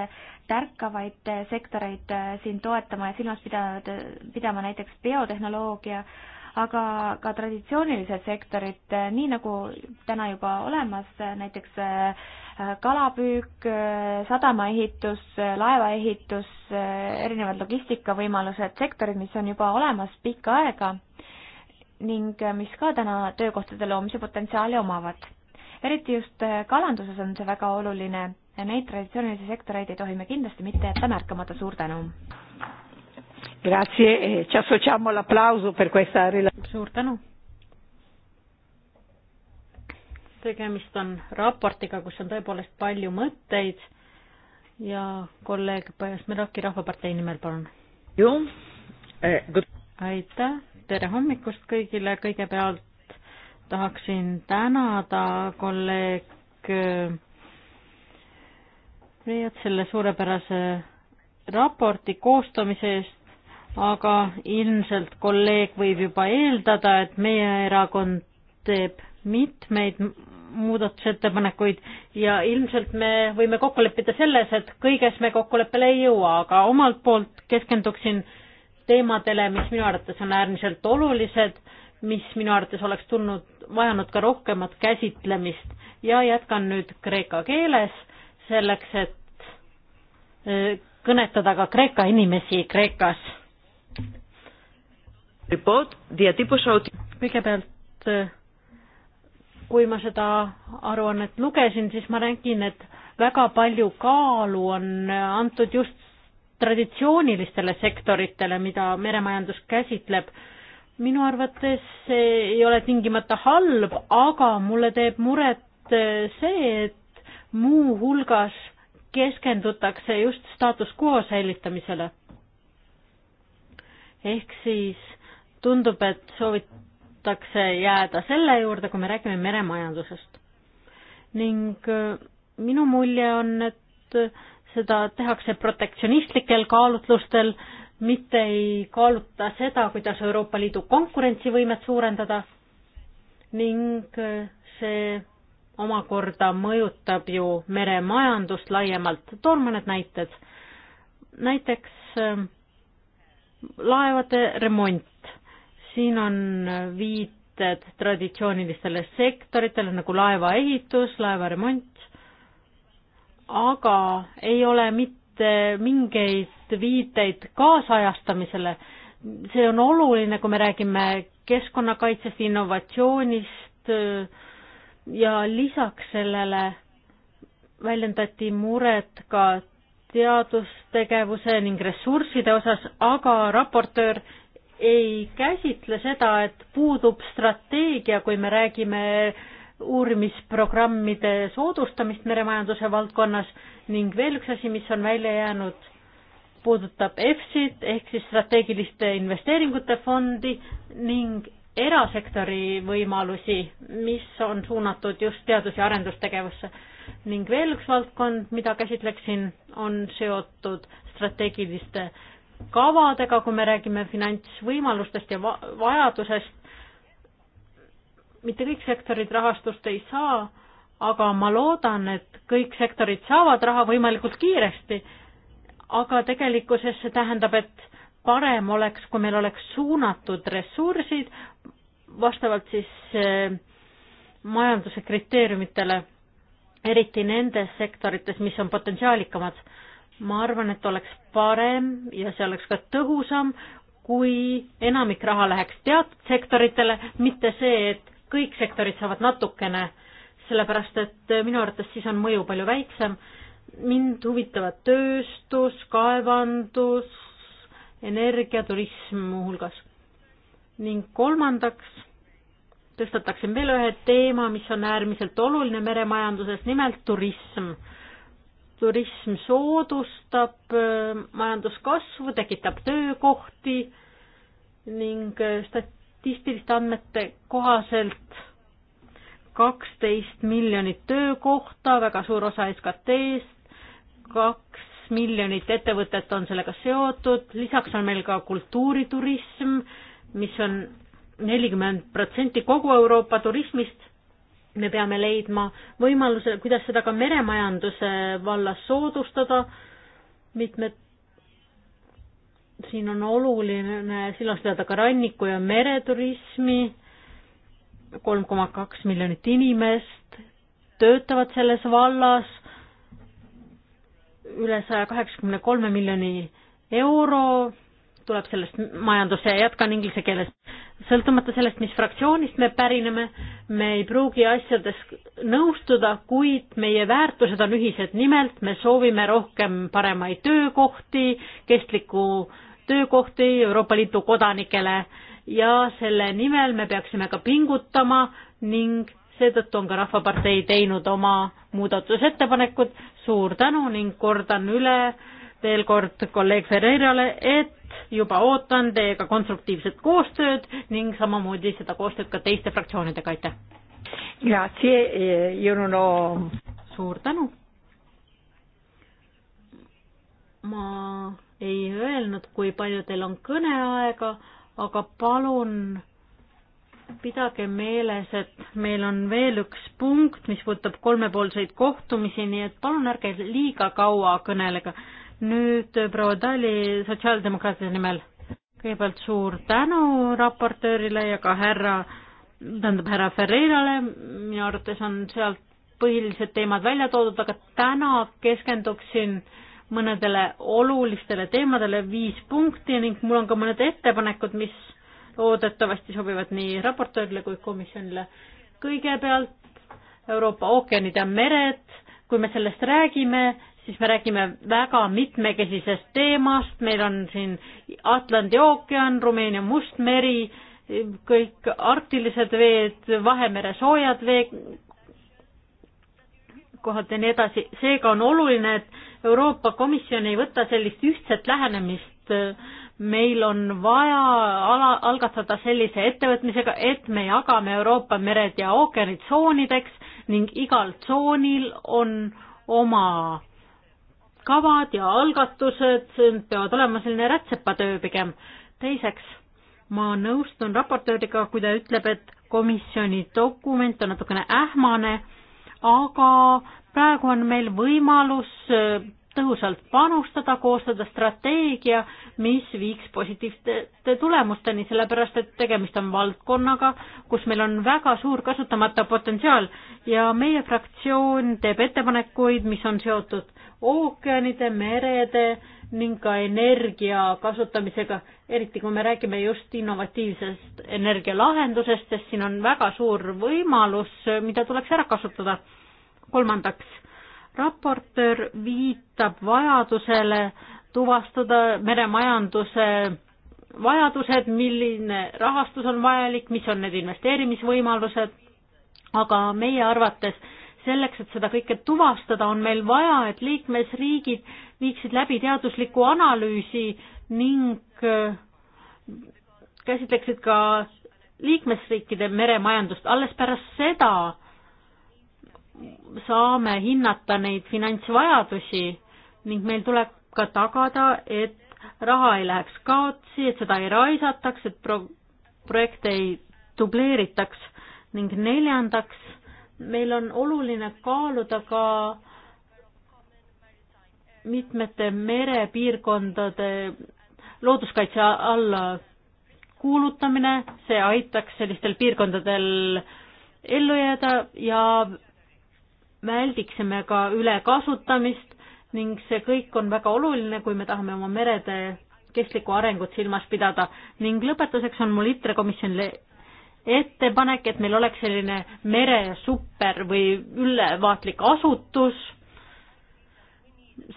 Speaker 3: tärkavaid sektoreid äh, siin toetama ja silmas pidavad, pidama näiteks biotehnoloogia, aga ka traditsioonilised sektorid, äh, nii nagu täna juba olemas, äh, näiteks kalapüük, sadamaehitus, laevaehitus, erinevad logistikavõimalused, sektorid, mis on juba olemas pikka aega ning mis ka täna töökohtade loomise potentsiaali omavad eriti just äh, kalanduses on see väga oluline ja neid traditsioonilisi sektoreid ei tohi me kindlasti mitte jätta märkamata,
Speaker 2: suur tänu! Grazie, e ci associamo all'applauso per questa suur tänu! tegemist on raportiga, kus on tõepoolest palju mõtteid ja kolleeg Pajasmeroki Rahvapartei nimel, palun! Eh, aitäh, tere hommikust kõigile, kõigepealt tahaksin tänada kolleeg äh, Priiat selle suurepärase raporti koostamise eest, aga ilmselt kolleeg võib juba eeldada, et meie erakond teeb mitmeid muudatusettepanekuid ja ilmselt me võime kokku leppida selles, et kõiges me kokkuleppele ei jõua, aga omalt poolt keskenduksin teemadele, mis minu arvates on äärmiselt olulised mis minu arvates oleks tulnud, vajanud ka rohkemat käsitlemist ja jätkan nüüd kreeka keeles selleks, et eh, kõnetada ka Kreeka inimesi Kreekas. kõigepealt, eh, kui ma seda aruannet lugesin, siis ma nägin, et väga palju kaalu on eh, antud just traditsioonilistele sektoritele, mida meremajandus käsitleb minu arvates see ei ole tingimata halb, aga mulle teeb muret eh, see, et muuhulgas keskendutakse just staatus quo säilitamisele. ehk siis tundub, et soovitakse jääda selle juurde, kui me räägime meremajandusest. ning eh, minu mulje on, et eh, seda tehakse protektsionistlikel kaalutlustel, mitte ei kaaluta seda, kuidas Euroopa Liidu konkurentsivõimet suurendada ning see omakorda mõjutab ju meremajandust laiemalt. toon mõned näited. näiteks ähm, laevade remont. siin on viited traditsioonilistele sektoritele nagu laevaehitus, laevaremont, aga ei ole mitte mingeid just viiteid kaasajastamisele. see on oluline, kui me räägime keskkonnakaitsest, innovatsioonist äh, ja lisaks sellele väljendati muret ka teadustegevuse ning ressursside osas, aga raportöör ei käsitle seda, et puudub strateegia, kui me räägime uurimisprogrammide soodustamist meremajanduse valdkonnas ning veel üks asi, mis on välja jäänud puudutab EFSit ehk siis strateegiliste investeeringute fondi ning erasektori võimalusi, mis on suunatud just teadus- ja arendustegevusse. ning veel üks valdkond, mida käsitleksin, on seotud strateegiliste kavadega, kui me räägime finantsvõimalustest ja va vajadusest. mitte kõik sektorid rahastust ei saa, aga ma loodan, et kõik sektorid saavad raha võimalikult kiiresti aga tegelikkuses see tähendab, et parem oleks, kui meil oleks suunatud ressursid vastavalt siis eh, majanduse kriteeriumitele, eriti nendes sektorites, mis on potentsiaalikamad. ma arvan, et oleks parem ja see oleks ka tõhusam, kui enamik raha läheks teatud sektoritele, mitte see, et kõik sektorid saavad natukene, sellepärast et minu arvates siis on mõju palju väiksem mind huvitavad tööstus, kaevandus, energia, turism muuhulgas. ning kolmandaks tõstataksin veel ühe teema, mis on äärmiselt oluline meremajanduses, nimelt turism. turism soodustab äh, majanduskasvu, tekitab töökohti ning äh, statistiliste andmete kohaselt kaksteist miljonit töökohta, väga suur osa SKT-st, kaks miljonit ettevõtet on sellega seotud, lisaks on meil ka kultuuriturism, mis on nelikümmend protsenti kogu Euroopa turismist. me peame leidma võimaluse, kuidas seda ka meremajanduse vallas soodustada, mitmed siin on oluline silmas pidada ka ranniku- ja mereturismi, kolm koma kaks miljonit inimest töötavad selles vallas üle saja kaheksakümne kolme miljoni euro tuleb sellest majandusse ja jätkan inglise keeles. sõltumata sellest, mis fraktsioonist me pärineme, me ei pruugi asjades nõustuda, kuid meie väärtused on ühised, nimelt me soovime rohkem paremaid töökohti, kestlikku töökohti Euroopa Liidu kodanikele ja selle nimel me peaksime ka pingutama ning seetõttu on ka Rahvapartei teinud oma muudatusettepanekud, suur tänu ning kordan üle veel kord kolleeg Ferreirale, et juba ootan teiega konstruktiivset koostööd ning samamoodi seda koostööd ka teiste fraktsioonidega, aitäh! Grazie, eh, io non ho... suur tänu! ma ei öelnud, kui palju teil on kõneaega, aga palun pidage meeles, et meil on veel üks punkt, mis puudutab kolmepoolseid kohtumisi, nii et palun ärge liiga kaua kõnelege. nüüd äh, proua Tali sotsiaaldemokraatide nimel. kõigepealt suur tänu raportöörile ja ka härra, tähendab härra Ferreirale, minu arvates on sealt põhilised teemad välja toodud, aga täna keskenduksin mõnedele olulistele teemadele viis punkti ning mul on ka mõned ettepanekud, mis loodetavasti sobivad nii raportöörile kui komisjonile. kõigepealt Euroopa ookeanid ja mered, kui me sellest räägime, siis me räägime väga mitmekesisest teemast, meil on siin Atlandi ookean, Rumeenia Must meri, kõik arktilised veed, Vahemere soojad vee kohad ja nii edasi, seega on oluline, et Euroopa Komisjon ei võta sellist ühtset lähenemist äh, meil on vaja ala, algatada sellise ettevõtmisega, et me jagame Euroopa mered ja ookeanid tsoonideks ning igal tsoonil on oma kavad ja algatused, peavad olema selline rätsepatöö pigem. teiseks, ma nõustun raportööriga, kui ta ütleb, et komisjoni dokument on natukene ähmane, aga praegu on meil võimalus tõhusalt panustada, koostada strateegia, mis viiks positiivsete tulemusteni, sellepärast et tegemist on valdkonnaga, kus meil on väga suur kasutamata potentsiaal ja meie fraktsioon teeb ettepanekuid, mis on seotud ookeanide, merede ning ka energia kasutamisega, eriti kui me räägime just innovatiivsest energialahendusest, sest siin on väga suur võimalus, mida tuleks ära kasutada. kolmandaks raportöör viitab vajadusele tuvastada meremajanduse vajadused, milline rahastus on vajalik, mis on need investeerimisvõimalused, aga meie arvates selleks, et seda kõike tuvastada, on meil vaja, et liikmesriigid viiksid läbi teadusliku analüüsi ning äh, käsitleksid ka liikmesriikide meremajandust. alles pärast seda saame hinnata neid finantsvajadusi ning meil tuleb ka tagada, et raha ei läheks kaotsi, et seda ei raisataks, et pro-, projekte ei dubleeritaks ning neljandaks, meil on oluline kaaluda ka mitmete merepiirkondade looduskaitse alla kuulutamine, see aitaks sellistel piirkondadel ellu jääda ja väldiksime ka ülekasutamist ning see kõik on väga oluline, kui me tahame oma merede kestlikku arengut silmas pidada ning lõpetuseks on mul ITRE komisjonile ettepanek, et meil oleks selline meresuper või ülevaatlik asutus,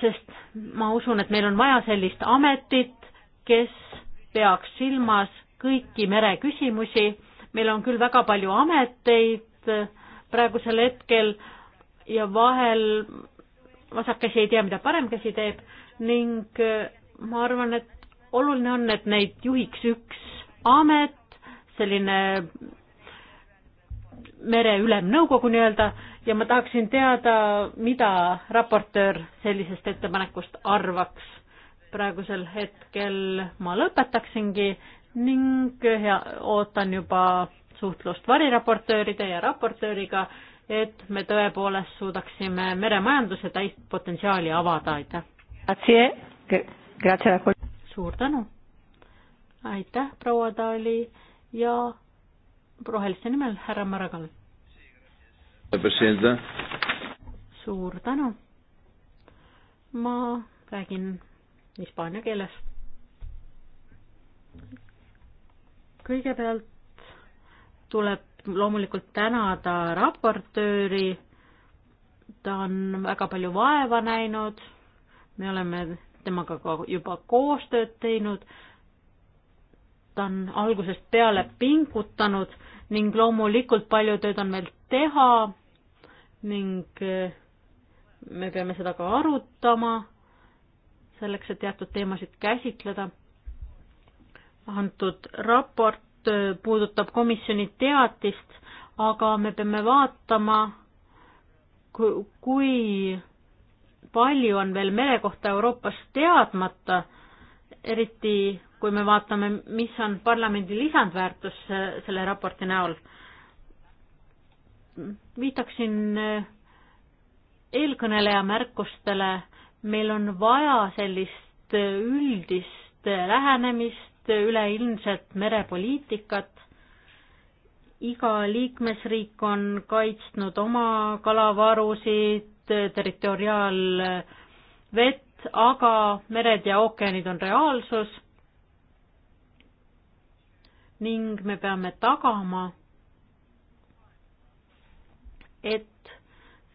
Speaker 2: sest ma usun, et meil on vaja sellist ametit, kes peaks silmas kõiki mereküsimusi, meil on küll väga palju ameteid praegusel hetkel, ja vahel vasak käsi ei tea, mida parem käsi teeb ning äh, ma arvan, et oluline on, et neid juhiks üks amet, selline mereülemnõukogu nii-öelda ja ma tahaksin teada, mida raportöör sellisest ettepanekust arvaks. praegusel hetkel ma lõpetaksingi ning äh, hea, ootan juba suhtlust variraportööride ja raportööriga et me tõepoolest suudaksime meremajanduse täist potentsiaali avada, aitäh! suur tänu! aitäh, proua Taali ja roheliste nimel härra Maragal. suur tänu! ma räägin hispaania keeles. kõigepealt tuleb loomulikult tänada raportööri, ta on väga palju vaeva näinud, me oleme temaga ka juba koostööd teinud, ta on algusest peale pingutanud ning loomulikult palju tööd on meil teha ning eh, me peame seda ka arutama, selleks, et teatud teemasid käsitleda. antud raport Äh, puudutab komisjoni teatist, aga me peame vaatama, kui palju on veel mere kohta Euroopas teadmata, eriti kui me vaatame, mis on parlamendi lisandväärtus selle raporti näol. viitaksin äh, eelkõneleja märkustele, meil on vaja sellist äh, üldist lähenemist, üleilmset merepoliitikat. iga liikmesriik on kaitsnud oma kalavarusid, territoriaalvett, aga mered ja ookeanid on reaalsus. ning me peame tagama, et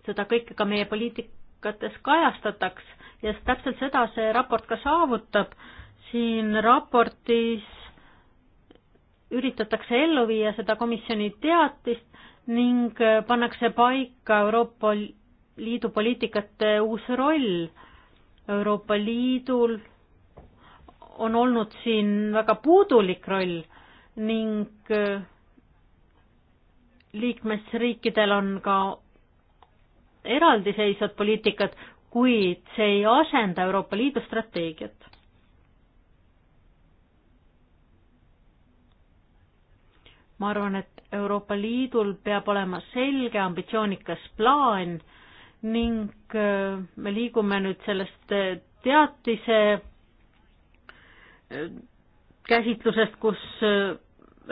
Speaker 2: seda kõike ka meie poliitikates kajastataks ja täpselt seda see raport ka saavutab siin raportis üritatakse ellu viia seda komisjoni teatist ning pannakse paika Euroopa Liidu poliitikate uus roll. Euroopa Liidul on olnud siin väga puudulik roll ning äh, liikmesriikidel on ka eraldiseisvad poliitikad, kuid see ei asenda Euroopa Liidu strateegiat ma arvan, et Euroopa Liidul peab olema selge ambitsioonikas plaan ning äh, me liigume nüüd sellest äh, teatise äh, käsitlusest, kus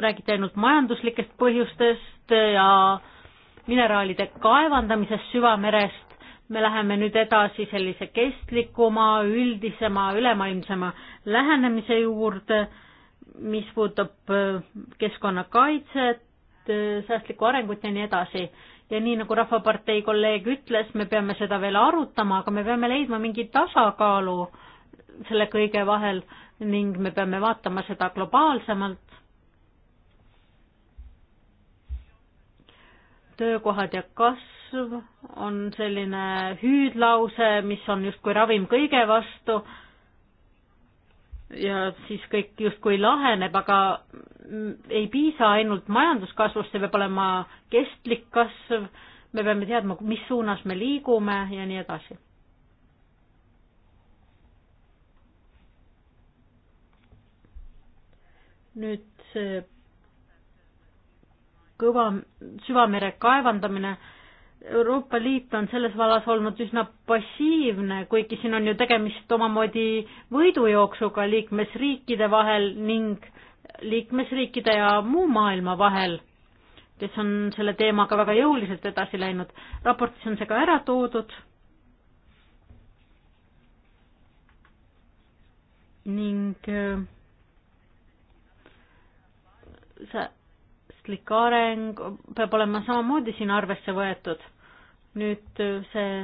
Speaker 2: räägiti ainult majanduslikest põhjustest ja mineraalide kaevandamisest süvamerest, me läheme nüüd edasi sellise kestlikuma, üldisema, ülemaailmsema lähenemise juurde mis puudutab äh, keskkonnakaitset, äh, säästlikku arengut ja nii edasi. ja nii nagu Rahvapartei kolleeg ütles, me peame seda veel arutama, aga me peame leidma mingi tasakaalu selle kõige vahel ning me peame vaatama seda globaalsemalt. töökohad ja kasv on selline hüüdlause, mis on justkui ravim kõige vastu ja siis kõik justkui laheneb, aga ei piisa ainult majanduskasvust, see peab olema kestlik kasv, me peame teadma, mis suunas me liigume ja nii edasi. nüüd see kõva, süvamere kaevandamine Euroopa Liit on selles vallas olnud üsna passiivne, kuigi siin on ju tegemist omamoodi võidujooksuga liikmesriikide vahel ning liikmesriikide ja muu maailma vahel, kes on selle teemaga väga jõuliselt edasi läinud. raportis on see ka ära toodud. ning äh, see kestlik areng peab olema samamoodi siin arvesse võetud. nüüd see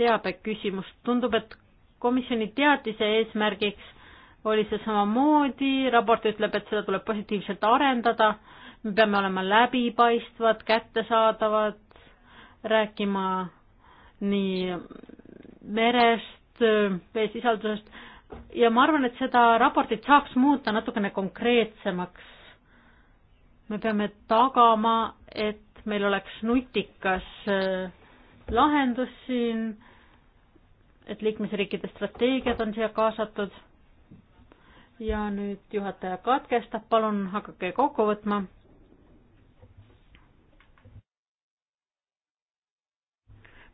Speaker 2: teabeküsimus, tundub, et komisjoni teatise eesmärgiks oli see samamoodi, raport ütleb, et seda tuleb positiivselt arendada, me peame olema läbipaistvad, kättesaadavad, rääkima nii merest, veesisaldusest ja ma arvan, et seda raportit saaks muuta natukene konkreetsemaks me peame tagama, et meil oleks nutikas äh, lahendus siin, et liikmesriikide strateegiad on siia kaasatud. ja nüüd juhataja katkestab, palun hakake kokku võtma.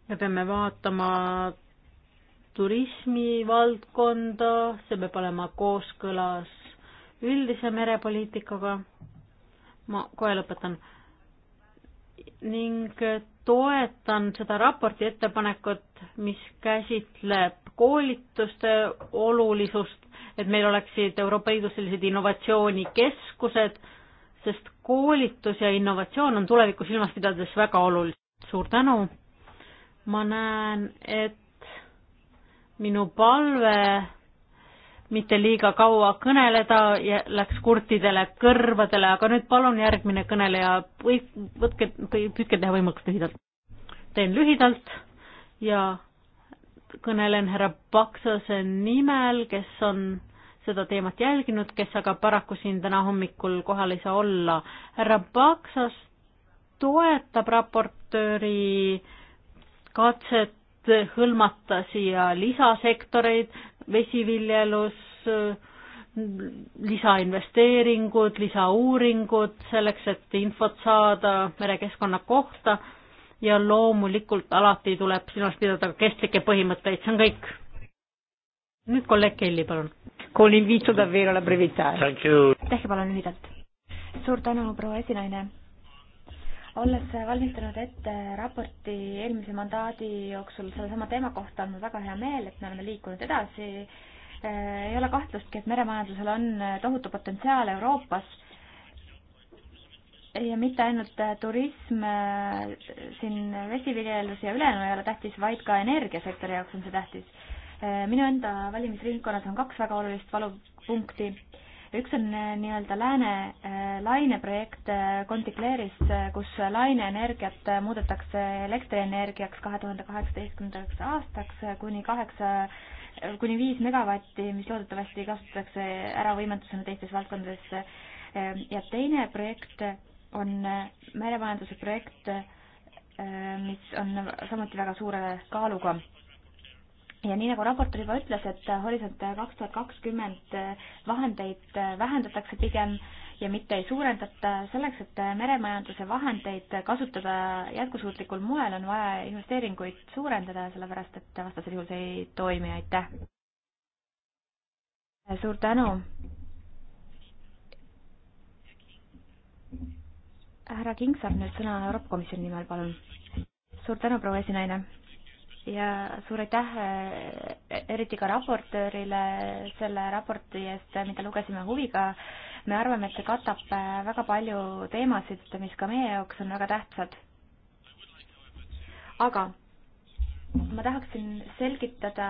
Speaker 2: me peame vaatama turismivaldkonda, see peab olema kooskõlas üldise merepoliitikaga ma kohe lõpetan. ning toetan seda raporti ettepanekut, mis käsitleb koolituste olulisust, et meil oleksid Euroopa Liidus sellised innovatsioonikeskused, sest koolitus ja innovatsioon on tulevikku silmas pidades väga olulised. suur tänu. ma näen, et minu palve mitte liiga kaua kõneleda, läks kurtidele kõrvadele, aga nüüd palun järgmine kõneleja, või võtke, püüdke teha võimalikult lühidalt. teen lühidalt ja kõnelen härra Paksase nimel, kes on seda teemat jälginud, kes aga paraku siin täna hommikul kohal ei saa olla. härra Paksas toetab raportööri katset hõlmata siia lisasektoreid, vesiviljelus, lisainvesteeringud, lisauuringud selleks, et infot saada merekeskkonna kohta ja loomulikult alati tuleb silmas pidada ka kestlikke põhimõtteid, see on kõik. nüüd kolleeg Kelly, palun. tehke palun lühidalt. suur
Speaker 3: tänu, proua esinaine olles valmistanud ette raporti eelmise mandaadi jooksul sellesama teema kohta, on mul väga hea meel, et me oleme liikunud edasi. Äh, ei ole kahtlustki, et meremajandusel on äh, tohutu potentsiaal Euroopas ja mitte ainult äh, turism, siin vesiviljelus ja ülejäänu ei ole tähtis, vaid ka energiasektori jaoks on see tähtis. minu enda valimisringkonnas on kaks väga olulist valupunkti üks on äh, nii-öelda lääne äh, laineprojekt Kontikleeris, äh, kus laineenergiat muudetakse elektrienergiaks kahe tuhande kaheksateistkümnendaks aastaks kuni kaheksa, kuni viis megavatti, mis loodetavasti kasutatakse ära võimendusena teistes valdkondades. Ähm, ja teine projekt on meremajanduse projekt, mis on samuti väga suure kaaluga ja nii nagu raportöör juba ütles, et äh, Horisont äh, kaks tuhat kakskümmend äh, vahendeid vähendatakse pigem ja mitte ei suurendata, selleks et meremajanduse vahendeid kasutada jätkusuutlikul moel, on vaja investeeringuid suurendada, sellepärast et vastasel juhul see ei toimi, aitäh! suur tänu! härra King saab nüüd sõna Euroopa Komisjoni nimel, palun. suur tänu, proua esinaine ja suur aitäh eh, eriti ka raportöörile selle raporti eest, mida lugesime huviga. me arvame, et see katab eh, väga palju teemasid, mis ka meie jaoks on väga tähtsad. aga ma tahaksin selgitada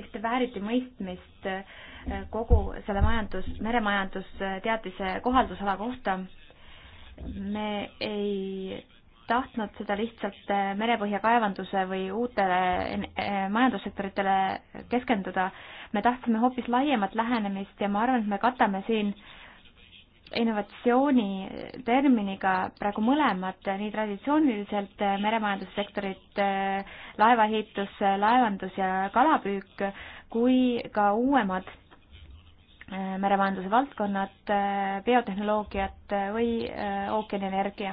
Speaker 3: ühte vääritimõistmist eh, kogu selle majandus, meremajandusteadise kohaldusala kohta. me ei tahtnud seda lihtsalt eh, merepõhja kaevanduse või uutele eh, eh, majandussektoritele keskenduda. me tahtsime hoopis laiemat lähenemist ja ma arvan, et me katame siin innovatsiooni terminiga praegu mõlemad, nii traditsiooniliselt meremajandussektorit, laevaehitus, laevandus ja kalapüük, kui ka uuemad meremajanduse valdkonnad, biotehnoloogiat või ookeanienergia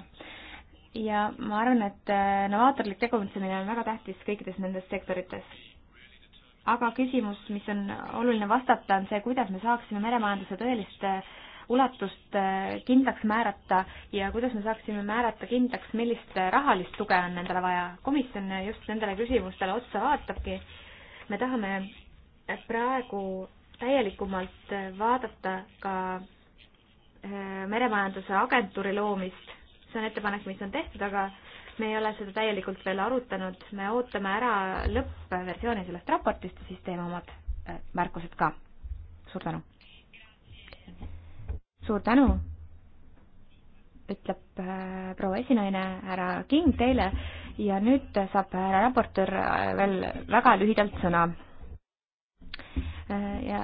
Speaker 3: ja ma arvan, et äh, novaatorlik tegutsemine on väga tähtis kõikides nendes sektorites. aga küsimus, mis on oluline vastata, on see, kuidas me saaksime meremajanduse tõelist äh, ulatust äh, kindlaks määrata ja kuidas me saaksime määrata kindlaks, millist rahalist tuge on nendele vaja. komisjon just nendele küsimustele otsa vaatabki. me tahame praegu täielikumalt vaadata ka meremajanduse agentuuri loomist see on ettepanek, mis on tehtud, aga me ei ole seda täielikult veel arutanud, me ootame ära lõppversiooni sellest raportist ja siis teeme omad äh, märkused ka. suur tänu! suur tänu, ütleb äh, proua esinaine, härra King teile ja nüüd saab härra raportöör äh, veel väga lühidalt sõna. ja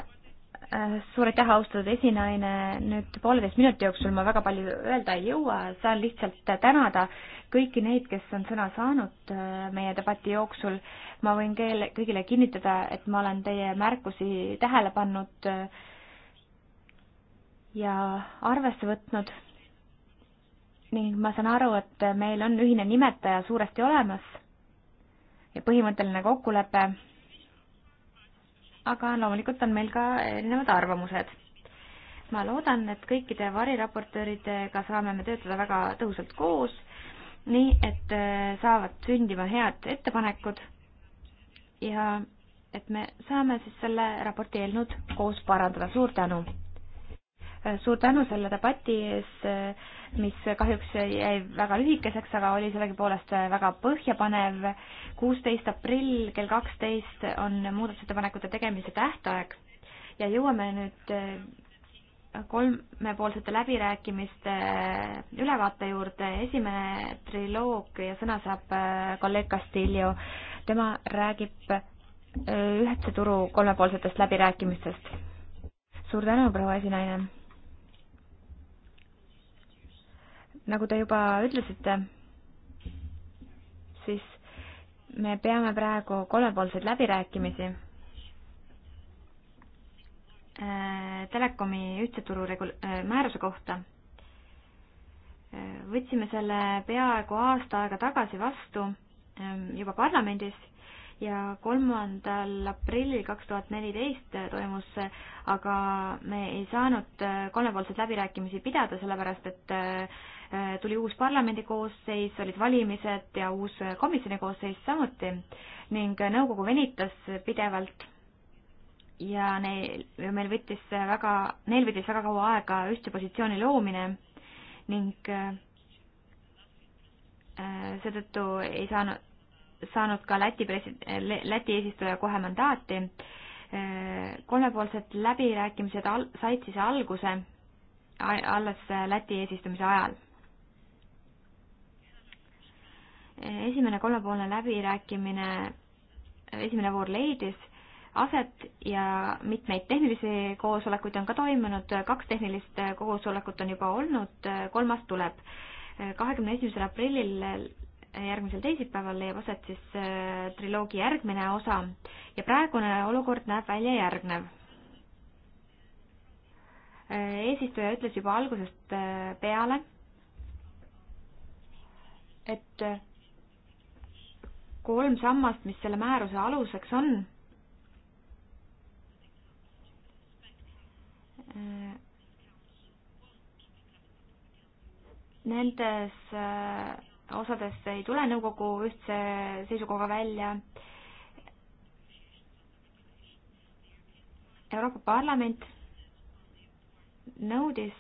Speaker 3: suur aitäh, austatud esinaine, nüüd pooleteist minuti jooksul ma väga palju öelda ei jõua, saan lihtsalt tänada kõiki neid, kes on sõna saanud äh, meie debati jooksul. ma võin keele, kõigile kinnitada, et ma olen teie märkusi tähele pannud äh, ja arvesse võtnud ning ma saan aru, et meil on ühine nimetaja suuresti olemas ja põhimõtteline kokkulepe aga loomulikult on meil ka erinevad arvamused. ma loodan, et kõikide variraportööridega saame me töötada väga tõhusalt koos, nii et äh, saavad sündima head ettepanekud ja et me saame siis selle raporti eelnõud koos parandada. suur tänu! suur tänu selle debati eest, mis kahjuks jäi väga lühikeseks, aga oli sellegipoolest väga põhjapanev. kuusteist aprill kell kaksteist on muudatusettepanekute tegemise tähtaeg ja jõuame nüüd kolmepoolsete läbirääkimiste ülevaate juurde. esimene triloog ja sõna saab kolleeg Castillo. tema räägib ühtse turu kolmepoolsetest läbirääkimistest. suur tänu, proua esinaine nagu te juba ütlesite, siis me peame praegu kolmepoolseid läbirääkimisi äh, telekomi ühtse turu regul-, äh, määruse kohta. Äh, võtsime selle peaaegu aasta aega tagasi vastu ähm, juba parlamendis ja kolmandal aprillil kaks tuhat neliteist toimus, aga me ei saanud kolmepoolseid läbirääkimisi pidada, sellepärast et Äh, tuli uus parlamendi koosseis, olid valimised ja uus komisjoni koosseis samuti ning nõukogu venitas pidevalt ja neil, meil võttis väga, neil võttis väga kaua aega ühtse positsiooni loomine ning äh, seetõttu ei saanud, saanud ka Läti presi-, Läti eesistuja kohe mandaati. Äh, kolmepoolsed läbirääkimised al-, said siis alguse alles Läti eesistumise ajal esimene kolmepoolne läbirääkimine, esimene voor leidis aset ja mitmeid tehnilisi koosolekuid on ka toimunud, kaks tehnilist koosolekut on juba olnud, kolmas tuleb. kahekümne esimesel aprillil järgmisel teisipäeval leiab aset siis äh, triloogi järgmine osa ja praegune olukord näeb välja järgnev. Äh, eesistuja ütles juba algusest äh, peale, et kolm sammast, mis selle määruse aluseks on, nendes äh, osades ei tule nõukogu ühtse seisukoha välja. Euroopa Parlament nõudis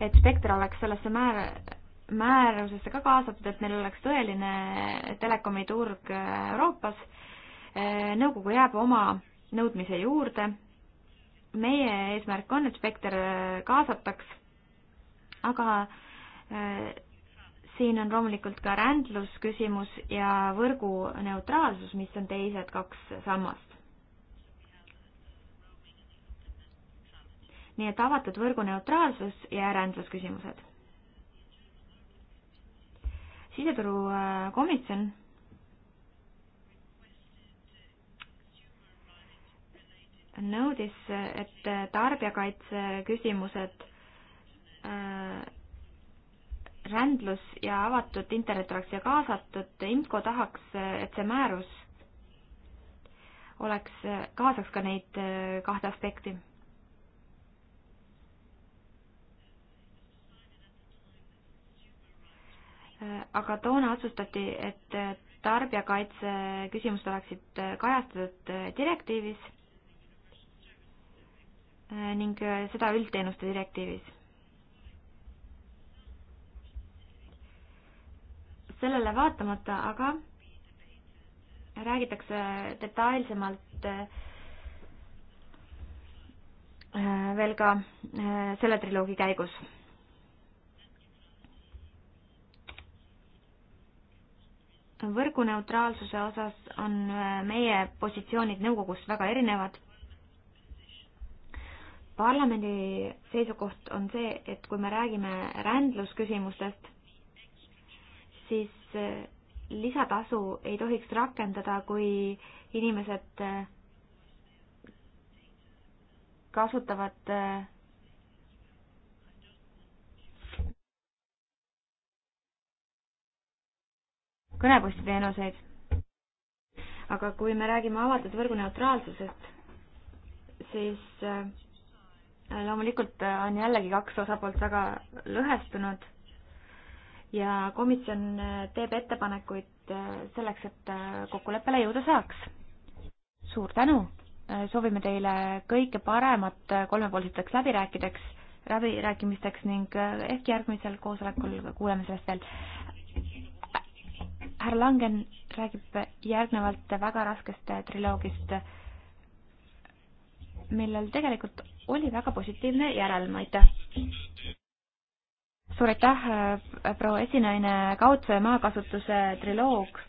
Speaker 3: et Spekter oleks sellesse määr-, määrusesse ka kaasatud, et meil oleks tõeline telekomiturg äh, Euroopas. Äh, nõukogu jääb oma nõudmise juurde. meie eesmärk on, et Spekter äh, kaasataks, aga siin on loomulikult ka rändlusküsimus ja võrgu neutraalsus, mis on teised kaks sammast. nii et avatud võrgu neutraalsus ja ärendusküsimused. siseturukomisjon äh, nõudis, et tarbijakaitse küsimused, äh, rändlus ja avatud internet oleks siia kaasatud, IMCO tahaks, et see määrus oleks, kaasaks ka neid äh, kahte aspekti aga toona otsustati, et tarbijakaitse küsimused oleksid kajastatud direktiivis ning seda üldteenuste direktiivis. sellele vaatamata aga räägitakse detailsemalt äh, veel ka äh, selle triloogi käigus võrguneutraalsuse osas on äh, meie positsioonid nõukogus väga erinevad. parlamendi seisukoht on see, et kui me räägime rändlusküsimustest, siis äh, lisatasu ei tohiks rakendada, kui inimesed äh, kasutavad kõnepostiteenuseid. aga kui me räägime avatud võrgu neutraalsusest, siis äh, loomulikult äh, on jällegi kaks osapoolt väga lõhestunud ja komisjon äh, teeb ettepanekuid selleks, et kokkuleppele jõuda saaks. suur tänu, soovime teile kõike paremat kolmepoolseteks läbirääkideks läbirääkimisteks ning ehk järgmisel koosolekul kuuleme sellest veel härra Langen räägib järgnevalt väga raskest triloogist, millel tegelikult oli väga positiivne järelm, aitäh! suur aitäh, proua esinaine, kaudse maakasutuse triloog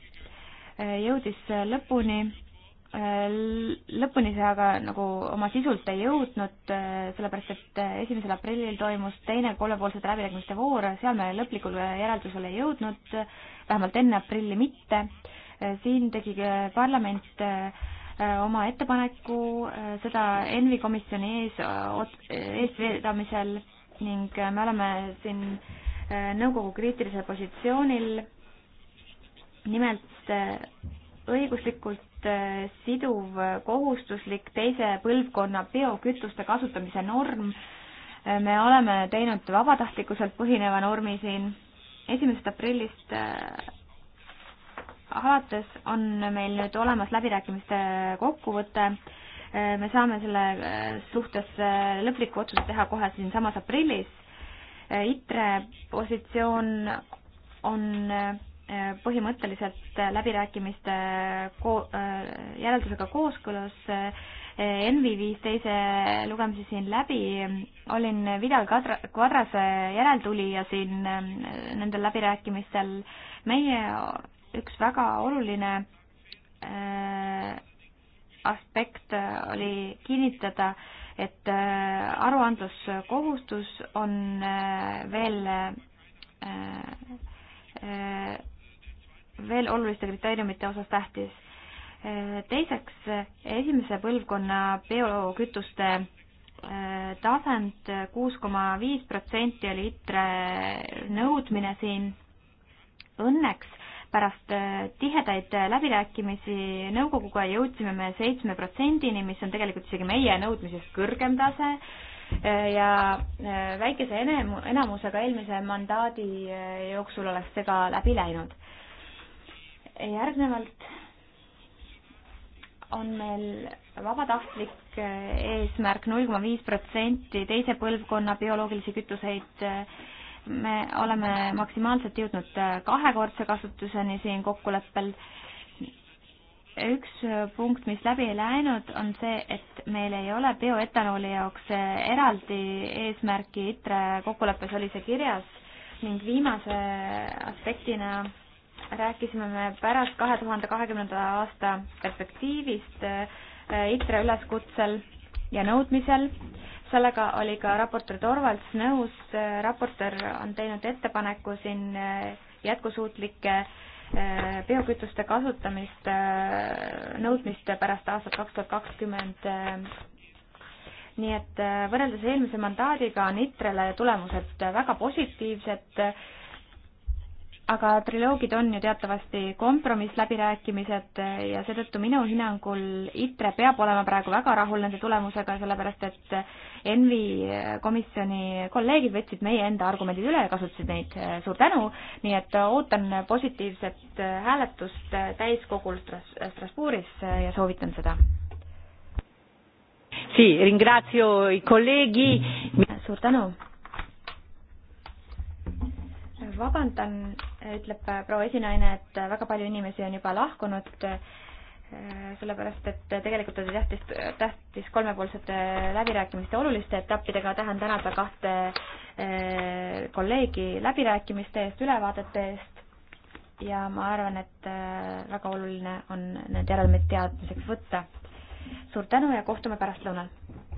Speaker 3: jõudis lõpuni Äh, lõpuni see aga nagu oma sisult ei jõudnud, äh, sellepärast et äh, esimesel aprillil toimus teine kolmepoolsete läbirääkimiste voor, seal me lõplikule järeldusele ei jõudnud, vähemalt enne aprilli mitte. siin tegi parlament oma ettepaneku, seda ENVI komisjoni ees, eestvedamisel ning me oleme siin nõukogu kriitilisel positsioonil. nimelt õiguslikult Äh, siduv kohustuslik teise põlvkonna biokütuste kasutamise norm. Äh, me oleme teinud vabatahtlikkuselt põhineva normi siin. esimesest aprillist äh, alates on meil nüüd olemas läbirääkimiste kokkuvõte. me saame selle suhtes lõpliku otsuse teha kohe siinsamas aprillis. ITRE positsioon on põhimõtteliselt läbirääkimiste ko-, äh, järeldusega kooskõlas. Envi äh, viis teise lugemise siin läbi, olin Vidal Kadra-, Quadrase järeltulija siin äh, nendel läbirääkimistel. meie üks väga oluline aspekt oli kinnitada, et aruandluskohustus on veel veel oluliste kriteeriumite osas tähtis. Äh, teiseks, esimese põlvkonna biokütuste äh, tasand äh, kuus koma viis protsenti oli ITRE nõudmine siin. Õnneks pärast tihedaid läbirääkimisi nõukoguga jõudsime me seitsme protsendini, mis on tegelikult isegi meie nõudmisest kõrgem tase ja väikese enem-, enamusega eelmise mandaadi jooksul oleks see ka läbi läinud järgnevalt on meil vabatahtlik eh, eesmärk null koma viis protsenti teise põlvkonna bioloogilisi kütuseid. me oleme maksimaalselt jõudnud eh, kahekordse kasutuseni siin kokkuleppel. üks punkt, mis läbi ei läinud, on see, et meil ei ole bioetanooli jaoks eh, eraldi eesmärki, ITRE kokkuleppes oli see kirjas ning viimase aspektina rääkisime me pärast kahe tuhande kahekümnenda aasta perspektiivist äh, ITRE üleskutsel ja nõudmisel. sellega oli ka raportöör Torvalds nõus, äh, raportöör on teinud ettepaneku siin äh, jätkusuutlike biokütuste kasutamist, nõudmist pärast aastat kaks tuhat kakskümmend nii et võrreldes eelmise mandaadiga on ITRE-le tulemused väga positiivsed aga triloogid on ju teatavasti kompromissläbirääkimised ja seetõttu minu hinnangul ITRE peab olema praegu väga rahul nende tulemusega, sellepärast et ENVI komisjoni kolleegid võtsid meie enda argumendid üle ja kasutasid neid, suur tänu, nii et ootan positiivset hääletust täiskogul Stras-, Strasbourgis ja soovitan seda.
Speaker 2: Sì, ringrazio i colleghi. Suur tänu
Speaker 3: vabandan, ütleb proua esinaine, et väga palju inimesi on juba lahkunud, äh, sellepärast et tegelikult oli tähtis, tähtis kolmepoolsete läbirääkimiste oluliste etappidega, tahan tänada kahte äh, kolleegi läbirääkimiste eest, ülevaadete eest ja ma arvan, et äh, väga oluline on need järelmid teadmiseks võtta. suur tänu ja kohtume pärastlõunal!